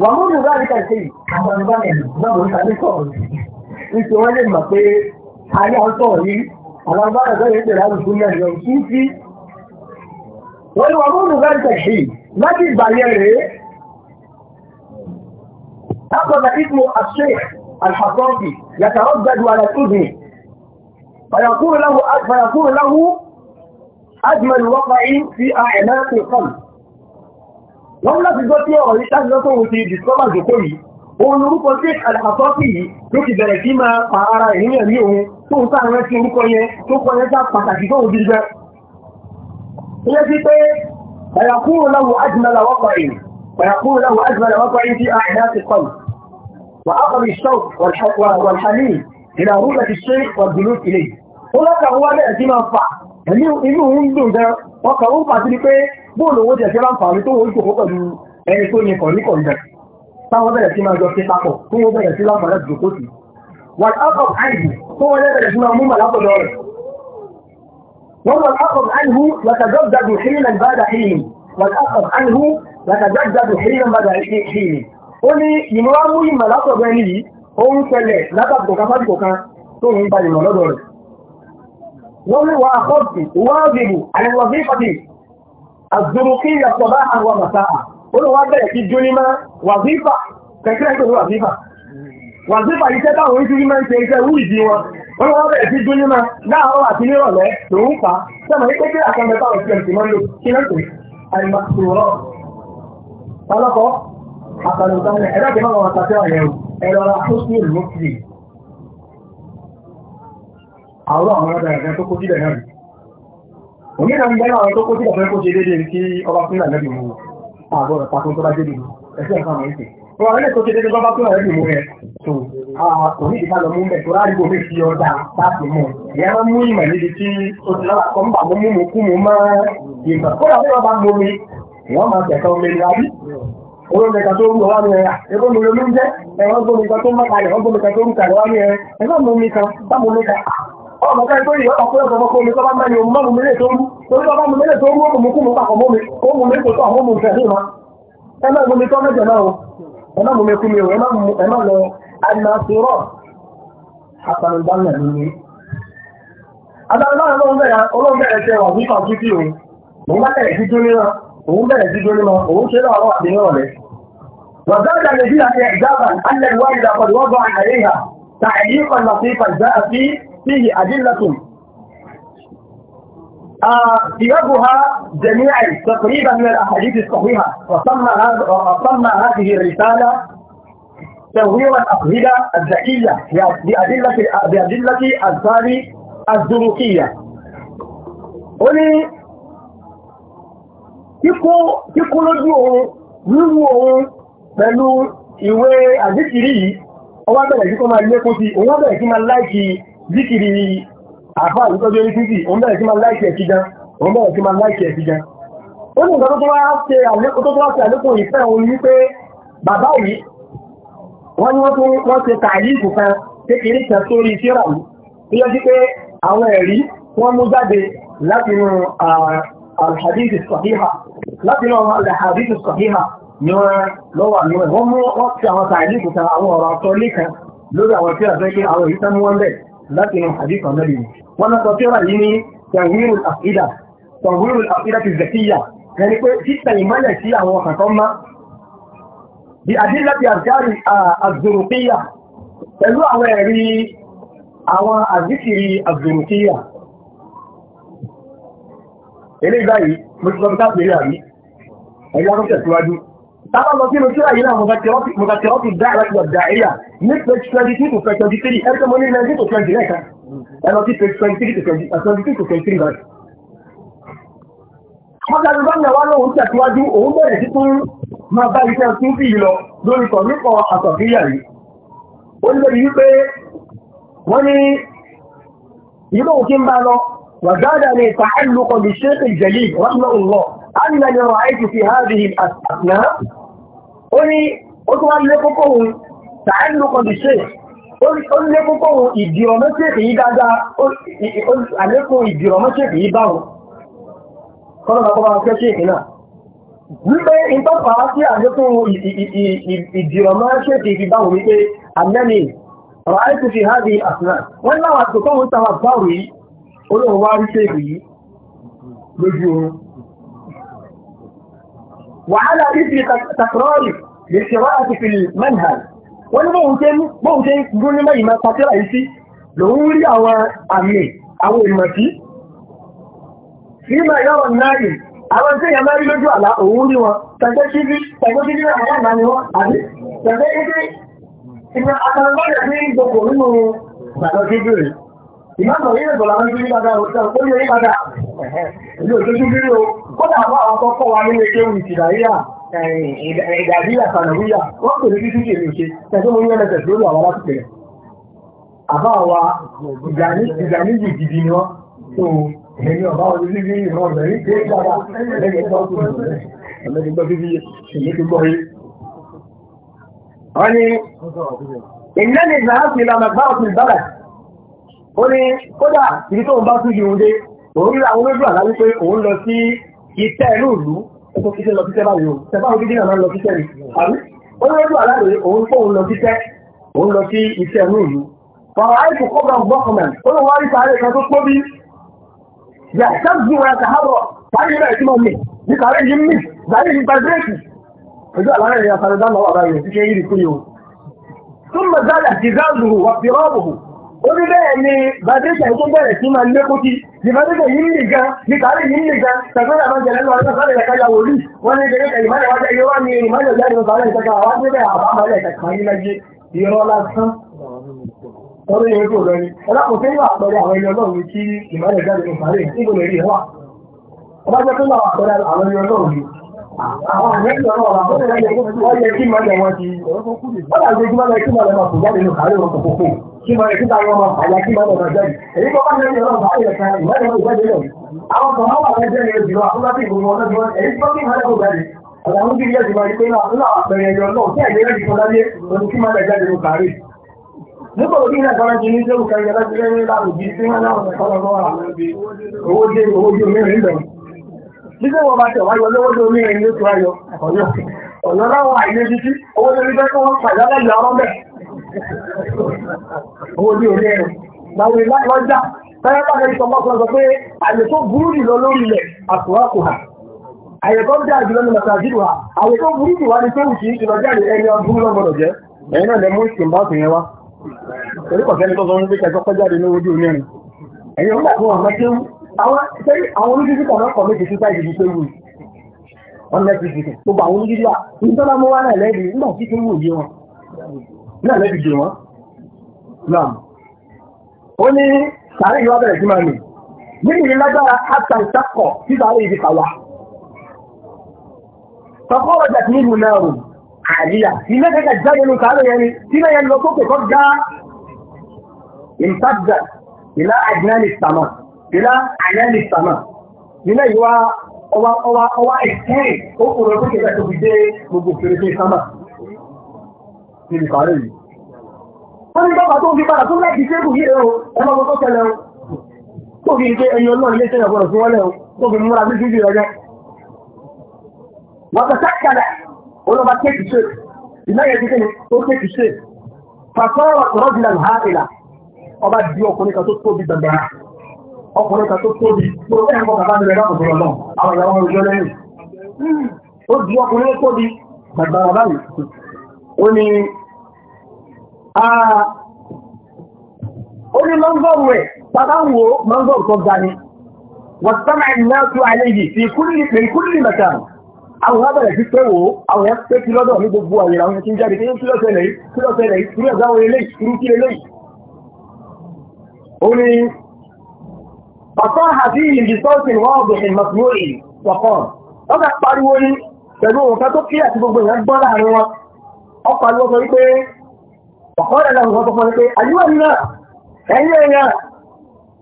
wà mú ìlú láti kàìsí àwọn ọmọ ẹ̀rù náà ló ń sáré sọ̀rọ̀ nítorí wọ́n lè mọ̀ pé ayé àwọn sọ̀rọ̀ yìí àwọn ọmọ ẹ̀rù náà lè tẹ̀lé àrùn fún mẹ́rin ọ̀hún wọ́n ni wọ́n múlù bẹ́ẹ̀ tẹ̀sí láti ìgbà yẹn rèé أخذ اسم الشيخ الحصافي يتردد على الأذن فيقول له فيقول له أجمل وقع في أعناق القلب wọ́n láti gbọ́ tí ọ̀rọ̀ ìtàjì lọ́tọ̀ òun ti dìsọ́bà jòkó yìí òun orúkọ tí àlàfọ́sí yìí ilé sí pé ẹ̀yàkúrò láwọ̀ ájìmọ̀lá wọ́pọ̀ èyí ويقول له أجمل وضع في أعناق القلب وأقل الشوق والحنين إلى رؤية الشيخ والجلوس إليه ولك هو الذي ينفع ẹ̀yìn inú ń dùn gan ọkọ̀ ó pàtí ní pé bóòlù owó jẹ́ láǹfààní tó wọ́n jòkó pẹ̀lú ẹni tó yẹ kọ̀ ní kọ̀ǹdẹ̀ táwọn bẹ̀rẹ̀ máa jọ sí وهو الأخذ عنه يتجدد حينا بعد حين والأخذ عنه يتجدد حينا بعد حين ó ní ìmúra mú ìmọ̀ látọ̀dọ̀ ẹni yìí ó ń tẹ̀lẹ̀ látàkùn kan fásitì kan tó ń gba ìmọ̀ lọ́dọ̀ rẹ̀ wọ́n ní wa àkọ́ọ̀tì wáàbìbù àìwọ̀bí pàtì àzùrùkí yàtọ̀bá àwọn màsáà ó lọ wá bẹ̀rẹ̀ sí jónímá wàzífà wọ́n wọ́n bẹ̀rẹ̀ sí dúnjú náà láàárọ̀ àti nírọ̀lẹ́ lòún fà á sẹ́mọ̀ ní pépé àkànbẹ̀tà òsì ẹ̀sìn máa ń lò kí lẹ́sìn àìmọ̀ sòrọ̀ ọlọ́kọ̀ àtàlùtàlẹ̀ ẹ̀dá kí máa wà tàbí àyẹ̀wò ẹ̀rọ àkóṣìlè lókè àwọn àwọn ọ̀dà ẹ̀fẹ́ tó kó sílẹ̀ náà rí òmìnira ń bẹ́rẹ̀ àwọn tó kó sílẹ̀ fẹ́ kó ṣe déédéé tí ọba fúnlẹ̀ lẹ́bì mú àbọ̀ ẹ̀pàkùn tó bá déédéé ẹ̀sẹ̀ ẹ̀fà mọ̀ òní ìka lọ mú mẹ́ tó rárígbò mi fi ọjà láti mú ìyẹn máa mú ìmọ̀ níbi tí o ti lọ́wọ́ àkọ́ nígbà mú mú kú mú mọ́ ìmọ̀ kó làwọn yóò bá gbomi wọ́n máa tẹ̀sán omi ní abí olóńgbé kan tó rú ọwá mi ẹ̀yà ẹgbẹ́ mi lómi jẹ́ ẹ̀wọ́n gbómi kan tó mọ́ta ẹ̀wọ́n gbómi kan tó rú kàlẹ́ wá mi ẹ̀ ẹgbẹ́ mi mi kan bá mo mi kan ọmọ ká ẹgbẹ́ yìí ọkọ̀ ọkọ̀ ọkọ̀ omi tó bá mẹ́rin omi mọ́mù mílẹ̀ tó rú torí bá mọ́mù mílẹ̀ tó rú ó mú kú mú papọ̀ mọ́mi ó mú mi kò tó àwọn ọmọ ìfẹ́ ní ma ẹ má mú mi tọ́ mẹ́jọ náà o ẹ má mú mi kú mi o ẹ má lọ àìmàṣírọ̀ àtàrùndánà nínú. Adájọ́ olóhùn bẹ̀rẹ̀ tẹ wà nípa títí òun, òun bá bẹ̀rẹ̀ títí nínú, òun bẹ̀rẹ̀ títí nínú, òun ṣe láàárọ̀ àti nínú rẹ̀. وذلك الذي اعجابا ان الوالد قد وضع عليها تعليقا لطيفا جاء فيه فيه ادله سياقها جميعا تقريبا من الاحاديث الصحيحه وسمى هذه الرساله تنوير الأقهدة الذكية بأدلة بأدلة الثاني الزروقية ولي kíkó kíkó lójú òun wíwú òun pẹ̀lú ìwé àzíkìrí yìí ọwá bẹ̀rẹ̀ sí kó máa lé kó sí òun bẹ̀rẹ̀ sí máa láìkì zíkìrí àfá àrúkọ́jọ́ orí títì òun bẹ̀rẹ̀ sí máa láìkì ẹ̀kí gan òun bẹ̀rẹ̀ sí máa láìkì ẹ̀kí gan ó ní nǹkan tó tó wá ṣe àlékún ìfẹ́ òun wípé bàbá yìí wọ́n ní wọ́n ṣe tààlìkù kan kékeré kan sórí síra yìí tí ó jí pé àwọn ẹ̀rí wọ́n mú jáde látinú al-hadith as-sahiha ni wọ́n lọ́wọ́ àmì wọ́n mú wọ́n ti àwọn tààlìkù kan àwọn ọ̀rọ̀ àtọ́ lẹ́kan lórí àwọn tí a fẹ́ pé àwọn èyí tán mú wọ́n bẹ̀ látinú hadith kan lẹ́yìn wọ́n lọ́sọ síra yìí ní tanwir al-aqida tanwir ti zakiya ẹni pé títà ìmọ́lẹ̀ sí àwọn ọkàn kan máa bí àdílẹ́bí àjárí àzòròkíyà pẹ̀lú àwọn ẹ̀rí àwọn àzíkiri àzòròkíyà ilé ìgbáyìí mọ́sílọ́pítà pẹ̀lú àrí ẹ̀yà tó tẹ̀síwájú tàbá lọ sínú tí àyílá mọ̀tàkẹ́ọ́tù dáàrẹ́gbẹ̀dàíyà ní page 22 to 23 ẹ̀kọ́ mọ́ ní 19 to 20 lẹ́ẹ̀kan ẹ̀lọ́ sí page 23 to 23 báyìí Mọ́tàbí bá mẹ́wàá lóòun tẹ̀síwájú òun bẹ̀rẹ̀ sí tún máa bá iṣẹ́ tún bí lọ lórí kọ̀míkọ̀ àtọ̀fíyà yìí. Ó lè rí wípé wọ́n ní ìlú òun kí ń bá lọ wàzádà ní ìtàhálùkọ̀ bí ṣéèkì jẹ̀lì rọ́nàlọ́. A ní ẹni ọ̀rọ̀ àìsí fi hábìhì àtàkùnà. Ó ní ó tún wá lé kókó òun tàhálùkọ̀ bí ṣéèkì ó lé kókó òun ìdìrọ̀mọ́ṣèkì yìí dáadáa, àlékún ìdìrọ̀mọ́ṣèkì yìí báwọn kọ́nà bá kọ́bá fẹ́ ṣèkì náà wípé ìtọ́pà sí àjọkùn ìdìrọ̀mọ́ ṣèkì fi báwọn wípé àmẹ́ni ọ̀rọ̀ àìsù fi hábi àsìnà wọ́n ní nígbà yọrọ náà yìí àwọn tí èèyàn mẹ́rin lójú àlá òun rí wọn tẹ̀gbẹ́ síbí tẹ̀gbẹ́ síbí náà wọ́n náà ni wọ́n àbí tẹ̀gbẹ́ síbí ìgbà àtàlọ́yẹ̀ ní ìgbòkò nínú ìgbàlọ́ síbí rẹ̀ ìmọ̀tò yìí lẹ́gbọ̀lá wọn síbí padà òṣèlú ó yẹ padà ilé òṣèlú bí o kódà bá àwọn kọ́kọ́ wa nínú ẹgbẹ́ ìtìdáyà ìdàbíyà sànàwíyà wọ́n pè ní títí kèrè òṣè tẹ̀gbẹ́ mo ní ẹlẹ́sẹ̀ lórí àwọn aláṣẹ àbá wa ìgbà ní ìgbà ní ìgbì Èmi ọ̀bá ọdún ní ìran ọ̀rẹ́ ní pé dára lẹ́yìn tó kù rẹ̀. Ẹlẹ́gbẹ́ gbọ́ bíbí èmi tó gbọ́ yìí. Wọ́n ní ìná ní ìgbà láti ìlànà gbá òfin bàbà. Ó ní kódà ibi tó ń bá tún yìí dé, òun rí àwọn olóògbé àlá wípé òun lọ sí ìtẹ́ ìlú ìlú, ó tó kíkẹ́ lọ sí tẹ́bà yìí o. Tẹ́bà òun kíkẹ́ náà lọ sí tẹ́rì. Àbí olóògbé àlá rèé òun fóun lọ sí tẹ́, òun lọ sí ìtẹ́ ìlú ìlú. Fọ̀rọ̀ àìkú kọ́gbà gbọ́kànmẹ̀, ó lọ wá rí sáré kan tó pọ́ bí yàtàbí wọn àtàhárọ̀ parí rẹ̀ tí mo mì ní kàrí yìí mì láyé nípa gírèkì ojú àlàáyé ni àtàrí dáná ọ̀rọ̀ rẹ̀ ti ṣe yìí kú yòó tún mọ̀ dáadáa ti gáàzùrù wà fi rọ́ọ̀bù ó ní bẹ́ẹ̀ ni bàdéṣà tó bẹ̀rẹ̀ sí máa lé kókí ní bàdéṣà yìí nì gan ní kàrí yìí nì gan tàbí àwọn jẹ̀lẹ́ lọ ọjọ́ sáré ẹ̀ka yàwó rí wọ́n ní gẹ́gẹ́ kẹ̀lì máa wájẹ́ yóò wá ní ìrìn máa yọ̀ jáde lọ sáré ẹ̀ka àwọn wọ́n lóye kò ni ọlọ́pọ̀ tó ń wà àpẹẹrẹ àwọn ẹni ọlọ́run tí ìmọ̀lẹ̀ jáde ní sàárè níbo lè rí ẹ̀ wà ọba jẹ́ pé wà àpẹẹrẹ ni àwọn àmẹ́sì ọlọ́run àwọn ọ̀rẹ́ yẹ kí mọ̀lẹ̀ wọn ti wọ́n làgbé kí mọ̀lẹ̀ kí mọ̀lẹ̀ máa kò jáde ní nígbà òbí náà kan jẹ ní sẹ́wù kan yẹra jẹ́ ní láàrùbí tí wọ́n láwọn ẹ̀kọ́ lọ́wọ́ owó dé owó dé omi rìn bẹ̀rẹ̀ nígbà wọ́n bá tẹ̀ wáyọ lówó dé omi ayọ ọ̀yọ́ láwọn àìlé títí owó wọ́n pàdé owó omi lọ́jà bá lẹ́yìn sọ pé àyè tó burú jùlọ lórí ilẹ̀ àyè torí kọ̀sẹ́ni tó sọ wọn pé kẹjọ kọjáde ní ojú mẹ́rin ẹ̀yìn ọgbà fún ọmọ tí àwọn onídìrí kan náà kọ̀ méjì sí sáà ìdìbò péwù wọn lẹ́ẹ̀kì ìdìbò gbogbo àwọn onídìrí wa ní tọ́lá mọ́ wá náà lẹ́ẹ̀dì nígbà tí péwù yé wọn náà lẹ́ẹ̀dì dè wọn. nam ó ní sàárè yìí wá bẹ̀rẹ̀ sí máa nì nínú ìlú lágbára àtà ìsàkọ̀ tí sàárè yìí fi kà wá. sọ̀kọ́ ọjà tí nílùú náà rò àríyá ilé kẹkẹ jáde ní sàárè yẹn ni tí lẹ́yìn lọ sókè tó ga ìtàjà ìlà àjẹ́lì sàmà ìlà àjẹ́lì sàmà ilé ìwà ọwá ọwá ọwá ìkẹrì ó kúrò tó kẹkẹ tó fi dé gbogbo fèrèsé sàmà níbi sàárè yìí. wọ́n ní bàbá tó ń fi padà tó láti ṣẹ́gun yìí o ẹ̀rọ ọmọ tó kẹlẹ̀ o tó fi ń ké ẹyin ọlọ́run ilé iṣẹ́ ìyàgbọ́n olóba kéèkì ṣe ìnáyẹ̀ ti kéèkì tó kéèkì ṣe pàṣọ́rọ̀ rọ́bìnà ha ìlà ọba di ọkùnrin kan tó tóbi dandan ọkùnrin kan tó tóbi tó ẹ̀ ń bọ̀ bàbá mi rẹ̀ láti ọ̀dọ̀ náà àwọn ìyàwó mi jọ lẹ́yìn ó di ọkùnrin tó tóbi gbàgbà bàbá mi ó ní ó ní lọ́ngọ́rù ẹ̀ bàbá ń wo lọ́ngọ́rù tó ga ni wọ́n sọ́nà ìnáwó àlejì fi kúlì mẹ́ta àwọn ọ̀gá bẹ̀rẹ̀ sí pé wò ó àwọn yẹn pé kí lọ́dọ̀ ní gbogbo àyè àwọn yẹn ti ń jáde kí ló ṣẹlẹ̀ yìí kí ló ṣẹlẹ̀ yìí kí ló ṣẹlẹ̀ yìí irú kí eléyìí. ó ní ọ̀tọ́ àti ìyìnbí sọ́ọ̀tì wọ́n ọ̀gbìn mọ̀sùlùmí wọ̀kan wọ́n fẹ́ pariwo ní pẹ̀lú òun fẹ́ tó kí àti gbogbo ìyẹn gbọ́ láàrin wọn ó pariwo sọ wípé ọ̀kọ́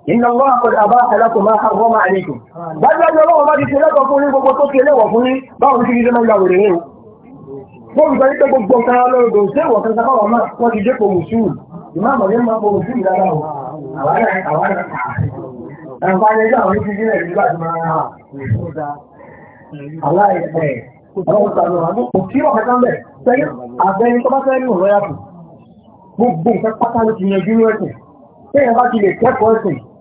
Inna Allah qad abaha lakum ma harrama alaykum. Dájúdájú ọlọ́wọ́ bá ti ṣe lẹ́kọ̀ọ́ fún ní gbogbo tó ṣe léwọ̀ fún ní báwọn ti ṣe máa ń gbàwèrè yìí. Wọ́n gbà wípé gbogbo nǹkan lọ́rọ̀dọ̀ ṣé ìwọ̀ kan sábà wọn wọ́n ti dépò mùsùlùmí. Ìmáàmù ní máa bọ̀ mùsùlùmí dára o. Àǹfààní ẹjọ́ àwọn ti sílẹ̀ nígbà tí máa ń hà. Aláìsẹ̀ ọlọ́run sàlọ́ àwọn kò sí ọ̀kan kan bẹ̀. Sẹ́yìn àbẹ́ni tó bá fẹ́ ní ọ̀rọ̀ yàtọ̀. Gbogbo nǹkan pátá ló ti yanjú ní ẹ̀sìn. Sẹ́yìn bá ti lè kẹ́kọ̀ọ́ ẹ̀sìn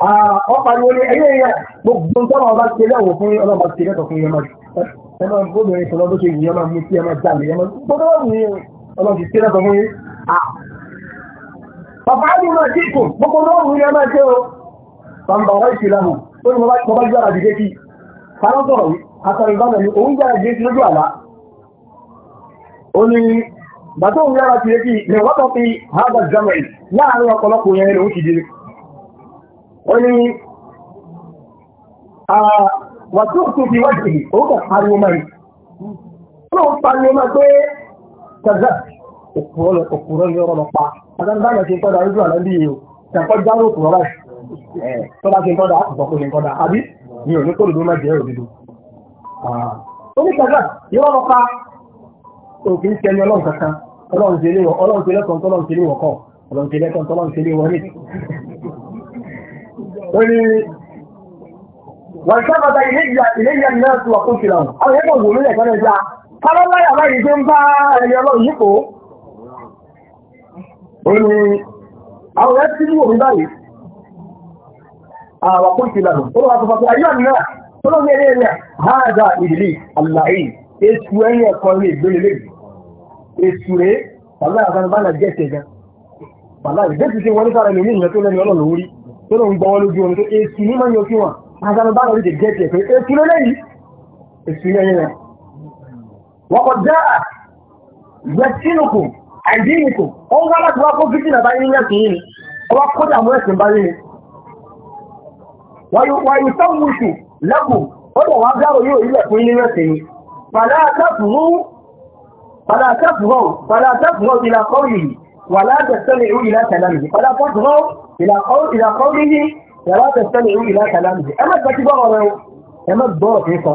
ọpàdéwò ah, ní ẹyẹ ẹyẹ gbogbo tọ́nà ọba ti lẹ́wọ̀ fún ọlọ́ba ti lẹ́tọ̀ fún yẹmọ ẹmọ obìnrin sọlọ bó ṣe yìí ọmọ mú sí ẹmọ jalè ẹmọ gbogbo ní ọlọ́ba ti lẹ́tọ̀ fún yìí. Ah. bàbá mi máa ti kù gbogbo náà mú ní ẹmọ ẹjẹ o bàbá wa ìṣe lánàá ó ní mo bá gbára dìde kí kárọ́ sọ̀rọ̀ yìí àtàrí ìbámu ni òun gbára dìde sí lójú àlá ó ní bàtọ́ òun yára ti lé kí ìrẹ̀wọ́tọ̀ fi hágà jámẹ̀ láàárín ọ̀pọ̀lọpọ̀ yẹn lòún ti dìde ó ní wàtúùkù fi wájú òun kà pariwo máa yìí ó ń pariwo máa pé kàzá òkúrọ̀ òkúrọ̀ ní ọ̀rọ̀ pa àtàndà náà ti ń tọ́da ojú àná bí o ṣàkọ́ jáwé òkúrọ̀ báyìí tọ́da ti ń tọ́da àtùbọ̀kú ni ń tọ́da àbí mi ò ní kó lòdó má jẹ́ òdodo. ó ní kàzá yóò rọ̀ pa òfin ṣe ẹni ọlọ́run kankan ọlọ́run ṣe lé wọn ọlọ́run ṣe lẹ́kọ̀ọ́ ọlọ́run ṣe lẹ́kọ̀ọ́ ọlọ́run ṣe lé wọn ní wọ́n sábàtà iléyà náà tó wà kó ṣe lọ́wọ́ àwọn ẹgbẹ́ òwò ló lẹ̀kọ́ lẹ́jà kálọ́láyà báyìí tó ń bá ẹni ọlọ́run yípo ó ní àwọn ẹ̀ tí wò ní báyìí àwọn kó ṣe lọ́wọ́ ó wà fọ́fọ́ ayé náà tó ní ẹ̀rẹ́ rẹ̀ háàdà ìdílé àlàyé ètù ẹ̀yìn tó lọ ń gbọ́wọ́ lójú omi tó èsì ní máa yọ kí wọn àgbàmù bá lórí jẹ́ jẹ́ pé èsì ló lẹ́yìn èsì lẹ́yìn rẹ̀ wọ́n kọ já yẹtínùkù àìdínìkù ó ń wá láti wá kó fífì nàbá yín yẹn kìí ni ọwọ́ kó dà mú ẹ̀sìn bá yín ni wọ́n yóò sọ wùsù lẹ́kù ó dẹ̀ wá gbárò yóò yílẹ̀ fún yín yẹn kìí fàlà àtàkùn fàlà àtàkùn ولا تستمعوا إلى كلامه فلا تضغوا إلى قول إلى قوله ولا تستمعوا إلى كلامه أما تكبروا أما الدور كيف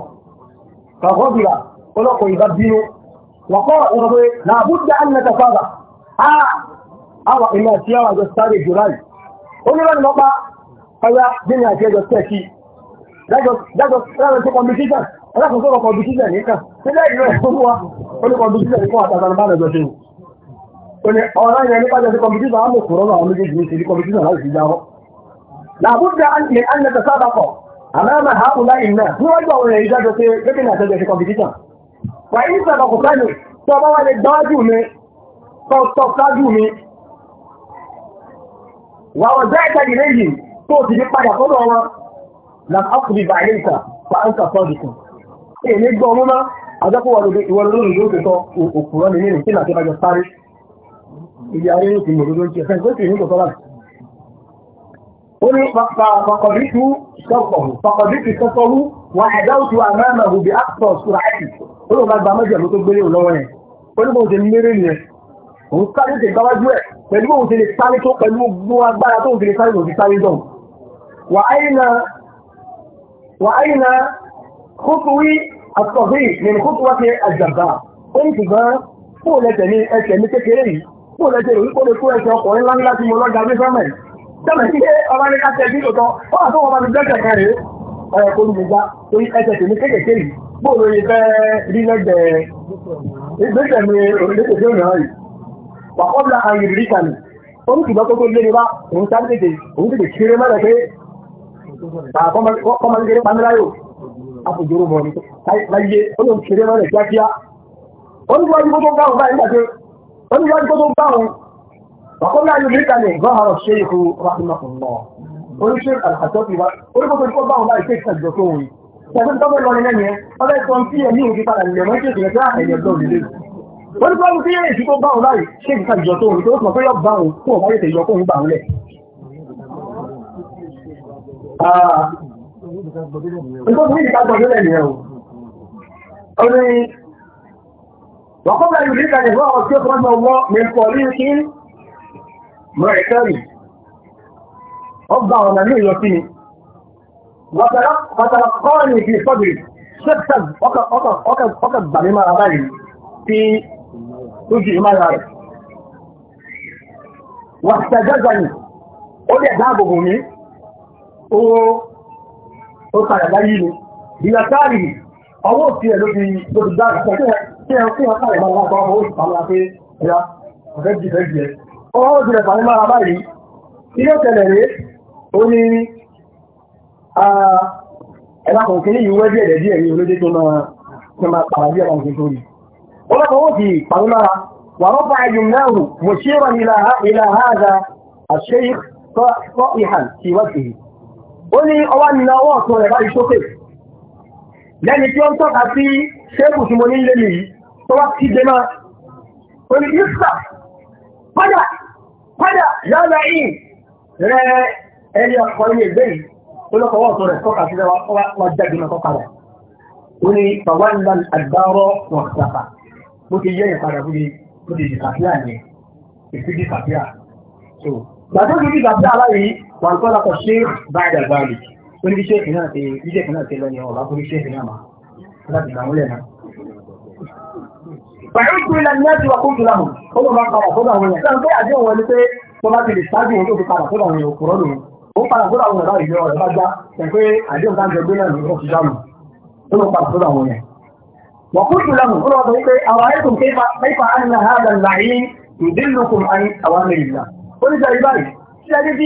فغضب ولقوا يبدلوا وقال أرضي لابد أن نتفاضى آه أرى إما سيارة جستار الجراج قلوا لن نبع فيا جنيا جيجا تأتي dájọ́ sára tó kọmbìtíṣà alákòóso kọmbìtíṣà nìkan tí lẹ́yìn rẹ̀ fún wa ó ní kọmbìtíṣà nìkan àtàkànbá rẹ̀ jọ ṣe Òní ọ̀rọ̀ yẹn nípa jẹ́ sí kọmpitíṣà á mọ̀ kúrọ́ àwọn méjèèjì ní ti kọmpitíṣà láti fi jáwọ́. Làbúdà ní Ánẹ́tẹ̀ sábàkọ̀, àmàmà hàkùnlá ìmẹ̀ ní wọ́n gbà wọ̀nyẹ̀ ìjájọ́ sí gẹ́gẹ́ ní àtẹ́jọ́ sí kọmpitíṣà. Wà ní sábàkọ̀ sẹ́nu, tó bá wà lè gbájú mi, tó sáájú mi. Wà wọ̀ jẹ́ ìtẹ́jì méjì tó ti fi padà sọ́dọ̀ wọn. Làm ákùnrin bàá ilé ìta, fa áńkà sọ́dùkù. Èmi gbọ́ ọmọ máa, àjọ́kùwà lóde ìwọ̀n lórí ìlú òkè sọ òkùnrán mi nínú kí ìyá ayé ní ìmọ̀ lórí oúnjẹ fẹ́ gbọ́sì ní kòtọ́lá ó ní pàkọ̀dítù sọ́kọ̀rù pàkọ̀dítù sọ́kọ̀rù wà ẹ̀dáwùtù àmàmàhù bí ápùtọ̀ sùrà áìtì ó lọ bá gba mẹ́jọ ló tó gbélé lọ́wọ́ yẹn ó ní bóun ṣe ní mérè nìyẹn òun sáré ṣe gbáwájú ẹ̀ pẹ̀lú bóun ṣe lè sáré tó pẹ̀lú gbó agbára tóun ṣe lè sáré lòdì sáré dọ̀ wà áyìnà kókòwí àtọ̀gbé nínú kókòwá ṣe àjàmbá ó ní ṣùgbọ́n fóònù ẹ̀tẹ̀ ní ẹ̀tẹ̀ ní kékeré yìí kó lè ṣe èyí kó lè kó ẹsẹ̀ ọkùnrin ńláńlá tí mo lọ́jà gbé sọ́mẹ̀ sọ́mẹ̀ sí ọba ní káṣẹ́ bí tòótọ́ ó wà tó wọn bá ti gbẹ́sẹ̀ kan rèé ọ̀rọ̀ kó lùmí gbá torí ẹsẹ̀ tèmi kéékèèké yìí bó ló yẹ fẹ́ rí lẹ́gbẹ̀ẹ́ ìgbésẹ̀ mi òrìlẹ́kẹ̀kẹ́ òmìnira yìí wà kọ́ bla àyè rí kàní orí ṣùgbọ́n tó tó lé ní bá òun sáré tètè òun tètè kéré mẹ́rẹ̀ pé kọ́mọdé pamiláyò àfòjòrò mọ̀ ní láyé ó lóun kéré mẹ́rẹ̀ kíákíá ó ní wájú tó tó gbà wọ́n ní wájú tó bá wọn wàkọ́lá yóò ní kalẹ̀ ìgbọ́hàrọ̀ ṣe ìhù rahimahullah oníṣẹ́ àlàkàtọ́kì wa orúkọ tó bá wọn báyìí ṣe ìṣàjọ tó wọn ṣàbí tó bẹ́ lọ́rin lẹ́yìn wọ́n bẹ́ sọ sí ẹ̀mí òkè padà nílẹ̀ wọ́n ṣe ìṣẹ̀lẹ̀ sáà ẹ̀yẹ̀ lọ nílé wọ́n ní báwọn sílẹ̀ ìṣú tó bá wọn báyìí ṣe وقبل أن يدرك لقاء الشيخ رحمه الله من طريق معتري أفضل من يقيني فتلقاني في صدري شخصا وقد وقد وقد وقد ظلم أبالي في وجه ما يعرف واحتجزني قل يذهبه مني وقال لي بيساره أوصي له بدار الصحيح tí ẹ fún ọ̀pá ìmọ̀ wọn kọ́ owó ìpamọ́ pé ẹ̀. ọwọ́ ó báyìí ilé ìtẹ̀lẹ̀ ó ní ẹ̀lákùn ṣéèkù tí mo ní lè lè yìí tó wá sí dé máa ó ní ìsà padà padà yára yìí rẹ ẹni ọkọ̀ ilé ìgbé yìí ó lọ́kọ̀ wọ́n tó rẹ̀ kọ́kà sí rẹ̀ wá jáde náà kọ́kà rẹ̀ ó ní pàwọ́nlá àgbárọ̀ wọn sàpà bó ti yẹ́ ìpadà bó ti dìkàfíà ní ìfi dìkàfíà so gbàtó ti dìkàfíà báyìí wọn kọ́ lakọ̀ ṣéèkù báyìí dàgbà rẹ̀ ó ní bí ṣéèkù náà ti lọ ní ọ̀rọ̀ láti gbà wọ́n lẹ̀ náà. Pẹ̀lú ìtú ilẹ̀ ní ẹ̀sìn ọkùnrin jùlọ mọ̀, ó lọ máa padà sódà wọn yẹn. Sọ́dọ̀ pé àdéhùn wọn ni pé tó bá ti lè ṣáájú wọn tó fi padà sódà wọn yẹn òkúrọ́ lòun. Ó padà sódà wọn yẹn báyìí lọ rẹ̀ bá já, ṣẹ̀ pé àdéhùn táǹjọ gbé náà ló ti dáhùn. Ó lọ padà sódà wọn yẹn. Wọ̀kúnjù lọ́mù, ó lọ sọ pé àwọn ẹ̀kùn kéfà ánà ní sọ ibáyìí, ṣíṣẹ́ bí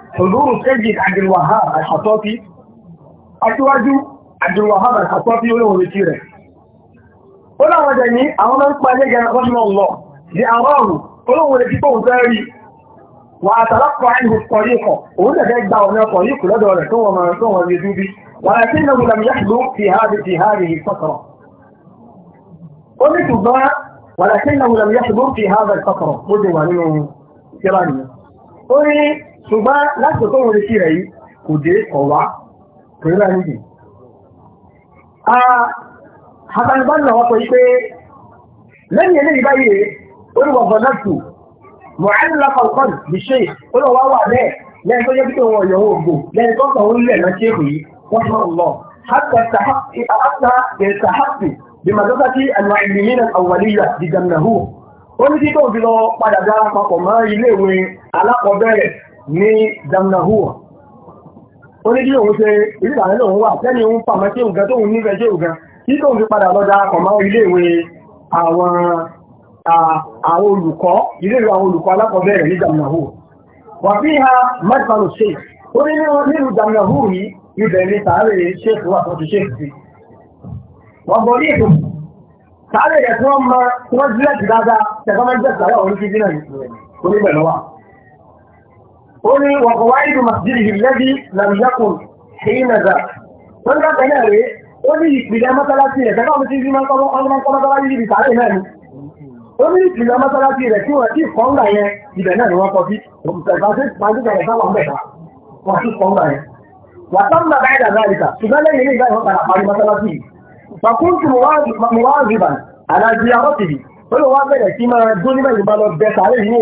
Tòlúrù Sẹ́jì Àdìlwàhá Àṣàtọ́fí, aṣíwájú Àdìlwàhá Àṣàtọ́fí olóhun lè kí rẹ̀. Ó láwọn jẹ ní àwọn mẹ́ ń pa ilé gẹ̀rẹ̀ rọ́nà lọ, di àwọn olóhun lè kí tó ń fẹ́ rí. Wà àtàlápọ̀ àìhù kọ̀ríkọ̀, òun tẹ̀fẹ́ gba ọ̀nà kọ̀ríkù lọ́dọ̀ rẹ̀ tó wọ́n máa tó wọ́n lè dúbí. Wà á sí ìnáwó làmì yàtúlú fi hábi fi hábi ìfọ́sọ̀rọ̀. Ó ní ṣùgbọ́n wà á sí ìnáwó làmì yàtúlú fi hábi ìfọ́sọ̀rọ̀. Ó ti wà nínú kíra nìyẹn. Ó ní ṣùgbọ́n láti tó wọ́n retí rẹ̀ yìí kò dé ọ̀wá pẹ̀lú náà nìyí. àtàlùbá náà wọ́n pè pé lẹ́yìn eléyìí báyìí olùwọ̀gbọ̀ náà tù mọ̀ọ́lù lápapọ̀ lè ṣe olùwọ̀ wà bẹ́ẹ̀ lẹ́yìn tó yẹ kí wọ́n yọ̀ ògbò lẹ́yìn tó kàn ń lẹ̀ náà ṣe èkó yìí wọ́n mọ̀ lọ. حتى يستحق بمدرسة المعلمين الأولية بجنهور. ó ní títò fi lọ padà dára papọ̀ ní Jamnahua ó ní bí òun ṣe ìrìnà nílò òun wà tẹ́ni òun pàmọ́ sí òun gan tó òun nífẹ̀ẹ́ sí òun gan kí tóun fi padà lọ darapọ̀ mọ́ iléèwé àwọn àwọn olùkọ́ iléèwé àwọn olùkọ́ alákọ̀ọ́bẹ̀rẹ̀ ní Jamnahua wà fi ha mẹ́tàlù sheik ó ní nílùú Jamnahua yìí ibẹ̀ ni sàárè sheik wà tó ti sheik sí wọ́n gbọ́ ní ètò sàárè rẹ̀ tí wọ́n máa tí wọ́n jílẹ̀ ó ní wọ̀bọ̀wá ìlú masjidi lẹ́bí lamjakun ṣeínaza wọ́n ká tẹ̀lé rẹ̀ ó ní ìpìlẹ̀ mọ́sálásí rẹ̀ tẹ́kọ̀ mi ti rí máa kọ́mọ́ ọmọ mọ́sálásí ibi sáré náà ni ó ní ìpìlẹ̀ mọ́sálásí rẹ̀ tí wọ́n ti kọ́ńgà yẹn ibẹ̀ náà ni wọ́n kọ́ sí ìgbàgbàsí pàdé Àwọn ìgbà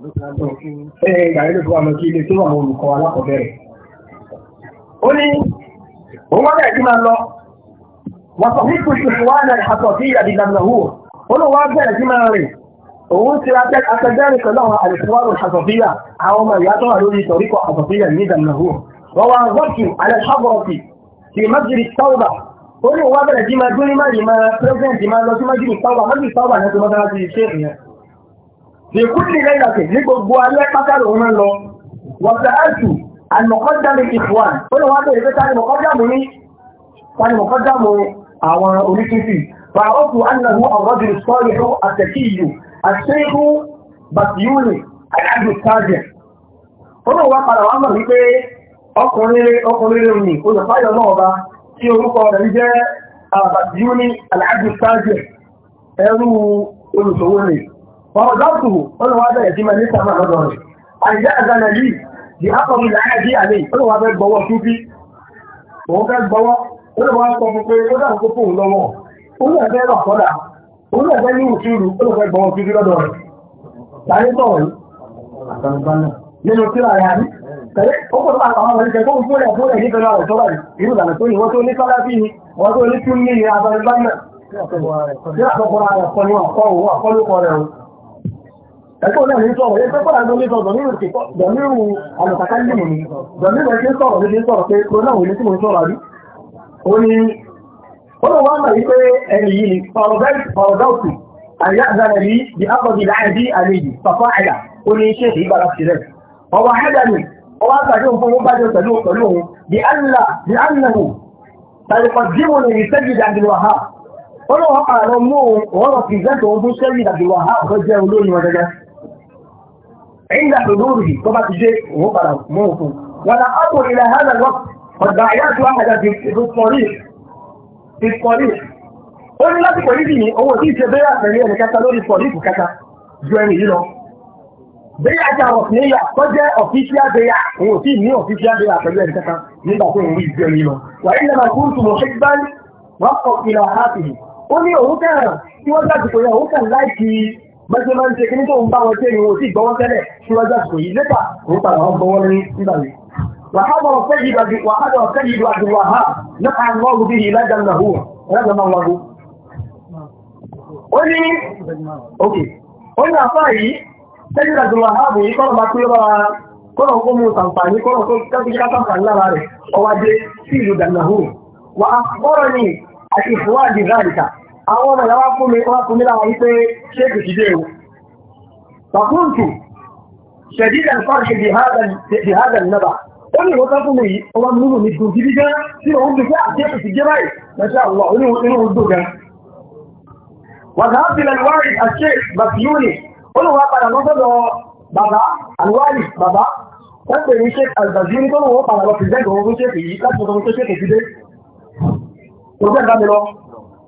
Ìgbà ilé fún àmọ́ kí ilé tó wà mọ́ olùkọ́ alákọ̀ọ́bẹ̀rẹ̀. Ó ní, òun wọ́n bẹ̀rẹ̀ sí máa lọ, wọ́n sọ fífún ṣùgbọ́n wà náà àtọ̀ sí ìyàdí ìdàmìnàwó. Ó lọ wá bẹ̀rẹ̀ sí máa rìn. Òun ti ra akẹgbẹ́rin pẹ̀lú àwọn àlùfáàrò àtọ̀fíyà, àwọn ọmọ ìyá tó wà lórí ìtọ̀ríkọ̀ àtọ̀fíyà ní ìdàmìnàwó. Wọ́n wá wọ́pù alẹ́ṣọ́gọ̀ọ̀tì ti májìrì tọ́ọ̀bà. Ó ní òun wá bẹ̀rẹ̀ sí máa dúrí máa yìí máa pẹ́sẹ̀ntì máa lọ sí májìrì tọ́ọ̀bà. Májìrì tọ́ọ̀bà náà ti mọ́tàlá ti ṣe ìyẹn ìkúlì lẹ́yìn àti ní gbogbo alẹ́ pátálò wọn lọ wọ́pẹ́ àìsù àìmọ̀kọ́dámi ìfúwàn ó ní wọ́n bèèrè pé tani mọ̀kọ́dámù ní tani mọ̀kọ́dámù àwọn onífífì fa ókù annahu ọ̀rọ̀dìrì sọ́ọ̀rìhù àtẹ̀kíyù àṣẹ́hù bàtíyúnì aláàjù sáàjẹ̀ ó ní wọ́n padà wọ́n mọ̀ wípé ọkùnrin ọkùnrin ní olùfáyọ̀ náà bá tí orúkọ rẹ̀ jẹ́ bàtíyúnì aláàjù sáàjẹ̀ ẹrú olùsòwò rẹ̀ فرجعته قل هذا يتيم ليس ما نظر أن يأذن لي بأقرب العادي عليه قل هذا البوا شوفي وهذا البوا قل هذا الطفق قل هذا الطفق لما قل هذا الأخضر قل هذا يوصيله قل هذا البوا شوفي لدور يعني طول nínú kíra ya ní tẹ̀lé ọkọ̀ tó àwọn ọmọ ìṣẹ́ tó ń fúnlẹ̀ fúnlẹ̀ ní pẹ̀lú àwọn ìṣọ́lá ìlú ìlànà tó ìwọ́n tó ní kọ́lá bí i wọ́n tó ní tún ní ìyá abẹ́rẹ́ bá náà tí àkọ́kọ́ rẹ̀ kọ́ ní àkọ́ òun àkọ́lùkọ́ rẹ̀ Ẹ̀kọ́ náà ní sọ̀rọ̀, ẹgbẹ́ pọ̀ láti oníṣọ́ dọ̀míru ti kọ́, dọ̀míru àlùkàtà ń dìmù ní, dọ̀míru ẹgbẹ́ sọ̀rọ̀ ní sọ̀rọ̀ pé kúrò náà wòlé tí mo ń sọ̀rọ̀ àrí. Ó ní, ó lọ wá mọ̀ wípé ẹni yìí pàrọ̀dáùtù, àyà àdára yìí di ábọ̀dì láàdí àlejì, pàpá àyà, ó ní ṣe èyí bára sílẹ̀. Ọwọ́ àyà ni, ọwọ́ àtàdé òun fún bá jẹ pẹ̀lú pẹ̀lú òun, di àlà, di àlà wò, tàbíkọ̀ dímù ní ìṣẹ́jì dàbíwàhá. Ó lọ́wọ́ àrọ̀ mú òun, òun rọ̀ عند حضوره طبعا الشيء وهو على موقف ولا أقول إلى هذا الوقت قد ضيعت واحدة في الطريق في الطريق ó ní láti pẹ̀lú ìdí owó tí ìṣe bẹ́yà pẹ̀lú ẹni kẹta lórí pọ̀lípù kẹta ju ẹni yìí lọ bẹ́yà jà ọ̀fìnìyà tó jẹ́ ọ̀fíṣíà bẹ́yà òun tí ní ọ̀fíṣíà bẹ́yà pẹ̀lú ẹni kẹta nígbà tó ń rí ju ẹni lọ wà ní lẹ́nà kúrú tó bẹ́sẹ̀ máa ń ṣe kíní tó ń bá wọn tẹ́ ìwọ̀n sí ìgbọ́wọ́ tẹ́lẹ̀ síwájú àsìkò yìí lẹ́tà kò ń padà wọn gbọ́wọ́ ní nígbà yìí. وهذا السيد وهذا السيد عبد الوهاب نفع الله به لدى النهور لدى الله ó ní òkè ó ní àfá yìí tẹ́jú àjùmọ̀ ààbò yìí kọ́rọ̀ bá kí ó bá kọ́rọ̀ kó mú sàǹfààní kọ́rọ̀ tó kẹ́kẹ́ sàǹfààní lára rẹ̀ ọwájé sí ìlú dànàhùn wà ní àti àwọn ọmọ ìyàwó fún mi wọ́n fún mi láwọn wípé ṣéèkì ti dé o bàkúntù ṣẹ̀dídà fáṣẹ̀ jihadà nàbà ó ní ìwọ́n fún mi yìí ọmọ nínú mi dùn gidi gan tí òun dùn sí àṣẹ́kì ti jẹ́ báyìí lọ́sẹ̀ àwọn onírun dùn gan wàzáàbì lẹ́nuwárì àṣẹ́ bàtíyúnì olùwà padà lọ́sọ̀dọ̀ bàbá alwárì bàbá wọ́n pè ní sheik albazini tó lọ́wọ́ padà lọ pìrìsẹ́ntì òun fún sheik yìí láti sọ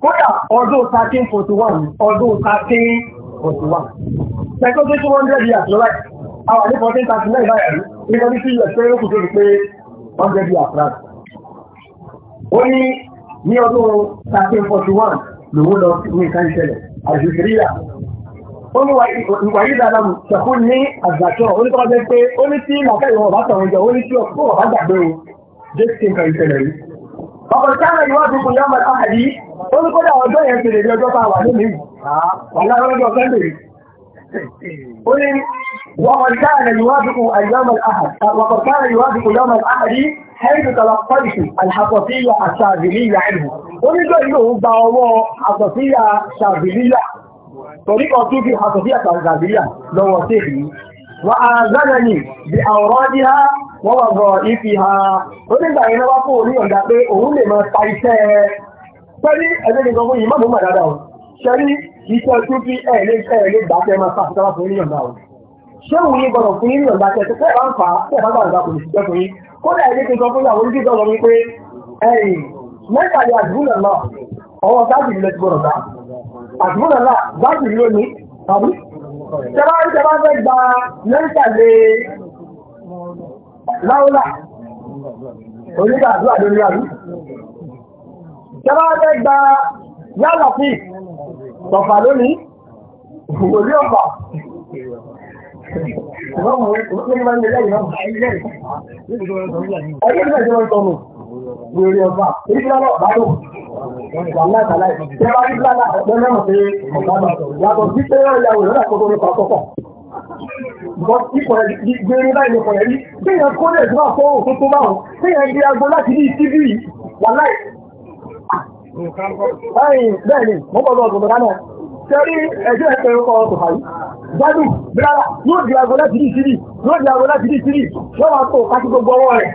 kódà ọdún 1341 ọdún 1341 ṣẹ́kọ́ tó 200 years lọ́wọ́ àwọn ní 1439 báyìí nítorí sí us pé ó kù tó rí pé 100 years rán ó ní ní ọdún 1341 lòun lọ ní nǹkan ìṣẹ̀lẹ̀ àjùsíríyà ó ní wàyí dáadáa ṣẹ̀kú ní àgbàṣọ́ onítọ́jẹ́ pé ó ní tí làkẹ́ ìwọ̀n bá tọ̀rọ̀ jẹ ó ní tí ọ̀pọ̀ bá gbàgbé o jésù nǹkan ìṣẹ̀lẹ̀ yìí ọkọ̀ sáà ìwádìí kò yá mọ́ ó ní kódà ọjọ́ yẹn tèrè ní ọjọ́ tá a wà nínú ìlú wà lárọ́jọ́ sunday ó ní ومن كان يوافق ايام الاحد وقد كان يوافق يوم الاحد حيث تلقيت الحقصية الشاذلية عنه ونجد انه دعوة حقصية شاذلية طريقة في حقصية شاذلية لو سيخي وآذنني بأورادها ووظائفها ونجد انه وقول لي ان ده ايه Sẹ́rí ẹ̀lẹ́ nìkan fún ìmọ̀ mọ́mọ̀ dáadáa o. Sẹ́rí iṣẹ́ tó fi ẹ̀lẹ́ ẹ̀lẹ́ gbà tẹ́ máa fàṣẹ tọ́lá fún yíyan náà o. Ṣé òun yín gbọdọ̀ fún yíyan náà tẹ́ tẹ́ bá ń fà á tẹ́ bá bá ń gbà kò lè ṣiṣẹ́ fún yín. Kódà ẹ̀lẹ́ ti sọ fún ìyàwó ní kíkọ́ lọ wí pé ẹ̀yìn mẹ́ta ni àdúgbò náà ọwọ́ gáàsì ilẹ̀ ti gbọdọ̀ gbà. Àdúgbò náà gáàsì ló ní tàbí. Tẹ́lá ń tẹ́lá fẹ́ gba mẹ́ta lé láwùlà. Onígbà àdúrà lórí àdúrà. Tẹ́bàájẹ́ gba yálà sí tọ̀fà lónìí, òlí ọ̀pá. Ẹgbẹ́ ìjọba ìtọ́nù, wèrè ọ̀pá, ìfìlọ́lọ́ ọ̀bálò, wà láìsàláì. Tẹ́bàá ní bláàlá ọ̀pẹ́ mẹ́rùn-ún pé ọ̀bálò, yàtọ̀ sí pé ọ̀yàwó lọ́dà kó tó ní pàtọ́kọ̀ bọ́n ìpọ̀rẹ̀ gbẹ̀rẹ̀ báyìí ọ̀pọ̀rẹ̀ yìí bí i ẹ̀kọ́ lẹ̀ tó bá fọ́ òfin tó bá wọn bí i ẹgbẹ́ agbó láti ní Bẹ́ẹ̀ni, mo kọ̀ lọ ọ̀tọ̀ náà. Tẹ́rí ẹjọ́ ẹ̀kẹ́ ọkọ̀ ọ̀tọ̀ àyí. Gbádùn, bírára, yóò di aago láti dì sílì, yóò di aago láti dì sílì, yóò máa tó kásí gbogbo ọwọ́ rẹ̀.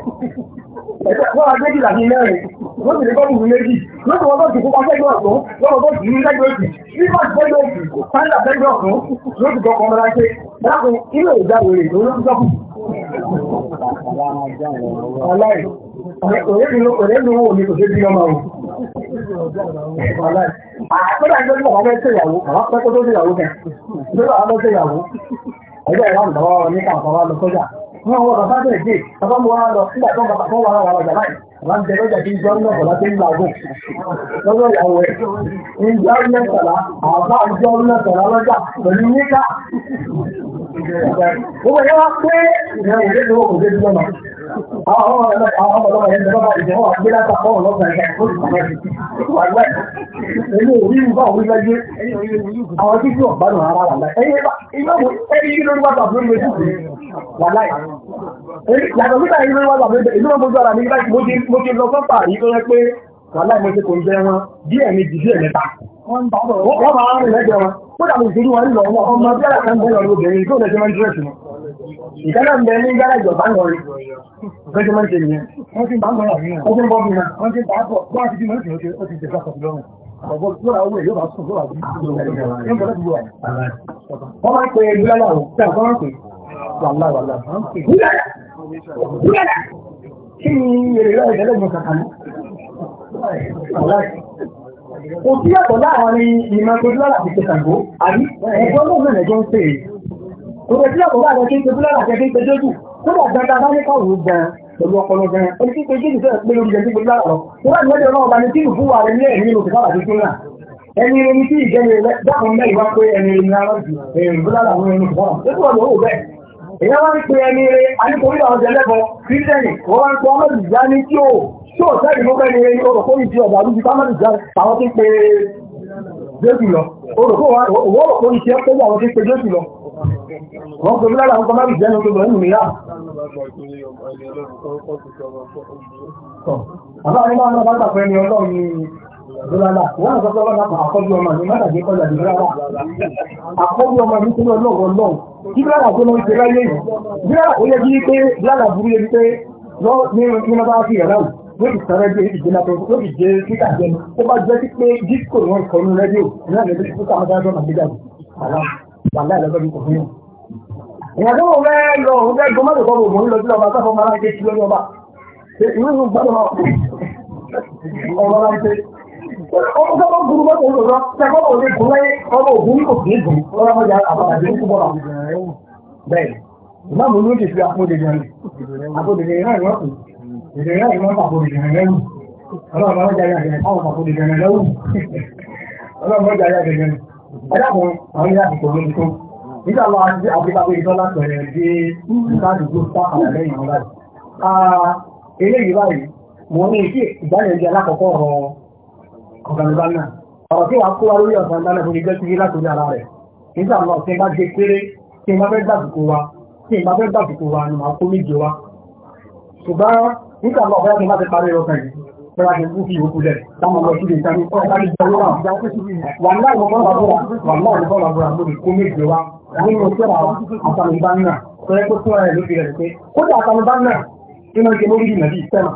Wọ́n máa méjì láti mẹ́rin, wọ́n sì lè gbọ́dùn ní méjì, wọ́n sì wọ́n bọ́ sí fún pàṣẹ́gbẹ́ ọ̀tún, wọ́n bọ́ sí ní lẹ́gbẹ́ òsì, ní pàṣẹ́gbẹ́ ọ̀rẹ́ ìyàwó ẹ̀. Ń jọ ńlọ sọ̀lá, lọ́jà pẹ̀lú níkà. Gbogbo ìyá wa pé ìyàwó ìdílé owó kò dé dúró náà àwọn ọmọ àwọn ọmọ ọmọ ẹni lọ́wọ́ ìjọba àgbé látàkọ́ ọlọ́gbà ẹ̀ka ìkó ìgbàgbọ́ ìgbàgbọ́ ẹni òní ìgbà òní lẹ́yẹ àwọn tí kí ọ̀gbá nù ara wà láì ẹni ìlú lórí wàtà lórí ojú wà láì yàtọ̀ nígbà ìlú lórí wàtà lórí ìlú lọ́gbọ́n ara mi mo ti lọ sọ́pà yìí tó yẹ pé wàhálà ń jẹ wọn bí ẹ̀mí jì bí ẹ̀mẹ́ta. wọ́n máa ń rìn wọn kó dàbí ìṣojú wọn nílò ọmọ ọmọ bí ẹ̀rọ kan bẹ́ẹ̀ obìnrin tó lè máa ń dírẹ̀sì wọn. ìkẹ́lẹ́ ń bẹ ní gbára ìjọba ń wọlé bẹ́ẹ̀ máa ń ṣe nìyẹn. wọ́n ti ń bá ń bọ̀ wọ́n ti ń bọ́ bí wọn. wọ́n ti ń bá bọ̀ wọ́n ti bí wọn ti ń pe ìlúlọ́lá o tí àwọn kí ni èrè rẹ̀ ìdẹ́lẹ́gbọ̀n kàkàlú? Kò sí ẹ̀tọ̀ láàárín ìmọ̀ tó lára àti ṣẹ̀ṣàgbó, àrí ẹgbọ́n náà mẹ́rin ẹjọ́ ń pè é. Kò rẹ̀ sí ẹ̀tọ̀ láàárín kí ń pejú lára àti ẹgbẹ́ ìpẹjọ́jù, kó bọ̀ gbẹ̀ta bá ní káwòó gan pẹ̀lú ọpọlọ gan. Ó ní kí pejú ìfẹ́ pé lórí ẹgbẹ́ ìpẹjọ́ lára èyàn wá ń pe ẹni rẹ̀ aníporí àwọn jẹ́lẹ́bọ̀ kírísẹ́nì wọ́n wá ń pe ọmọdé ìjá ní tí ó tí ó sẹ́ẹ̀dì ló fẹ́ ni rẹ̀ oròkó ní ti ọ̀dà àrùjù kámọ́dé ìjá àwọn tí ń pe Jésù lọ oròkó oròkó ní ti ẹ́ pẹ́lú àwọn tí ń pe Jésù lọ wọ́n pe lára àwọn kọmọ́dé ìjá ní oṣù lọ́nù ní yàrá. àbá àwọn ọmọ Ìrọ̀lá, wọ́n ń sọ́kọ́ lọ́nà kan àkọ́jú ọmọ mi, má dàgbé kọjá ní ìrọ̀lá. Àkọ́jú ọmọ mi sínú ọlọ́run náà. Kí ìrọ̀lá tó máa ń ṣe láyé yìí? Ìrọ̀lá ó yẹ kí pé ìrọ̀lá burú yẹ pé lọ́ ní iná bá fi yàrá wù. Yóò fi sọ̀rọ̀ bí èyí jẹ́nà tó yóò fi jẹ́ títà jẹnu. Ó bá jẹ́ sí pé dísíkò ni wọ́n kọ ní rédíò náà lè fi títà máa dájọ́ màgbé jáde. Wàlá ìlọ́gbọ́n mi kò fún yàn. Ìyàtọ̀ wo fẹ́ lọ òun fẹ́ gbọ́mọ́dé kọ́ bò mò ń lọ sí ọba sáfọ́ máa ń ké sí lórí ọba. Ìrú ìgbàdùn ọba máa ń pè ọmọ sábà burú bá tó lọ́sọ sẹ́kọ́ kò ní kúrẹ́ ọmọ ògún kò kì í gùn ọmọ ọmọ ìyá àbàdàdé ń kúbọ̀ bẹ́ẹ̀ ìmá mi ló ti fi àpòdèdè rẹ̀ àpòdèdè náà ni wọ́n kù èdè náà ni wọ́n àpòdèdè rẹ̀ lẹ́rù ọlọ́run máa ń jẹ́ àgbẹ̀rẹ̀ táwọn àpòdèdè rẹ̀ lẹ́rù ọlọ́run máa ń jẹ́ àgbẹ̀rẹ̀ rẹ̀ ẹ̀dàkùn àwọn ilé àkùkọ lórí tó nígbà lọ àti àgbékápé ìtọ́lá pẹ̀lẹ̀ dé ìsáàdùgbò sáàkàlà lẹ́yìn ọ̀la eléyìí báyìí mo ní ìdí ìgbàlẹ̀ ìdí alákọ̀ọ́kọ́ ọ̀rọ̀ ọ̀gànìbánà ọ̀rọ̀ tí wàá kó wa lórí ọ̀gànìbánà kò ní jẹ́ sí láti orí ara rẹ̀ nígbà náà tí n bá jẹ péré tí n bá fẹ́ gbàdúkọ wa tí n bá fẹ́ gbàdúkọ wa ni màá kó méje wa ṣùgbọ́n nígbà náà bóyá tí n bá ti parí ọkàn yìí bóyá tí n kú fi òkú lẹ̀ táwọn lọ sí ìtàn wà láì mọ́ làbúrà wà láì mọ́ làbúrà mo lè kó méje wa nínú sọ́ra àtàlùbánà tó yẹ kó fún ẹ̀ lóbi rẹ̀ pé kódà àtàlùbánà nínú ìṣẹ́ lórí ìnàbí ìṣẹ́ mà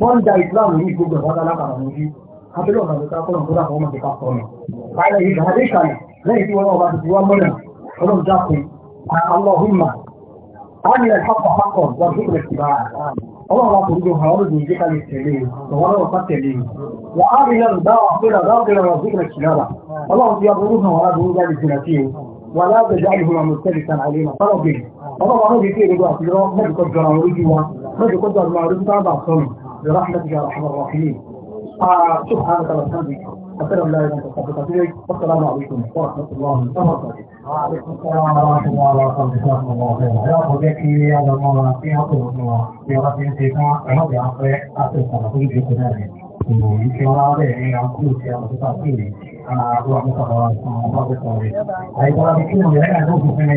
wọ́n da islam ní gbogbo ìwádà lápàdà lójú abẹ́lẹ̀ ọ̀nà ìta kọ́nà tó dàpọ̀ ọmọdé ká sọ̀rọ̀ báyìí ìgbà adé ìkàlẹ̀ lẹ́yìn tí wọ́n bá ti fi wá mọ́nà ọlọ́run dákun allahumma wọ́n ni ẹ̀ka pàpàkọ̀ wọ́n tó tẹ̀lé tìbá ọlọ́run wa kòrò hàn ọ́rọ̀ ìgbè kalẹ̀ tẹ̀lé ọ̀wọ́n lọ́wọ́ bá tẹ̀lé wà á rí lẹ́nu dá wà pé lọ́dọ̀ ọ̀gbẹ̀rẹ̀ wọ́n ti aburú wà ọlọ́run wa برحمتك يا ارحم الراحمين سبحانك وبحمدك وسلام الله انت صدقت اليك والسلام عليكم ورحمه الله وبركاته وعليكم السلام ورحمه الله وبركاته جزاكم الله خيرا يا ابو بكي يا الله في حقوق الله يا رب انت كما